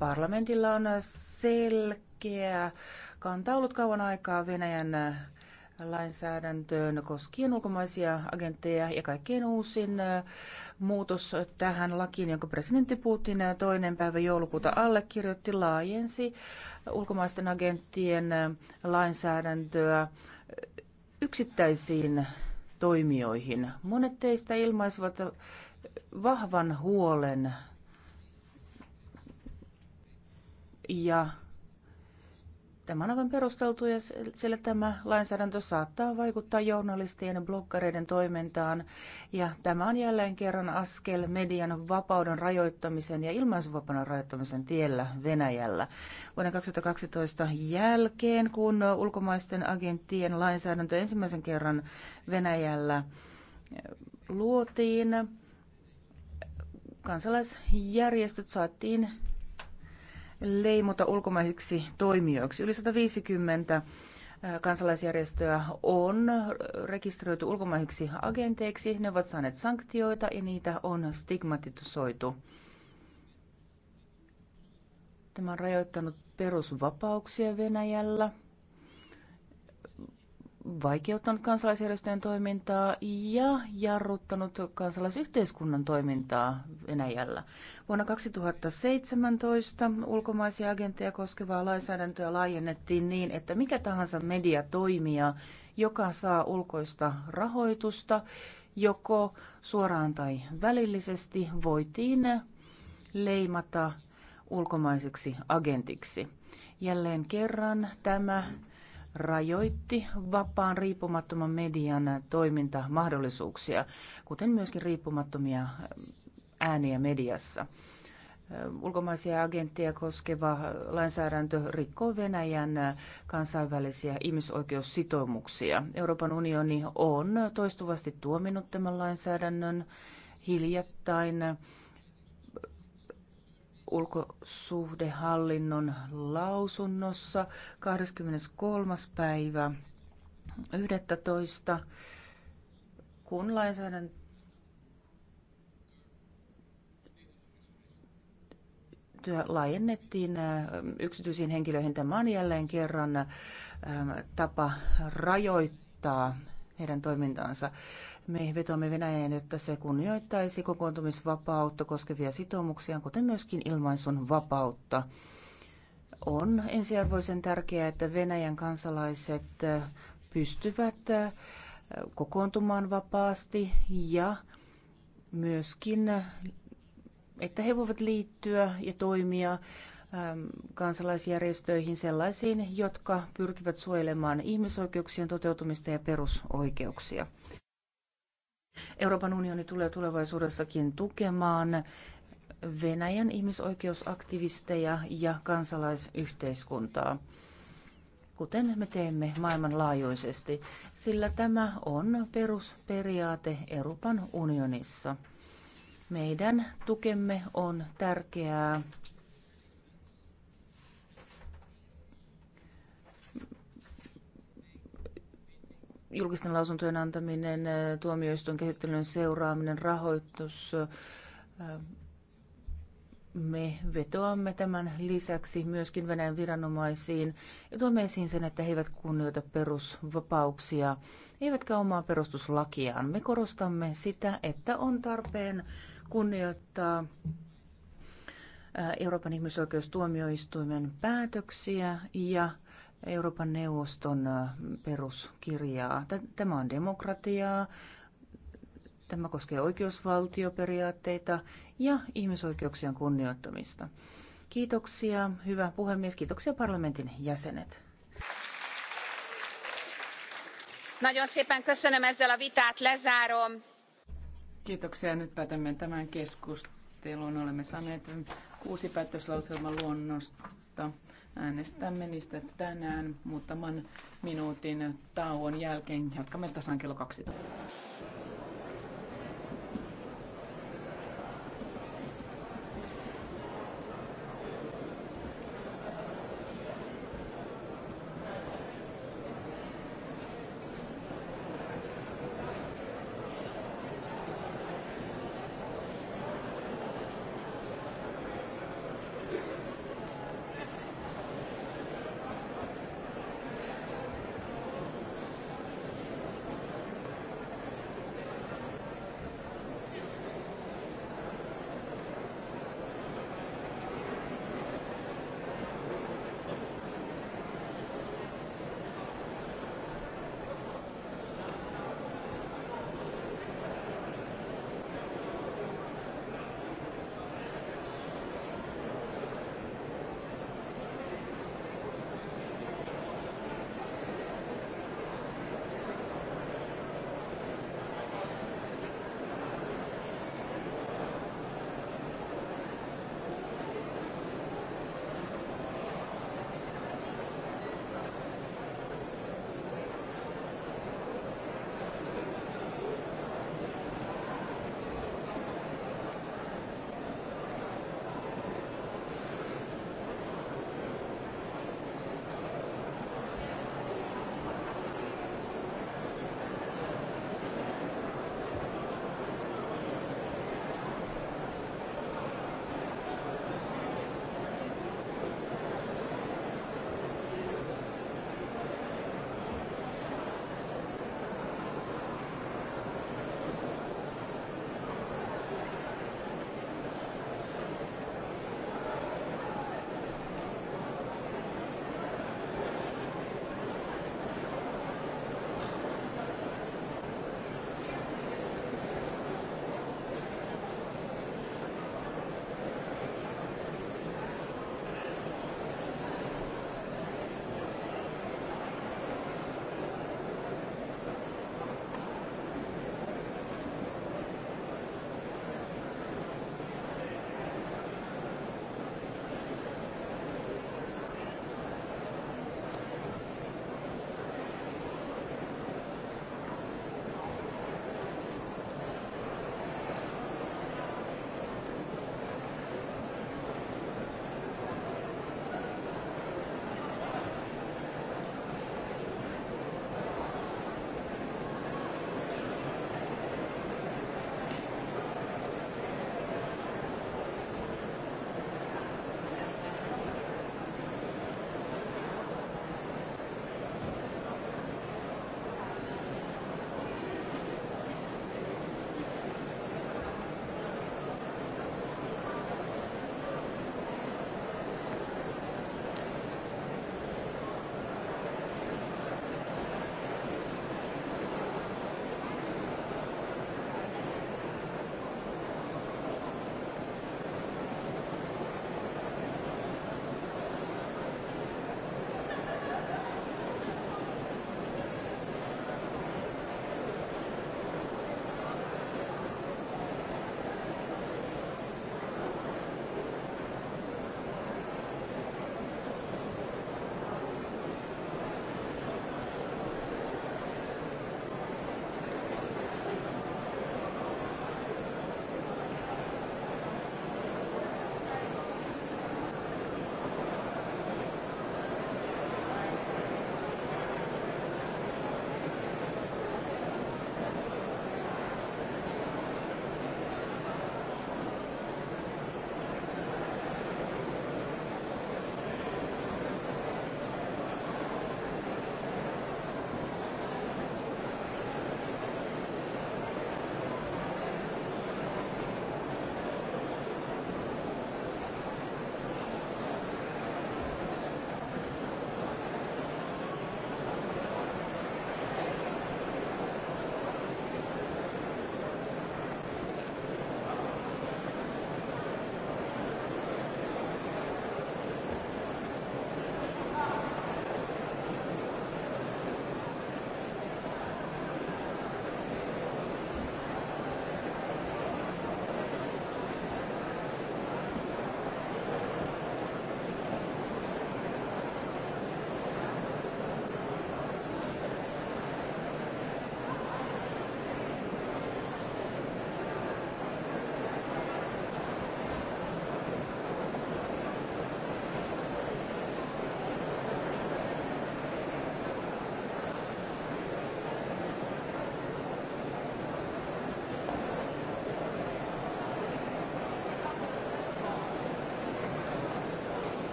Parlamentilla on selkeä kanta ollut kauan aikaa Venäjän lainsäädäntöön koskien ulkomaisia agentteja ja kaikkein uusin muutos tähän lakiin, jonka presidentti Putin toinen päivä joulukuuta allekirjoitti, laajensi ulkomaisten agenttien lainsäädäntöä yksittäisiin toimijoihin. Monet teistä ilmaisivat vahvan huolen Ja tämä on aivan perusteltu, ja sillä tämä lainsäädäntö saattaa vaikuttaa journalistien ja bloggareiden toimintaan. Ja tämä on jälleen kerran askel median vapauden rajoittamisen ja ilmaisuvapauden rajoittamisen tiellä Venäjällä. Vuoden 2012 jälkeen, kun ulkomaisten agenttien lainsäädäntö ensimmäisen kerran Venäjällä eh, luotiin, kansalaisjärjestöt saatiin leimuta ulkomaisiksi toimijoiksi. Yli 150 kansalaisjärjestöä on rekisteröity ulkomaisiksi agenteiksi. Ne ovat saaneet sanktioita ja niitä on stigmatisoitu. Tämä on rajoittanut perusvapauksia Venäjällä – vaikeuttanut kansalaisjärjestöjen toimintaa ja jarruttanut kansalaisyhteiskunnan toimintaa Venäjällä. Vuonna 2017 ulkomaisia agentteja koskevaa lainsäädäntöä laajennettiin niin, että mikä tahansa mediatoimija, joka saa ulkoista rahoitusta, joko suoraan tai välillisesti, voitiin leimata ulkomaiseksi agentiksi. Jälleen kerran tämä rajoitti vapaan riippumattoman median toimintamahdollisuuksia, kuten myöskin riippumattomia ääniä mediassa. Ulkomaisia agentteja koskeva lainsäädäntö rikkoo Venäjän kansainvälisiä ihmisoikeussitoumuksia. Euroopan unioni on toistuvasti tuominut tämän lainsäädännön hiljattain ulkosuhdehallinnon lausunnossa 23. päivä 11. kun lainsäädäntö laajennettiin äh, yksityisiin henkilöihin. Tämä on jälleen kerran äh, tapa rajoittaa heidän toimintaansa. Me vetoamme Venäjään, että se kunnioittaisi kokoontumisvapautta koskevia sitoumuksia, kuten myöskin ilmaisun vapautta. On ensiarvoisen tärkeää, että Venäjän kansalaiset pystyvät kokoontumaan vapaasti ja myöskin, että he voivat liittyä ja toimia Ähm, kansalaisjärjestöihin sellaisiin, jotka pyrkivät suojelemaan ihmisoikeuksien toteutumista ja perusoikeuksia. Euroopan unioni tulee tulevaisuudessakin tukemaan Venäjän ihmisoikeusaktivisteja ja kansalaisyhteiskuntaa, kuten me teemme maailmanlaajuisesti, sillä tämä on perusperiaate Euroopan unionissa. Meidän tukemme on tärkeää julkisten lausuntojen antaminen, tuomioistuin käsittelyn seuraaminen, rahoitus. Me vetoamme tämän lisäksi myöskin Venäjän viranomaisiin ja tuomme esiin sen, että he eivät kunnioita perusvapauksia, eivätkä omaa perustuslakiaan. Me korostamme sitä, että on tarpeen kunnioittaa Euroopan ihmisoikeustuomioistuimen päätöksiä ja Euroopan neuvoston äh, peruskirjaa. Tämä on demokratiaa, tämä koskee oikeusvaltioperiaatteita ja ihmisoikeuksien kunnioittamista. Kiitoksia, hyvä puhemies, kiitoksia parlamentin jäsenet. Nagyon szépen köszönöm ezzel a vitát, lezárom. Kiitoksia. Nyt päätämme tämän keskustelun. Olemme saaneet kuusi päätöslautelman luonnosta. Äänestämme niistä tänään muutaman minuutin tauon jälkeen. Jatkamme tasan kello 12.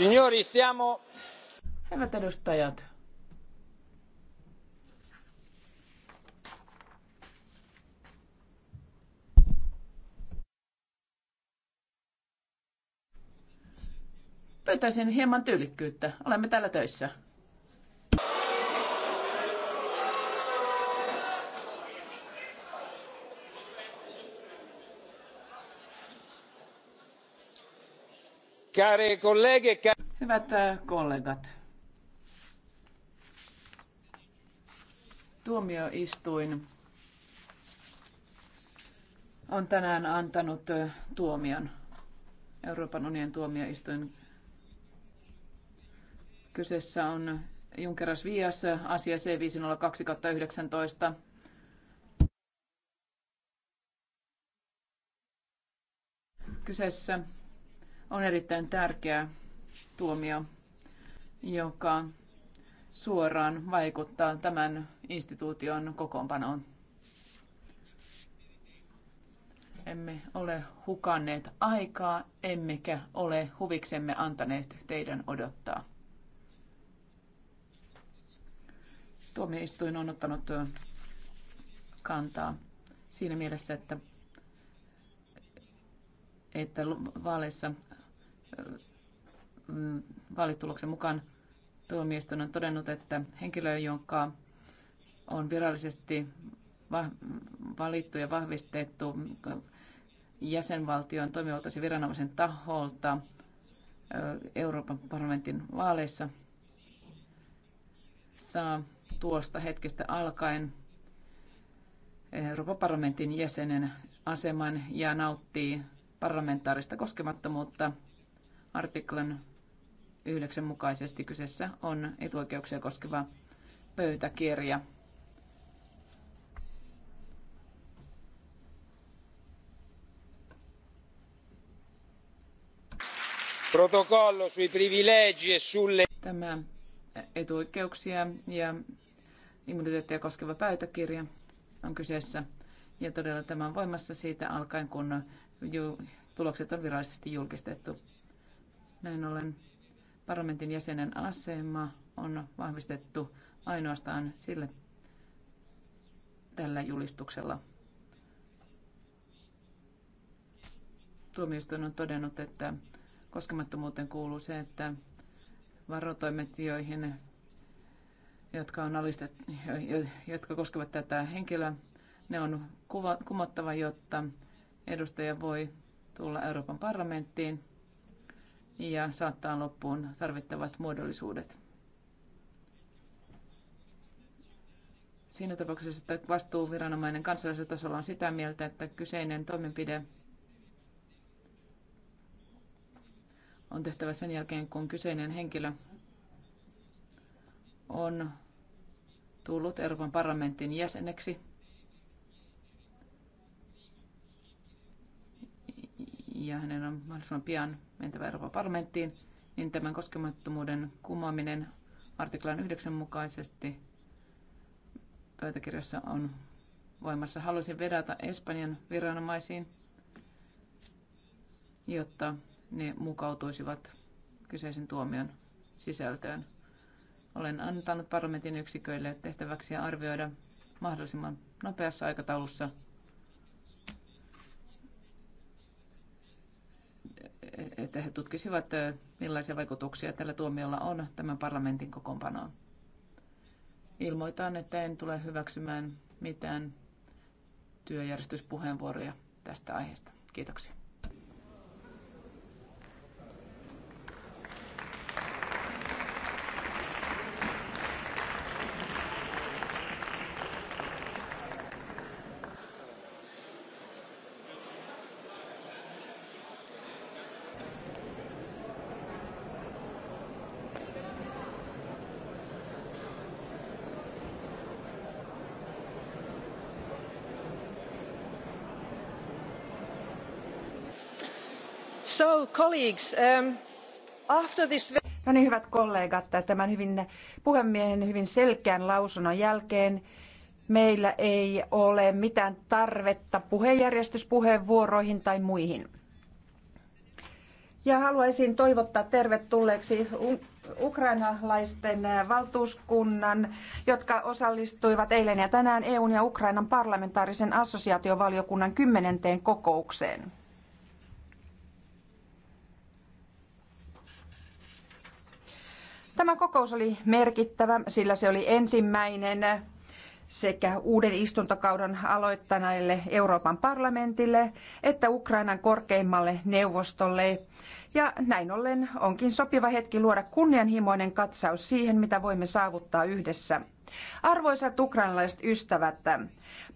Signori, stiamo... Hyvät edustajat. Pyytäisin hieman tyylikkyyttä. Olemme täällä töissä. Hyvät äh, kollegat, tuomioistuin on tänään antanut äh, tuomion, Euroopan unionin tuomioistuin. Kyseessä on Junkeras Vias, asia C502-19. Kyseessä on erittäin tärkeä tuomio, joka suoraan vaikuttaa tämän instituution kokoonpanoon. Emme ole hukanneet aikaa, emmekä ole huviksemme antaneet teidän odottaa. Tuomioistuin on ottanut kantaa siinä mielessä, että, että vaaleissa Mm, vaalituloksen mukaan tuomioistuin on todennut, että henkilö, jonka on virallisesti valittu ja vahvistettu jäsenvaltion toimivaltaisen viranomaisen taholta Euroopan parlamentin vaaleissa, saa tuosta hetkestä alkaen Euroopan parlamentin jäsenen aseman ja nauttii parlamentaarista koskemattomuutta artiklan 9 mukaisesti kyseessä on etuoikeuksia koskeva pöytäkirja. Protokollo sui privilegi e sulle... Tämä etuoikeuksia ja immuniteettia koskeva pöytäkirja on kyseessä. Ja todella tämä on voimassa siitä alkaen, kun tulokset on virallisesti julkistettu näin ollen parlamentin jäsenen asema on vahvistettu ainoastaan sille tällä julistuksella. Tuomioistuin on todennut, että koskemattomuuteen kuuluu se, että varotoimet, joihin, jotka, on alistet, jotka koskevat tätä henkilöä, ne on kuva, kumottava, jotta edustaja voi tulla Euroopan parlamenttiin ja saattaa loppuun tarvittavat muodollisuudet. Siinä tapauksessa, että vastuuviranomainen kansallisella tasolla on sitä mieltä, että kyseinen toimenpide on tehtävä sen jälkeen, kun kyseinen henkilö on tullut Euroopan parlamentin jäseneksi ja hänen on mahdollisimman pian mentävä Euroopan parlamenttiin, niin tämän koskemattomuuden kumoaminen artiklan 9 mukaisesti pöytäkirjassa on voimassa. Haluaisin vedata Espanjan viranomaisiin, jotta ne mukautuisivat kyseisen tuomion sisältöön. Olen antanut parlamentin yksiköille tehtäväksi arvioida mahdollisimman nopeassa aikataulussa – että he tutkisivat, millaisia vaikutuksia tällä tuomiolla on tämän parlamentin kokoonpanoon. Ilmoitan, että en tule hyväksymään mitään työjärjestyspuheenvuoroja tästä aiheesta. Kiitoksia. Um, no niin, hyvät kollegat, tämän hyvin puhemiehen hyvin selkeän lausunnon jälkeen meillä ei ole mitään tarvetta puheenjärjestyspuheenvuoroihin tai muihin. Ja haluaisin toivottaa tervetulleeksi ukrainalaisten valtuuskunnan, jotka osallistuivat eilen ja tänään EUn ja Ukrainan parlamentaarisen assosiaatiovaliokunnan kymmenenteen kokoukseen. Tämä kokous oli merkittävä, sillä se oli ensimmäinen sekä uuden istuntokauden aloittaneelle Euroopan parlamentille että Ukrainan korkeimmalle neuvostolle. Ja näin ollen onkin sopiva hetki luoda kunnianhimoinen katsaus siihen, mitä voimme saavuttaa yhdessä. Arvoisat ukrainalaiset ystävät,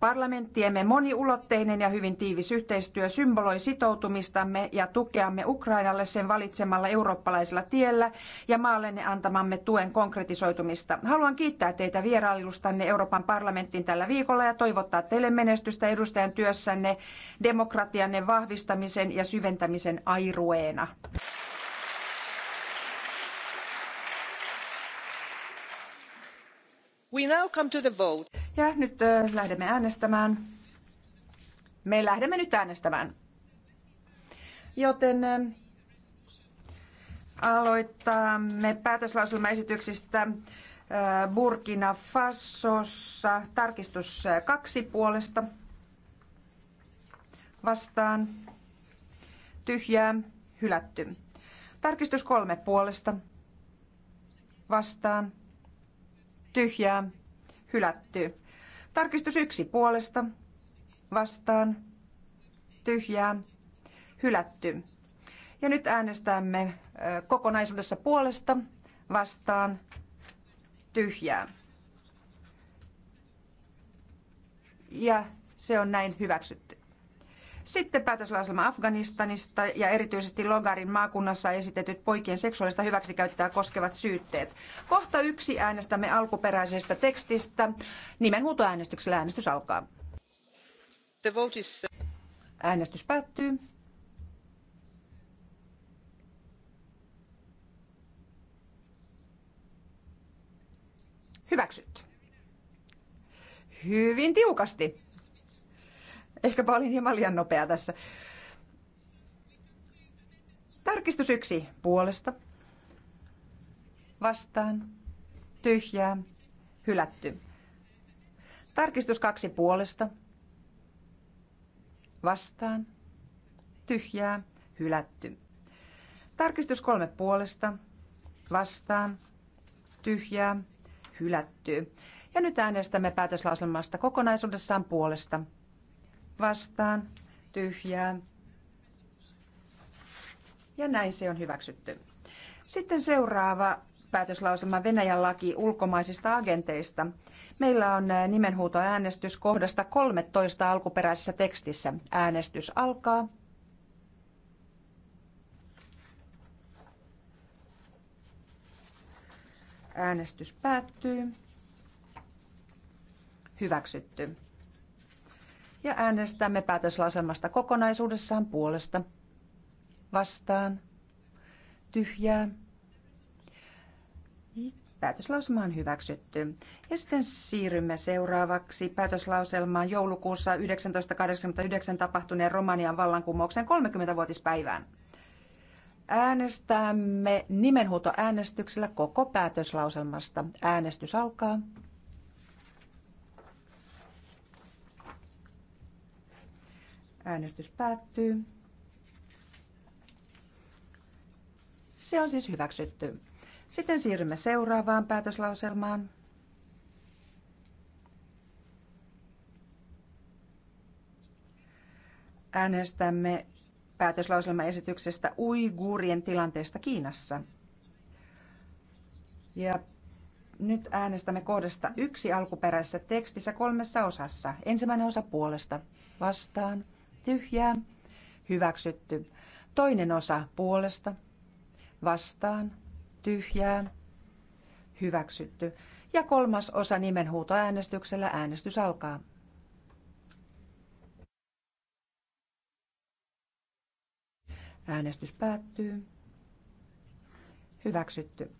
parlamenttiemme moniulotteinen ja hyvin tiivis yhteistyö symboloi sitoutumistamme ja tukeamme Ukrainalle sen valitsemalla eurooppalaisella tiellä ja maallenne antamamme tuen konkretisoitumista. Haluan kiittää teitä vierailustanne Euroopan parlamenttiin tällä viikolla ja toivottaa teille menestystä edustajan työssänne demokratianne vahvistamisen ja syventämisen airueena. We now come to the vote. Ja nyt äh, lähdemme äänestämään. Me lähdemme nyt äänestämään. Joten äh, aloitamme päätöslauselmaesityksistä äh, Burkina Fasossa. Tarkistus äh, kaksi puolesta. Vastaan. Tyhjää. Hylätty. Tarkistus kolme puolesta. Vastaan tyhjää, hylätty. Tarkistus yksi puolesta, vastaan, tyhjää, hylätty. Ja nyt äänestämme kokonaisuudessa puolesta, vastaan, tyhjää. Ja se on näin hyväksytty. Sitten päätöslauselma Afganistanista ja erityisesti Logarin maakunnassa esitetyt poikien seksuaalista hyväksikäyttöä koskevat syytteet. Kohta yksi äänestämme alkuperäisestä tekstistä. Nimenhuutoäänestyksellä äänestys alkaa. The vote is... Äänestys päättyy. Hyväksytty. Hyvin tiukasti. Ehkäpä olin hieman liian nopea tässä. Tarkistus yksi puolesta. Vastaan. Tyhjää. Hylätty. Tarkistus kaksi puolesta. Vastaan. Tyhjää. Hylätty. Tarkistus kolme puolesta. Vastaan. Tyhjää. Hylätty. Ja nyt äänestämme päätöslauselmasta kokonaisuudessaan puolesta vastaan tyhjää. Ja näin se on hyväksytty. Sitten seuraava päätöslauselma Venäjän laki ulkomaisista agenteista. Meillä on eh, nimenhuutoäänestys kohdasta 13 alkuperäisessä tekstissä. Äänestys alkaa. Äänestys päättyy. Hyväksytty ja äänestämme päätöslauselmasta kokonaisuudessaan puolesta. Vastaan. Tyhjää. Päätöslauselma on hyväksytty. Ja sitten siirrymme seuraavaksi päätöslauselmaan joulukuussa 1989 tapahtuneen Romanian vallankumouksen 30-vuotispäivään. Äänestämme nimenhuutoäänestyksellä koko päätöslauselmasta. Äänestys alkaa. Äänestys päättyy. Se on siis hyväksytty. Sitten siirrymme seuraavaan päätöslauselmaan. Äänestämme päätöslauselmaesityksestä uigurien tilanteesta Kiinassa. Ja nyt äänestämme kohdasta yksi alkuperäisessä tekstissä kolmessa osassa. Ensimmäinen osa puolesta vastaan, tyhjää, hyväksytty. Toinen osa puolesta, vastaan, tyhjää, hyväksytty. Ja kolmas osa nimenhuutoäänestyksellä äänestys alkaa. Äänestys päättyy. Hyväksytty.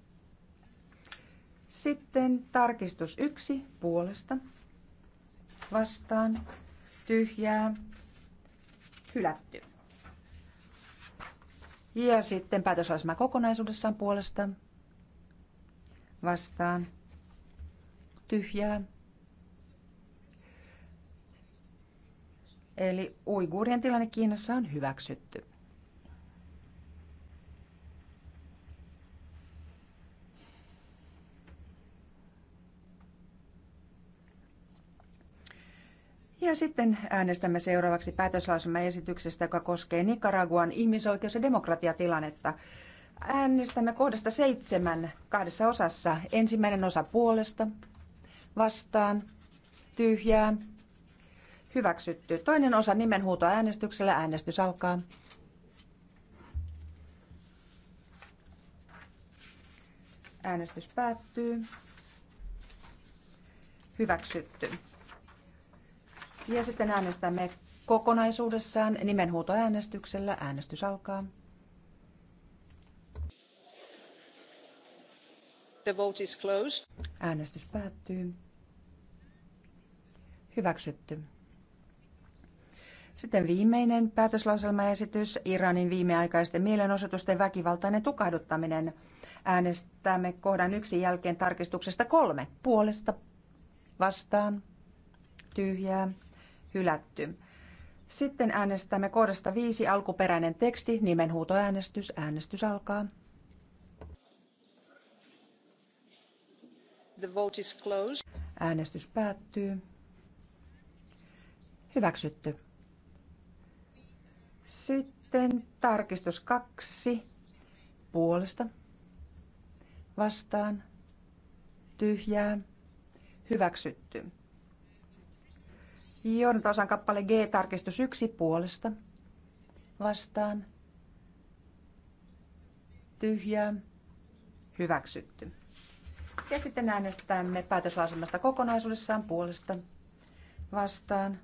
Sitten tarkistus yksi puolesta. Vastaan. Tyhjää hylätty. Ja sitten päätösasema kokonaisuudessaan puolesta vastaan tyhjää. Eli uiguurien tilanne Kiinassa on hyväksytty. Ja sitten äänestämme seuraavaksi päätöslausumaesityksestä, joka koskee Nicaraguan ihmisoikeus- ja demokratiatilannetta. Äänestämme kohdasta seitsemän kahdessa osassa. Ensimmäinen osa puolesta, vastaan, tyhjää, hyväksytty. Toinen osa nimenhuuto äänestyksellä. Äänestys alkaa. Äänestys päättyy. Hyväksytty. Ja sitten äänestämme kokonaisuudessaan nimenhuutoäänestyksellä. Äänestys alkaa. The vote is closed. Äänestys päättyy. Hyväksytty. Sitten viimeinen päätöslauselmaesitys, Iranin viimeaikaisten mielenosoitusten väkivaltainen tukahduttaminen. Äänestämme kohdan yksi jälkeen tarkistuksesta kolme. Puolesta, vastaan, tyhjää, hylätty. Sitten äänestämme kohdasta 5 alkuperäinen teksti, nimenhuutoäänestys. Äänestys alkaa. The vote is closed. Äänestys päättyy. Hyväksytty. Sitten tarkistus kaksi puolesta. Vastaan. Tyhjää. Hyväksytty osaan kappale G, tarkistus yksi puolesta. Vastaan. Tyhjää. Hyväksytty. Ja sitten äänestämme päätöslausumasta kokonaisuudessaan puolesta. Vastaan.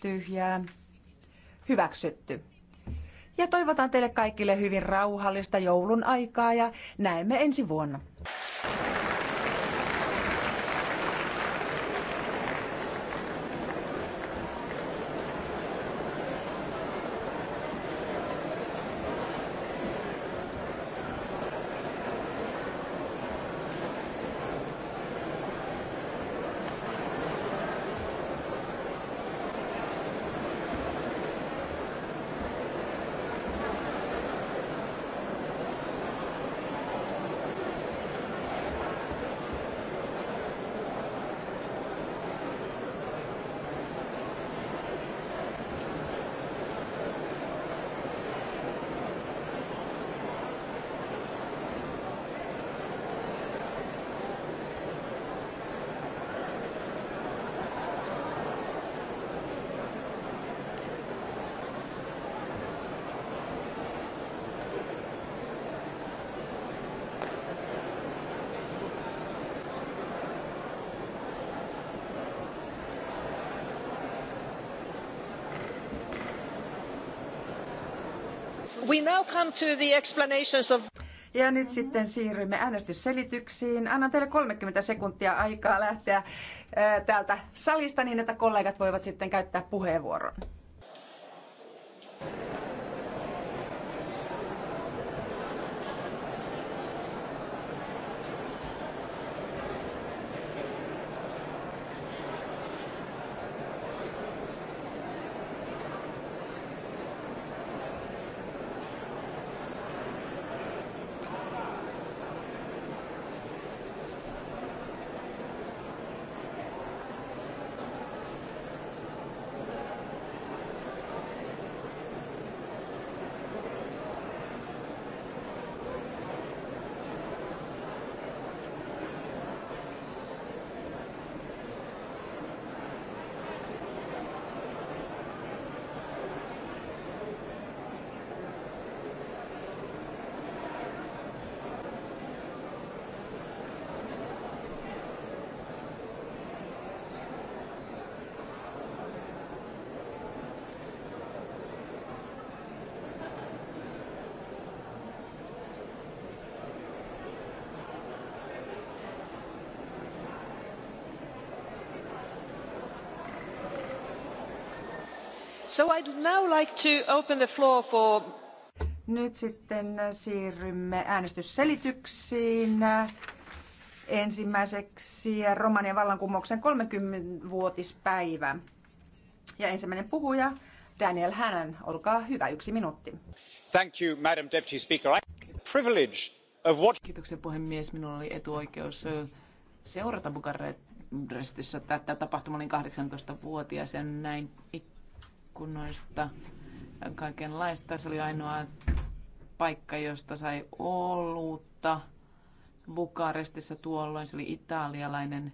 Tyhjää. Hyväksytty. Ja toivotan teille kaikille hyvin rauhallista joulun aikaa ja näemme ensi vuonna. Ja nyt sitten siirrymme äänestysselityksiin. Annan teille 30 sekuntia aikaa lähteä täältä salista niin, että kollegat voivat sitten käyttää puheenvuoron. So now like to open the floor for... Nyt sitten siirrymme äänestysselityksiin. Ensimmäiseksi Romanian vallankumouksen 30-vuotispäivä. Ja ensimmäinen puhuja Daniel Hannan, olkaa hyvä, yksi minuutti. Thank you, Madam Deputy Speaker. I... Privilege of what... Kiitoksia puhemies, minulla oli etuoikeus seurata Bukarestissa tätä tapahtumaa olin 18-vuotias ja näin ja kaikenlaista. Se oli ainoa paikka, josta sai olutta. Bukarestissa tuolloin se oli italialainen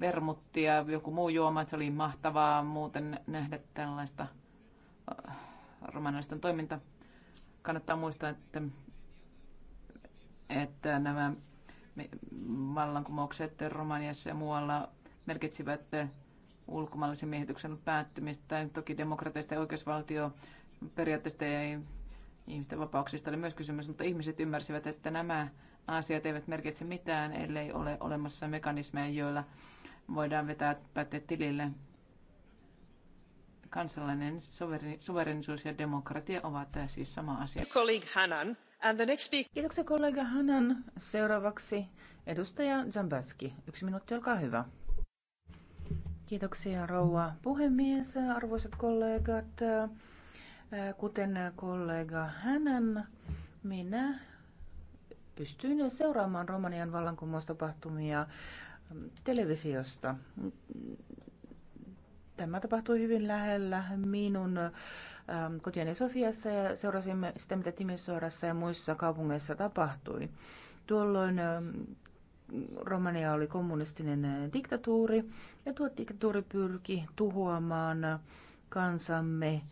vermutti ja joku muu juoma. Se oli mahtavaa muuten nähdä tällaista äh, romanilaisten toiminta. Kannattaa muistaa, että, että nämä vallankumoukset Romaniassa ja muualla merkitsivät äh, ulkomaalaisen miehityksen päättymistä. Toki demokratiasta ja oikeusvaltio periaatteista ja ihmisten vapauksista oli myös kysymys, mutta ihmiset ymmärsivät, että nämä asiat eivät merkitse mitään, ellei ole olemassa mekanismeja, joilla voidaan vetää päätteet tilille. Kansallinen suverenisuus ja demokratia ovat siis sama asia. Kiitoksia kollega Hanan. Seuraavaksi edustaja Jambaski. Yksi minuutti, olkaa hyvä. Kiitoksia rouva puhemies, arvoisat kollegat. Kuten kollega hänen, minä pystyin seuraamaan Romanian vallankumoustapahtumia televisiosta. Tämä tapahtui hyvin lähellä minun ähm, kotieni Sofiassa ja seurasimme sitä, mitä Timisoarassa ja muissa kaupungeissa tapahtui. Tuolloin ähm, Romania oli kommunistinen diktatuuri ja tuo diktatuuri pyrki tuhoamaan kansamme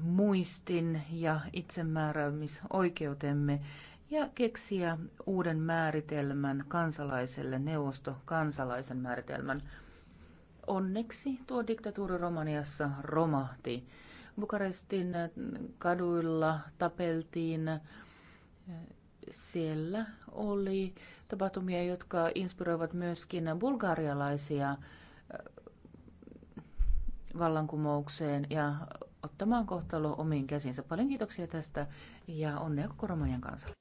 muistin ja itsemääräämisoikeutemme ja keksiä uuden määritelmän kansalaiselle, neuvostokansalaisen määritelmän. Onneksi tuo diktatuuri Romaniassa romahti. Bukarestin kaduilla tapeltiin siellä oli tapahtumia, jotka inspiroivat myöskin bulgarialaisia äh, vallankumoukseen ja ottamaan kohtalo omiin käsinsä. Paljon kiitoksia tästä ja onnea koko Romanian kansalle.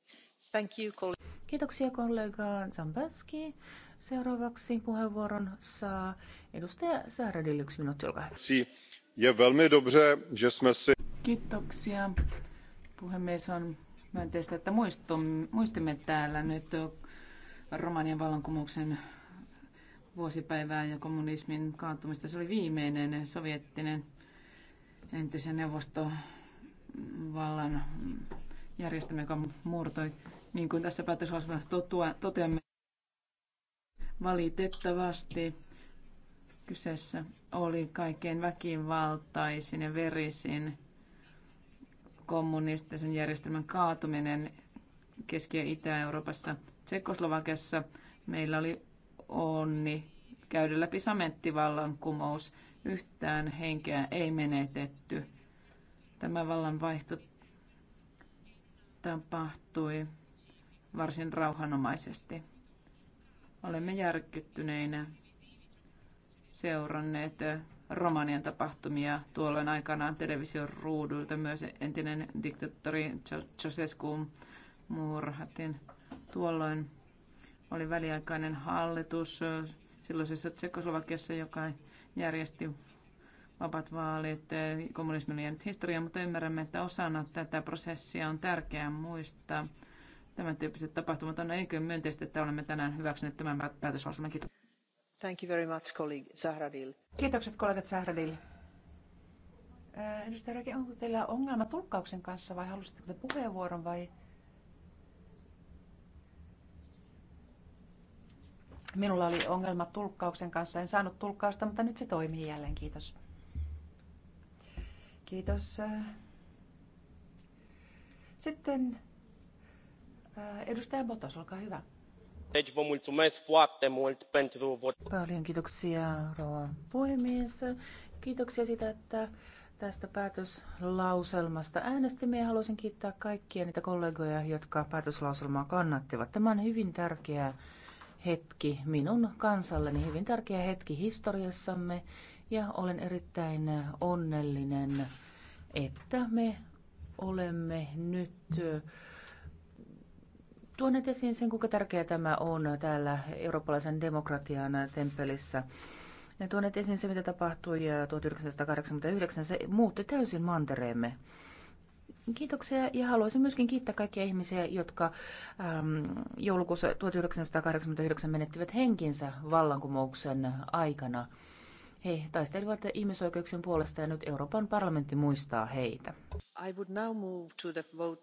Thank you, koll- Kiitoksia kollega Zambaski. Seuraavaksi puheenvuoron saa edustaja Säärädil, yksi minuutti, olkaa hyvä. Si. Je velmi dobře, že jsme si... Kiitoksia. Puhemies on myönteistä, että muistimme täällä nyt Romanian vallankumouksen vuosipäivää ja kommunismin kaatumista. Se oli viimeinen sovjettinen entisen neuvostovallan järjestelmä, joka murtoi, niin kuin tässä päätöslausumassa toteamme, valitettavasti kyseessä oli kaikkein väkivaltaisin ja verisin kommunistisen järjestelmän kaatuminen Keski- ja Itä-Euroopassa, Tsekoslovakiassa. Meillä oli onni käydä läpi kumous Yhtään henkeä ei menetetty. Tämä vallanvaihto tapahtui varsin rauhanomaisesti. Olemme järkyttyneinä seuranneet Romanian tapahtumia tuolloin aikanaan television ruudulta. Myös entinen diktaattori Ceausescu murhattiin. Tuolloin oli väliaikainen hallitus silloisessa Tsekoslovakiassa, joka järjesti vapaat vaalit. Eh, Kommunismi oli jäänyt historiaan, mutta ymmärrämme, että osana tätä prosessia on tärkeää muistaa tämän tyyppiset tapahtumat. On eikö myönteistä, että olemme tänään hyväksyneet tämän päätöslauselman. Kiitos. Thank Kiitokset kollegat Zahradil. Edustaja Röke, onko teillä ongelma tulkkauksen kanssa vai halusitteko te puheenvuoron vai? Minulla oli ongelma tulkkauksen kanssa, en saanut tulkkausta, mutta nyt se toimii jälleen, kiitos. Kiitos. Sitten edustaja Botos, olkaa hyvä. Paljon kiitoksia, rouva puhemies. Kiitoksia siitä, että tästä päätöslauselmasta äänestimme ja haluaisin kiittää kaikkia niitä kollegoja, jotka päätöslauselmaa kannattivat. Tämä on hyvin tärkeä hetki minun kansalleni, hyvin tärkeä hetki historiassamme ja olen erittäin onnellinen, että me olemme nyt tuoneet esiin sen, kuinka tärkeä tämä on täällä eurooppalaisen demokratian temppelissä. Ne tuoneet esiin se, mitä tapahtui 1989. Se muutti täysin mantereemme. Kiitoksia ja haluaisin myöskin kiittää kaikkia ihmisiä, jotka ähm, joulukuussa 1989 menettivät henkinsä vallankumouksen aikana. He taistelivat ihmisoikeuksien puolesta ja nyt Euroopan parlamentti muistaa heitä. I would now move to the vote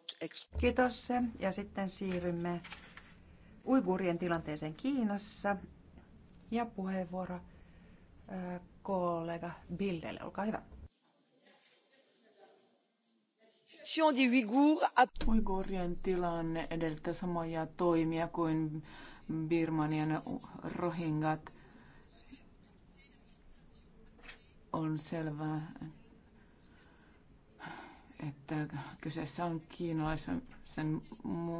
Kiitos. Ja sitten siirrymme uigurien tilanteeseen Kiinassa. Ja puheenvuoro kollega Bildelle, olkaa hyvä. Uigurien tilanne edeltää samoja toimia kuin Birmanian rohingat – on selvää, että kyseessä on kiinalaisen sen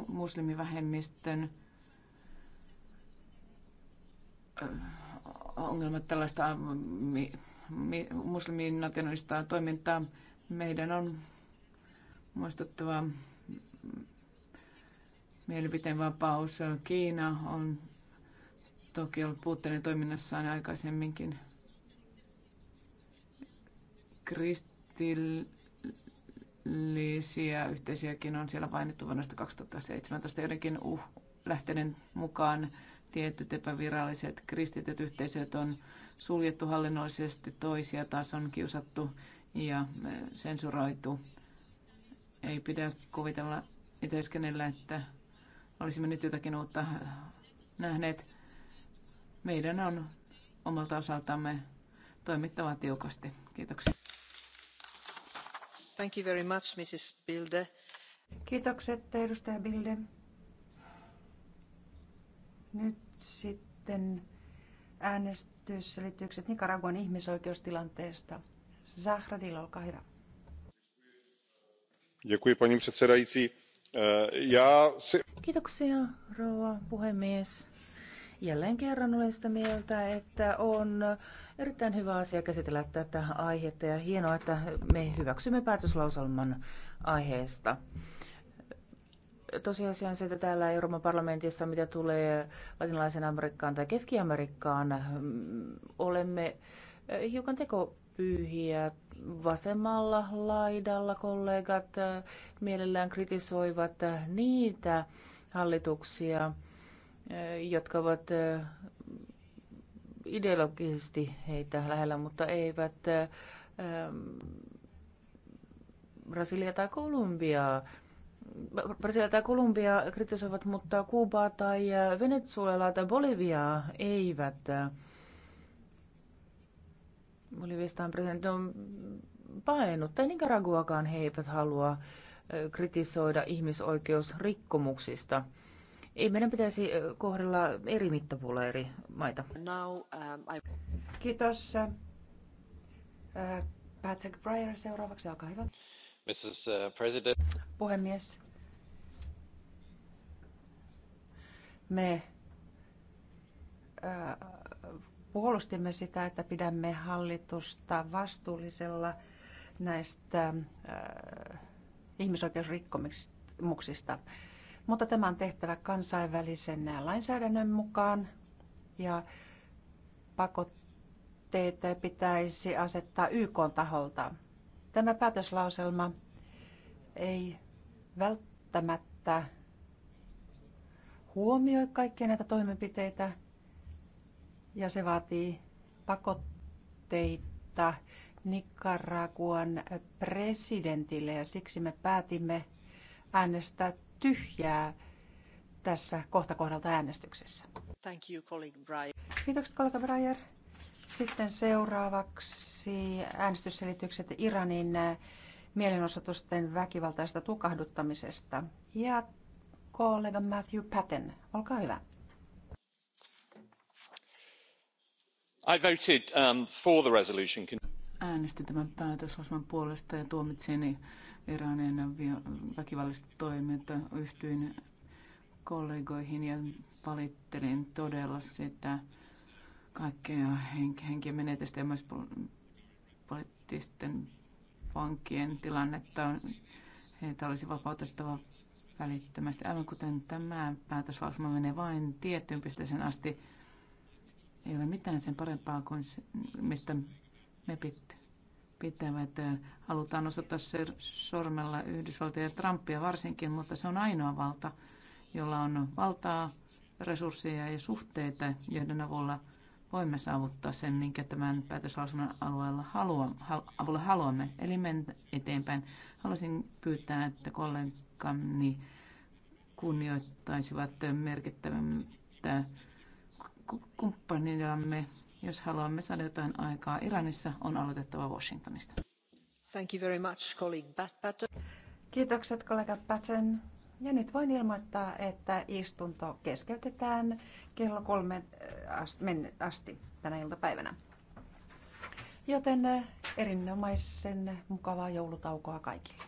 muslimivähemmistön ongelmat tällaista äh, nationalista toimintaa. Meidän on muistuttava mielipiteenvapaus. Kiina on toki ollut puutteinen toiminnassaan aikaisemminkin kristillisiä yhteisöjäkin on siellä mainittu vuodesta 2017 joidenkin uh, lähteiden mukaan tietyt epäviralliset kristityt yhteisöt on suljettu hallinnollisesti, toisia taas on kiusattu ja eh, sensuroitu. Ei pidä kuvitella iteskenellä, että olisimme nyt jotakin uutta eh, nähneet. Meidän on omalta osaltamme toimittava tiukasti. Kiitoksia. Kiitokset, edustaja Bilde. Nyt sitten äänestysselitykset Nicaraguan ihmisoikeustilanteesta. Zahradil, olkaa hyvä. Děkuji, paní předsedající. Eh, Kiitoksia, rouva puhemies. Jälleen kerran olen sitä mieltä, että on erittäin hyvä asia käsitellä tätä aihetta ja hienoa, että me hyväksymme päätöslauselman aiheesta tosiasia on se, että täällä Euroopan parlamentissa, mitä tulee latinalaisen Amerikkaan tai Keski-Amerikkaan, olemme hiukan pyyhiä Vasemmalla laidalla kollegat mielellään kritisoivat niitä hallituksia, jotka ovat ideologisesti heitä lähellä, mutta eivät Brasilia tai Kolumbiaa. Brasilia tai Kolumbia kritisoivat, mutta Kuubaa tai Venezuelaa tai Boliviaa eivät. on presidentti on paennut, tai Nicaraguakaan he eivät halua kritisoida ihmisoikeusrikkomuksista. Ei meidän pitäisi kohdella eri mittapuulla eri maita. Now, um, I... Kiitos. Uh, Patrick Breyer seuraavaksi, olkaa hyvä. Mrs. Uh, President. Puhemies. Me uh, puolustimme sitä, että pidämme hallitusta vastuullisella näistä uh, ihmisoikeusrikkomuksista mutta tämä on tehtävä kansainvälisen lainsäädännön mukaan ja pakotteet pitäisi asettaa YK taholta. Tämä päätöslauselma ei välttämättä huomioi kaikkia näitä toimenpiteitä ja se vaatii pakotteita Nicaraguan presidentille ja siksi me päätimme äänestää tyhjää tässä kohta kohdalta äänestyksessä. Thank you, colleague Breyer. Kiitokset, kollega Breyer. Sitten seuraavaksi äänestysselitykset Iranin mielenosoitusten väkivaltaista tukahduttamisesta. Ja kollega Matthew Patten, olkaa hyvä. I voted um, for the resolution. Äänestin tämän päätöslauselman puolesta ja tuomitsin ennen väkivallista toimintaa. Yhtyin kollegoihin ja valittelin todella sitä kaikkea henkien menetystä ja myös poliittisten vankien tilannetta. Heitä olisi vapautettava välittömästi. Aivan kuten tämä päätöslausuma menee vain tiettyyn pisteeseen asti, ei ole mitään sen parempaa kuin se, mistä me pitää pitävät. Äh, halutaan osoittaa se sormella Yhdysvaltoja ja Trumpia varsinkin, mutta se on ainoa valta, jolla on valtaa, resursseja ja suhteita, joiden avulla voimme saavuttaa sen, minkä tämän päätöslausuman alueella haluamme, avulla haluamme, eli mennä eteenpäin. Haluaisin pyytää, että kollegani kunnioittaisivat merkittävämmin kumppanillamme jos haluamme saada jotain aikaa Iranissa, on aloitettava Washingtonista. Thank you very much, colleague Bat Kiitokset, kollega Patten. Ja nyt voin ilmoittaa, että istunto keskeytetään kello kolme äh, asti tänä iltapäivänä. Joten äh, erinomaisen mukavaa joulutaukoa kaikille.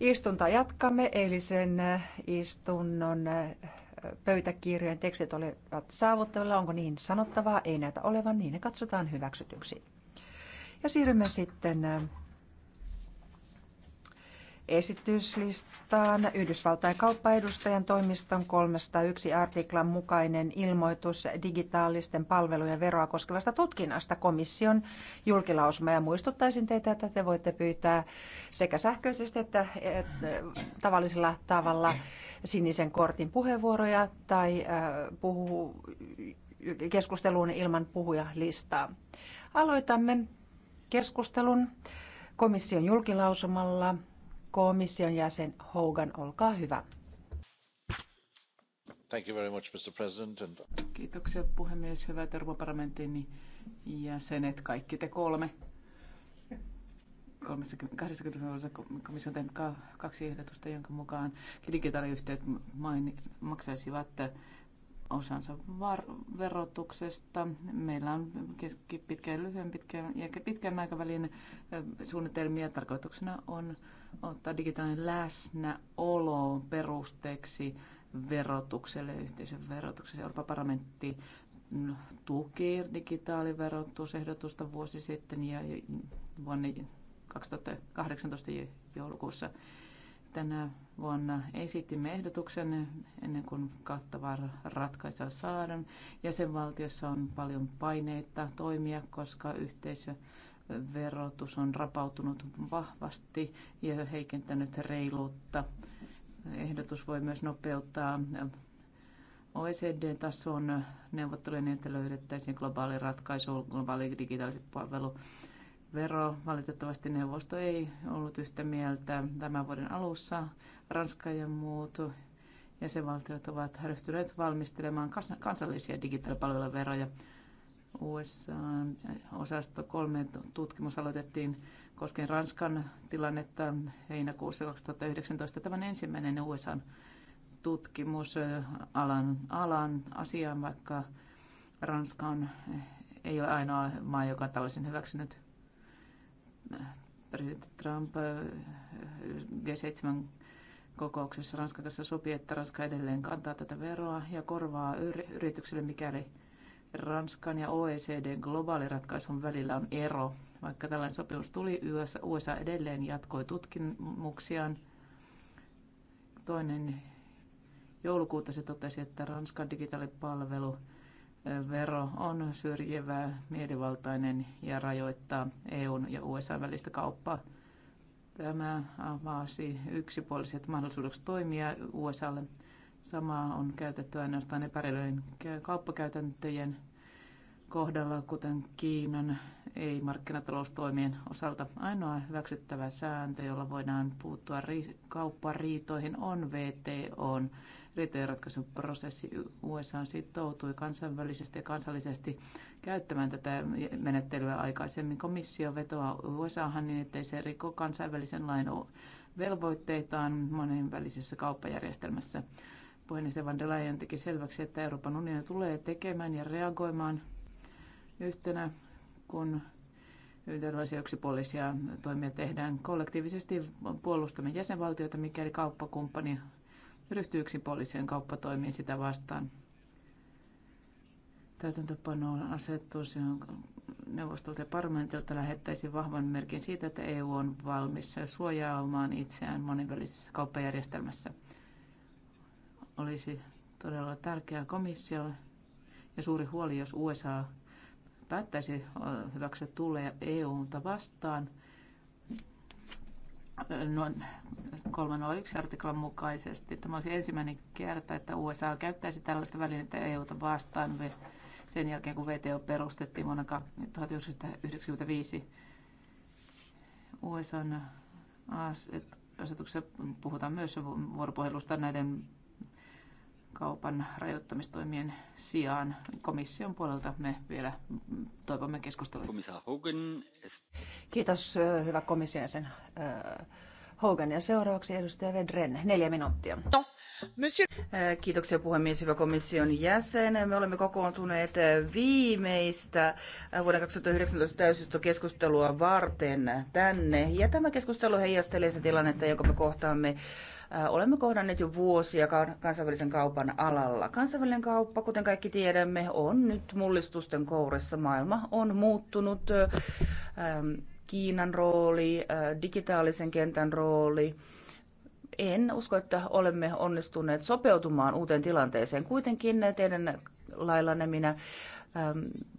Istunta jatkamme. Eilisen äh, istunnon äh, pöytäkirjojen tekstit olivat saavuttavilla. Onko niihin sanottavaa? Ei näytä olevan. Niin ne katsotaan hyväksytyksi. Ja siirrymme sitten äh, esityslistaan Yhdysvaltain kauppaedustajan toimiston 301 artiklan mukainen ilmoitus digitaalisten palvelujen veroa koskevasta tutkinnasta komission julkilausuma. Ja muistuttaisin teitä, että te voitte pyytää sekä sähköisesti että tavallisella tavalla sinisen kortin puheenvuoroja tai äh, puhu, keskusteluun ilman puhujalistaa. Aloitamme keskustelun komission julkilausumalla komission jäsen Hogan, olkaa hyvä. Thank you very much, Mr. President. And... Kiitoksia puhemies, hyvät Euroopan parlamentin jäsenet, kaikki te kolme. 20 vuodessa komissio on tehnyt kaksi ehdotusta, jonka mukaan digitaaliyhteydet maksaisivat osansa verotuksesta. Meillä on ja lyhyen pitkän ja pitkän aikavälin suunnitelmia. Tarkoituksena on ottaa digitaalinen läsnäolo perusteeksi verotukselle, yhteisön verotukselle. Euroopan parlamentti tuki digitaaliverotusehdotusta vuosi sitten ja vuonna 2018 joulukuussa tänä vuonna esitimme ehdotuksen ennen kuin kattava ratkaisu saadaan. Jäsenvaltiossa on paljon paineita toimia, koska yhteisö verotus on rapautunut vahvasti ja heikentänyt reiluutta. Ehdotus voi myös nopeuttaa OECD-tason neuvottelujen, niin, että löydettäisiin globaali ratkaisu, globaali digitaaliset palvelu. Vero. Valitettavasti neuvosto ei ollut yhtä mieltä tämän vuoden alussa. Ranska ja muut jäsenvaltiot ovat ryhtyneet valmistelemaan kansallisia digitaalipalveluveroja veroja USA-osasto kolme tutkimus aloitettiin koskien Ranskan tilannetta heinäkuussa 2019. Tämän ensimmäinen USA tutkimus alan, alan asiaan, vaikka Ranska on, ei ole ainoa maa, joka on tällaisen hyväksynyt. Presidentti Trump G7 kokouksessa Ranskan kanssa sopii, että Ranska edelleen kantaa tätä veroa ja korvaa yrityksille mikäli Ranskan ja OECDn globaaliratkaisun välillä on ero. Vaikka tällainen sopimus tuli, USA edelleen jatkoi tutkimuksiaan. Toinen joulukuuta se totesi, että Ranskan digitaalipalvelu vero on syrjivää, mielivaltainen ja rajoittaa EUn ja USA välistä kauppaa. Tämä avasi yksipuoliset mahdollisuudet toimia USAlle Samaa on käytetty ainoastaan epäröiden kauppakäytäntöjen kohdalla, kuten Kiinan ei-markkinataloustoimien osalta. Ainoa hyväksyttävä sääntö, jolla voidaan puuttua ri- kauppariitoihin, on VTO, VTOn prosessi USA sitoutui kansainvälisesti ja kansallisesti käyttämään tätä menettelyä aikaisemmin. Komissio vetoaa USAhan niin, ettei se riko kansainvälisen lain velvoitteitaan monenvälisessä kauppajärjestelmässä puheenjohtaja van der Leyen teki selväksi, että Euroopan unioni tulee tekemään ja reagoimaan yhtenä, kun tällaisia yksipuolisia toimia tehdään. Kollektiivisesti puolustamme jäsenvaltioita, mikäli kauppakumppani ryhtyy yksipuoliseen kauppatoimiin sitä vastaan. on asetus, jonka neuvostolta ja parlamentilta lähettäisiin vahvan merkin siitä, että EU on valmis suojaamaan itseään monenvälisessä kauppajärjestelmässä – olisi todella tärkeä komissiolle ja suuri huoli, jos USA päättäisi hyväksyä tulee ta vastaan noin 301 artiklan mukaisesti. Tämä olisi ensimmäinen kerta, että USA käyttäisi tällaista välinettä EUta vastaan sen jälkeen, kun VTO perustettiin vuonna 1995. USA asetuksessa puhutaan myös vuoropuhelusta näiden kaupan rajoittamistoimien sijaan komission puolelta me vielä toivomme keskustelua. Kiitos äh, hyvä komission sen äh, Hogan ja seuraavaksi edustaja Vedren, neljä minuuttia. No, monsieur... Äh, kiitoksia puhemies, hyvä komission jäsen. Me olemme kokoontuneet viimeistä vuoden 2019 täysistuntokeskustelua varten tänne. Ja tämä keskustelu heijastelee sitä tilannetta, jonka me kohtaamme olemme kohdanneet jo vuosia kansainvälisen kaupan alalla. Kansainvälinen kauppa, kuten kaikki tiedämme, on nyt mullistusten kourissa. Maailma on muuttunut. Kiinan rooli, digitaalisen kentän rooli, en usko, että olemme onnistuneet sopeutumaan uuteen tilanteeseen. Kuitenkin teidän laillanne minä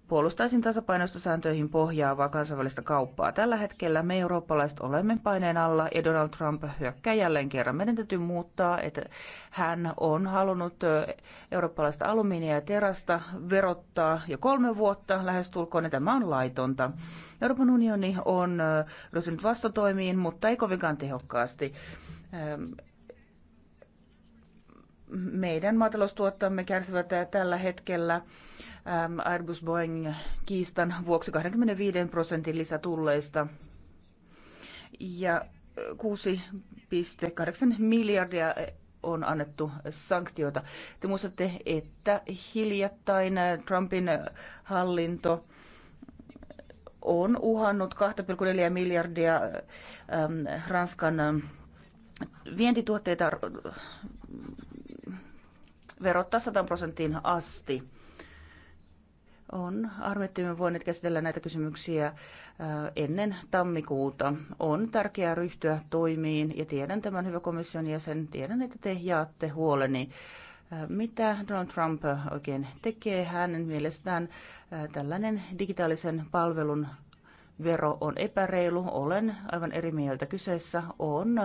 puolustaisin tasapainosta sääntöihin pohjaavaa kansainvälistä kauppaa. Tällä hetkellä me eurooppalaiset olemme paineen alla ja Donald Trump hyökkää jälleen kerran. Meidän täytyy muuttaa, että hän on halunnut eurooppalaista alumiinia ja terasta verottaa jo kolme vuotta lähestulkoon ja tämä on laitonta. Euroopan unioni on ryhtynyt vastatoimiin, mutta ei kovinkaan tehokkaasti meidän maataloustuottamme kärsivät tällä hetkellä Ähm, Airbus Boeing kiistan vuoksi 25 prosentin lisätulleista ja 6,8 äh, miljardia äh, on annettu sanktioita. Te muistatte, että hiljattain äh, Trumpin hallinto on uhannut 2,4 miljardia ähm, Ranskan ähm, vientituotteita verottaa 100 prosenttiin asti on Arvettiin, me voineet käsitellä näitä kysymyksiä ennen tammikuuta. On tärkeää ryhtyä toimiin ja tiedän tämän hyvä komission jäsen, tiedän, että te jaatte huoleni. Mitä Donald Trump oikein tekee? Hänen mielestään tällainen digitaalisen palvelun vero on epäreilu. Olen aivan eri mieltä. Kyseessä on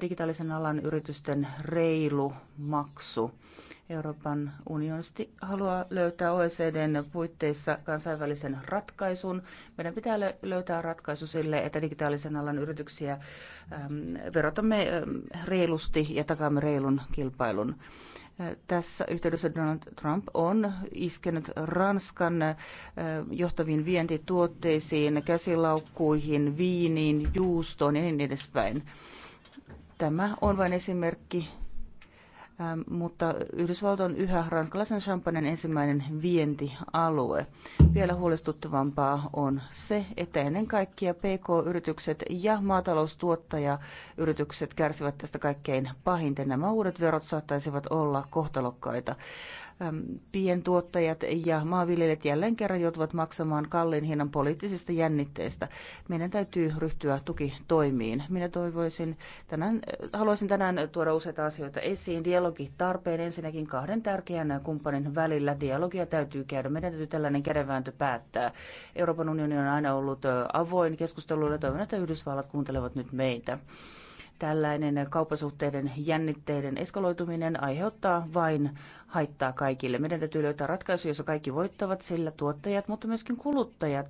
digitaalisen alan yritysten reilu maksu. Euroopan unionisti haluaa löytää OECDn puitteissa kansainvälisen ratkaisun. Meidän pitää löytää ratkaisu sille, että digitaalisen alan yrityksiä verotamme reilusti ja takaamme reilun kilpailun. Tässä yhteydessä Donald Trump on iskenyt Ranskan johtaviin vientituotteisiin, käsilaukkuihin, viiniin, juustoon ja niin edespäin. Tämä on vain esimerkki Ähm, mutta Yhdysvalto on yhä ranskalaisen champagnen ensimmäinen vientialue. Vielä huolestuttavampaa on se, että ennen kaikkea PK-yritykset ja maataloustuottajayritykset kärsivät tästä kaikkein pahinten. Nämä uudet verot saattaisivat olla kohtalokkaita pientuottajat ja maanviljelijät jälleen kerran joutuvat maksamaan kalliin hinnan poliittisista jännitteistä. Meidän täytyy ryhtyä tukitoimiin. Minä toivoisin tänään, äh, haluaisin tänään tuoda useita asioita esiin. Dialogi tarpeen ensinnäkin kahden tärkeän kumppanin välillä. Dialogia täytyy käydä. Meidän täytyy tällainen kädenvääntö päättää. Euroopan unioni on aina ollut äh, avoin keskustelulle. Toivon, että Yhdysvallat kuuntelevat nyt meitä tällainen kauppasuhteiden jännitteiden eskaloituminen aiheuttaa vain haittaa kaikille. Meidän täytyy löytää ratkaisu, jossa kaikki voittavat, sillä tuottajat, mutta myöskin kuluttajat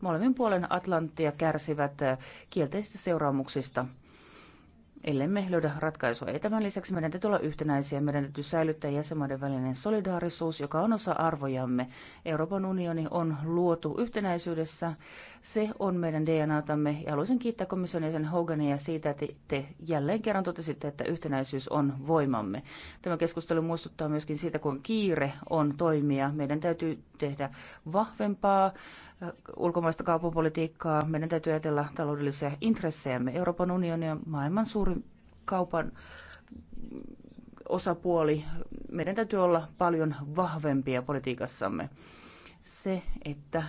molemmin puolen Atlanttia kärsivät kielteisistä seuraamuksista ellemme löydä ratkaisua. Ja tämän lisäksi meidän täytyy olla yhtenäisiä. Meidän täytyy säilyttää jäsenmaiden välinen solidaarisuus, joka on osa arvojamme. Euroopan unioni on luotu yhtenäisyydessä se on meidän DNAtamme ja haluaisin kiittää komission jäsen Hogania siitä, että te jälleen kerran totesitte, että yhtenäisyys on voimamme. Tämä keskustelu muistuttaa myöskin siitä, kun kiire on toimia. Meidän täytyy tehdä vahvempaa äh, ulkomaista kaupunpolitiikkaa. Meidän täytyy ajatella taloudellisia intressejämme. Euroopan unioni on maailman suurin kaupan osapuoli. Meidän täytyy olla paljon vahvempia politiikassamme. Se, että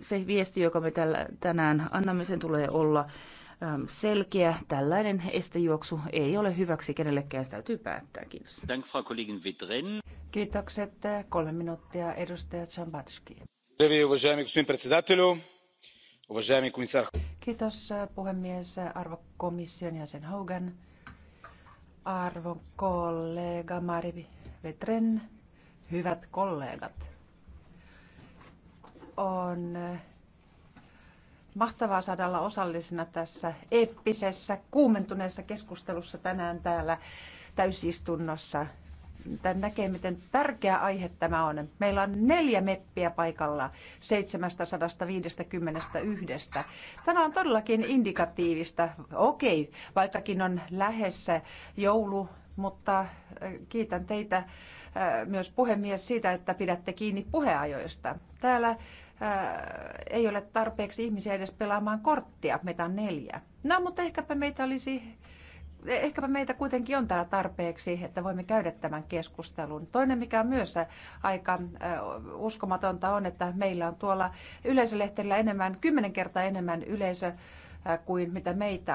se viesti, joka me tällä, tänään annamme, sen tulee olla ähm, selkeä. Tällainen estejuoksu ei ole hyväksi kenellekään, se täytyy päättää. Kiitos. Dank, Frau Kollegin Vitren. Kiitokset. Kolme minuuttia edustaja Czambatski. Kiitos puhemies, arvokomission jäsen Hogan, arvon kollega Mari Vetren, hyvät kollegat on eh, mahtavaa saada olla osallisena tässä eeppisessä, kuumentuneessa keskustelussa tänään täällä täysistunnossa. Tän näkee, miten tärkeä aihe tämä on. Meillä on neljä meppiä paikalla 751. Tämä on todellakin indikatiivista. Okei, vaikkakin on lähessä joulu mutta äh, kiitän teitä äh, myös puhemies siitä, että pidätte kiinni puheajoista. Täällä äh, ei ole tarpeeksi ihmisiä edes pelaamaan korttia, meitä on neljä. No, mutta ehkäpä meitä olisi ehkäpä meitä kuitenkin on täällä tarpeeksi, että voimme käydä tämän keskustelun. Toinen, mikä on myös aika uskomatonta, on, että meillä on tuolla yleisölehterillä enemmän, kymmenen kertaa enemmän yleisö Äh, kuin mitä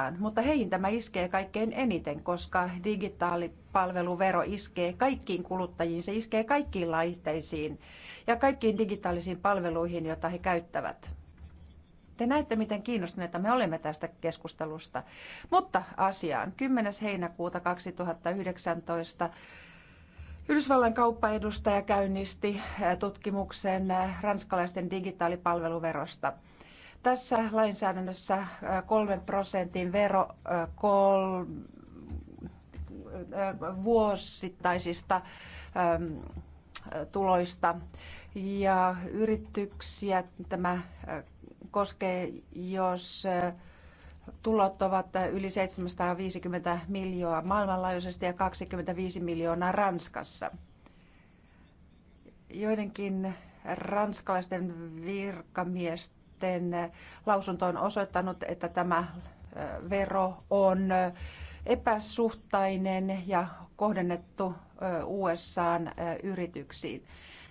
on. Mutta heihin tämä iskee kaikkein eniten, koska digitaalipalveluvero iskee kaikkiin kuluttajiin, se iskee kaikkiin laitteisiin ja kaikkiin digitaalisiin palveluihin, joita he käyttävät. Te näette, miten kiinnostuneita me olemme tästä keskustelusta. Mutta asiaan. 10. heinäkuuta 2019 Yhdysvallan kauppaedustaja käynnisti äh, tutkimuksen äh, ranskalaisten digitaalipalveluverosta – tässä lainsäädännössä kolmen prosentin vero kol, vuosittaisista tuloista ja yrityksiä tämä koskee, jos tulot ovat yli 750 miljoonaa maailmanlaajuisesti ja 25 miljoonaa Ranskassa. Joidenkin ranskalaisten virkamiesten sitten lausunto on osoittanut, että tämä vero on epäsuhtainen ja kohdennettu USAn yrityksiin.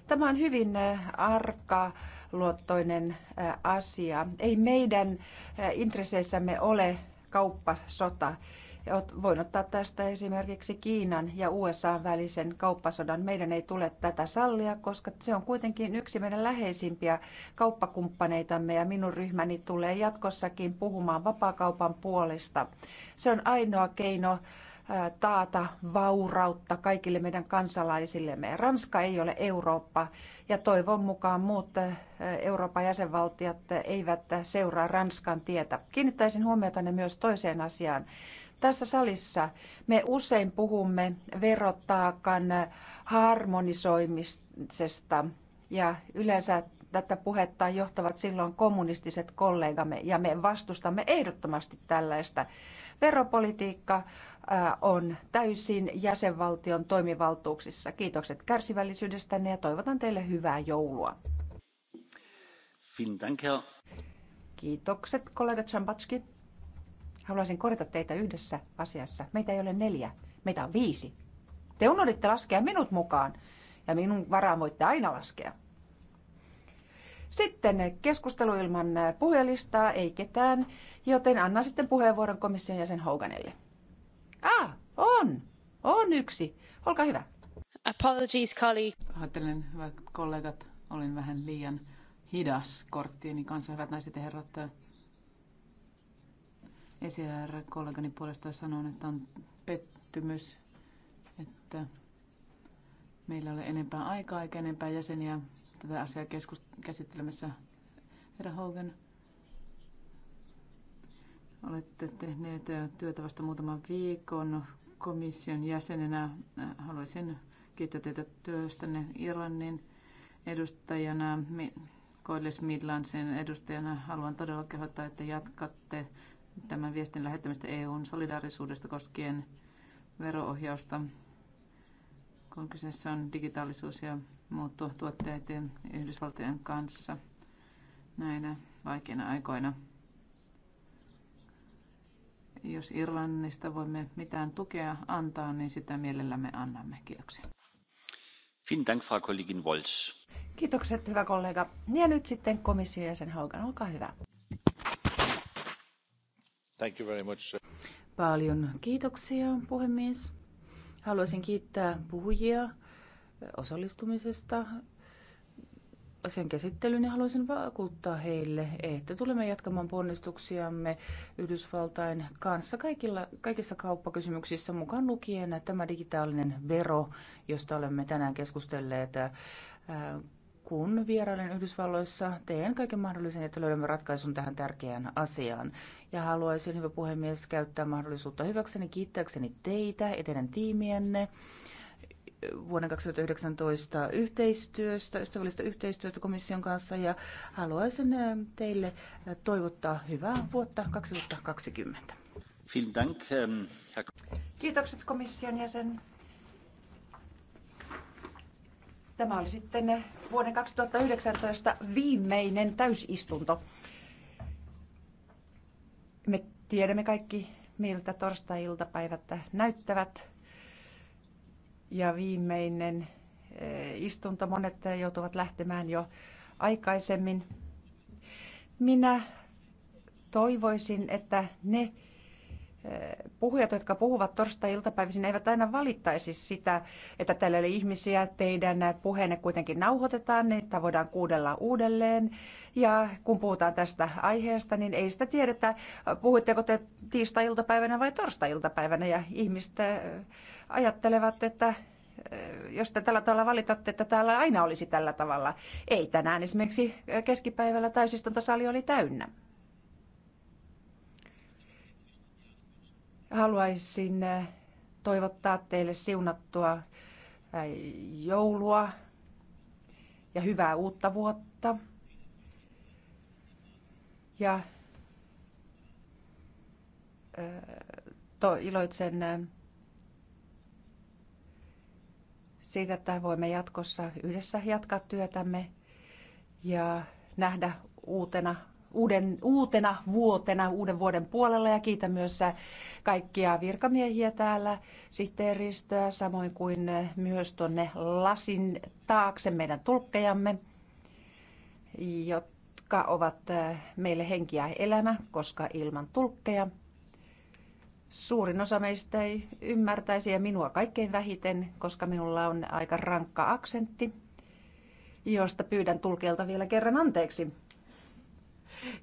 Tämä on hyvin arka luottoinen asia. Ei meidän intresseissämme ole kauppasota. Ja voin ottaa tästä esimerkiksi Kiinan ja USA välisen kauppasodan. Meidän ei tule tätä sallia, koska se on kuitenkin yksi meidän läheisimpiä kauppakumppaneitamme ja minun ryhmäni tulee jatkossakin puhumaan vapaakaupan puolesta. Se on ainoa keino taata vaurautta kaikille meidän kansalaisillemme. Ranska ei ole Eurooppa ja toivon mukaan muut Euroopan jäsenvaltiot eivät seuraa Ranskan tietä. Kiinnittäisin huomiota myös toiseen asiaan. Tässä salissa me usein puhumme verotaakan harmonisoimisesta ja yleensä tätä puhetta johtavat silloin kommunistiset kollegamme ja me vastustamme ehdottomasti tällaista. Veropolitiikka äh, on täysin jäsenvaltion toimivaltuuksissa. Kiitokset kärsivällisyydestänne ja toivotan teille hyvää joulua. Kiitokset kollega Chambatski. Haluaisin korjata teitä yhdessä asiassa. Meitä ei ole neljä, meitä on viisi. Te unohditte laskea minut mukaan ja minun varaan voitte aina laskea. Sitten keskustelu ilman puhelistaa, ei ketään, joten annan sitten puheenvuoron komission jäsen Hoganelle. Ah, on, on yksi. Olkaa hyvä. Apologies, Kali. Ajattelen, hyvät kollegat, olin vähän liian hidas korttieni kanssa, hyvät naiset ja herrat. ECR-kollegani puolesta sanon, että on pettymys, että meillä ei ole enempää aikaa eikä enempää jäseniä tätä asiaa käsittelemässä. Herra Hogan, olette tehneet työtä vasta muutaman viikon komission jäsenenä. Haluaisin kiittää teitä työstänne Irlannin edustajana. Koillis Midlandsin edustajana haluan todella kehottaa, että jatkatte tämän viestin lähettämistä EUn solidaarisuudesta koskien veroohjausta, kun kyseessä on digitaalisuus ja muut tuotteet Yhdysvaltojen kanssa näinä vaikeina aikoina. Jos Irlannista voimme mitään tukea antaa, niin sitä mielellämme annamme. Kiitoksia. Kiitokset, hyvä kollega. Ja nyt sitten komission jäsen Haukan, olkaa hyvä. Thank you very much. Paljon kiitoksia, puhemies. Haluaisin kiittää puhujia osallistumisesta asian käsittelyyn ja haluaisin vakuuttaa heille, että tulemme jatkamaan ponnistuksiamme Yhdysvaltain kanssa kaikilla, kaikissa kauppakysymyksissä mukaan lukien tämä digitaalinen vero, josta olemme tänään keskustelleet kun vierailen Yhdysvalloissa, teen kaiken mahdollisen, että löydämme ratkaisun tähän tärkeään asiaan. Ja haluaisin, hyvä puhemies, käyttää mahdollisuutta hyväkseni, kiittääkseni teitä ja teidän tiimienne vuoden 2019 yhteistyöstä, ystävällistä yhteistyötä komission kanssa ja haluaisin äh, teille äh, toivottaa hyvää vuotta 2020. Ähm, Kiitokset komission jäsen. Tämä oli sitten vuoden 2019 viimeinen täysistunto. Me tiedämme kaikki, miltä torstai-iltapäivät näyttävät. Ja viimeinen eh, istunto, monet joutuvat lähtemään jo aikaisemmin. Minä toivoisin, että ne, puhujat, jotka puhuvat torstai-iltapäivisin, eivät aina valittaisi sitä, että täällä oli ihmisiä, teidän puheenne kuitenkin nauhoitetaan, niin että voidaan kuudella uudelleen. Ja kun puhutaan tästä aiheesta, niin ei sitä tiedetä, puhuitteko te tiistai-iltapäivänä vai torstai-iltapäivänä. Ja ihmiset äh, ajattelevat, että äh, jos te tällä tavalla valitatte, että täällä aina olisi tällä tavalla. Ei tänään esimerkiksi keskipäivällä täysistuntosali oli täynnä. Haluaisin äh, toivottaa teille siunattua äh, joulua ja hyvää uutta vuotta. Ja äh, iloitsen siitä, että voimme jatkossa yhdessä jatkaa työtämme ja nähdä uutena uuden, uutena vuotena, uuden vuoden puolella ja kiitän myös kaikkia virkamiehiä täällä, sihteeristöä, samoin kuin myös tuonne lasin taakse meidän tulkkejamme, jotka ovat meille henkiä elämä, koska ilman tulkkeja suurin osa meistä ei ymmärtäisi ja minua kaikkein vähiten, koska minulla on aika rankka aksentti, josta pyydän tulkelta vielä kerran anteeksi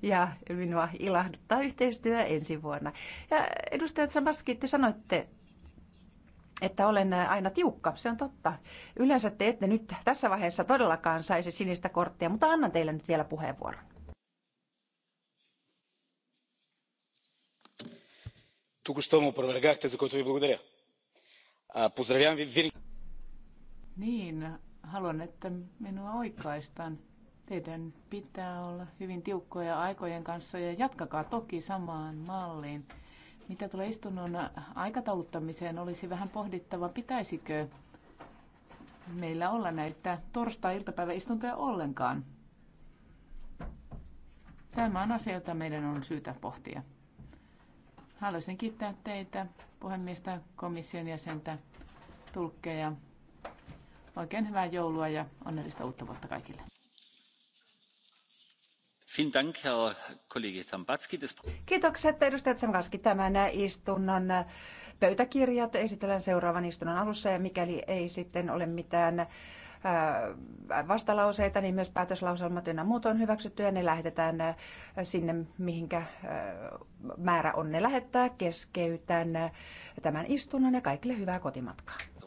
ja minua ilahduttaa yhteistyö ensi vuonna. Ja edustajat Samaski, te sanoitte, että olen aina tiukka, se on totta. Yleensä te ette nyt tässä vaiheessa todellakaan saisi sinistä korttia, mutta annan teille nyt vielä puheenvuoron. Току-що му благодаря. Поздравявам Niin, haluan, että minua oikaistaan. Teidän pitää olla hyvin tiukkoja aikojen kanssa ja jatkakaa toki samaan malliin. Mitä tulee istunnon aikatauluttamiseen, olisi vähän pohdittava, pitäisikö meillä olla näitä torstai-iltapäiväistuntoja ollenkaan. Tämä on asia, jota meidän on syytä pohtia. Haluaisin kiittää teitä, puhemiestä, komission jäsentä, tulkkeja. Oikein hyvää joulua ja onnellista uutta vuotta kaikille. Kiitokset edustajat Samkalski. Tämän istunnon pöytäkirjat esitellään seuraavan istunnon alussa ja mikäli ei sitten ole mitään äh, vastalauseita, niin myös päätöslauselmat ynnä muut on hyväksytty ja ne lähetetään äh, sinne, mihinkä äh, määrä on ne lähettää. Keskeytän tämän istunnon ja kaikille hyvää kotimatkaa.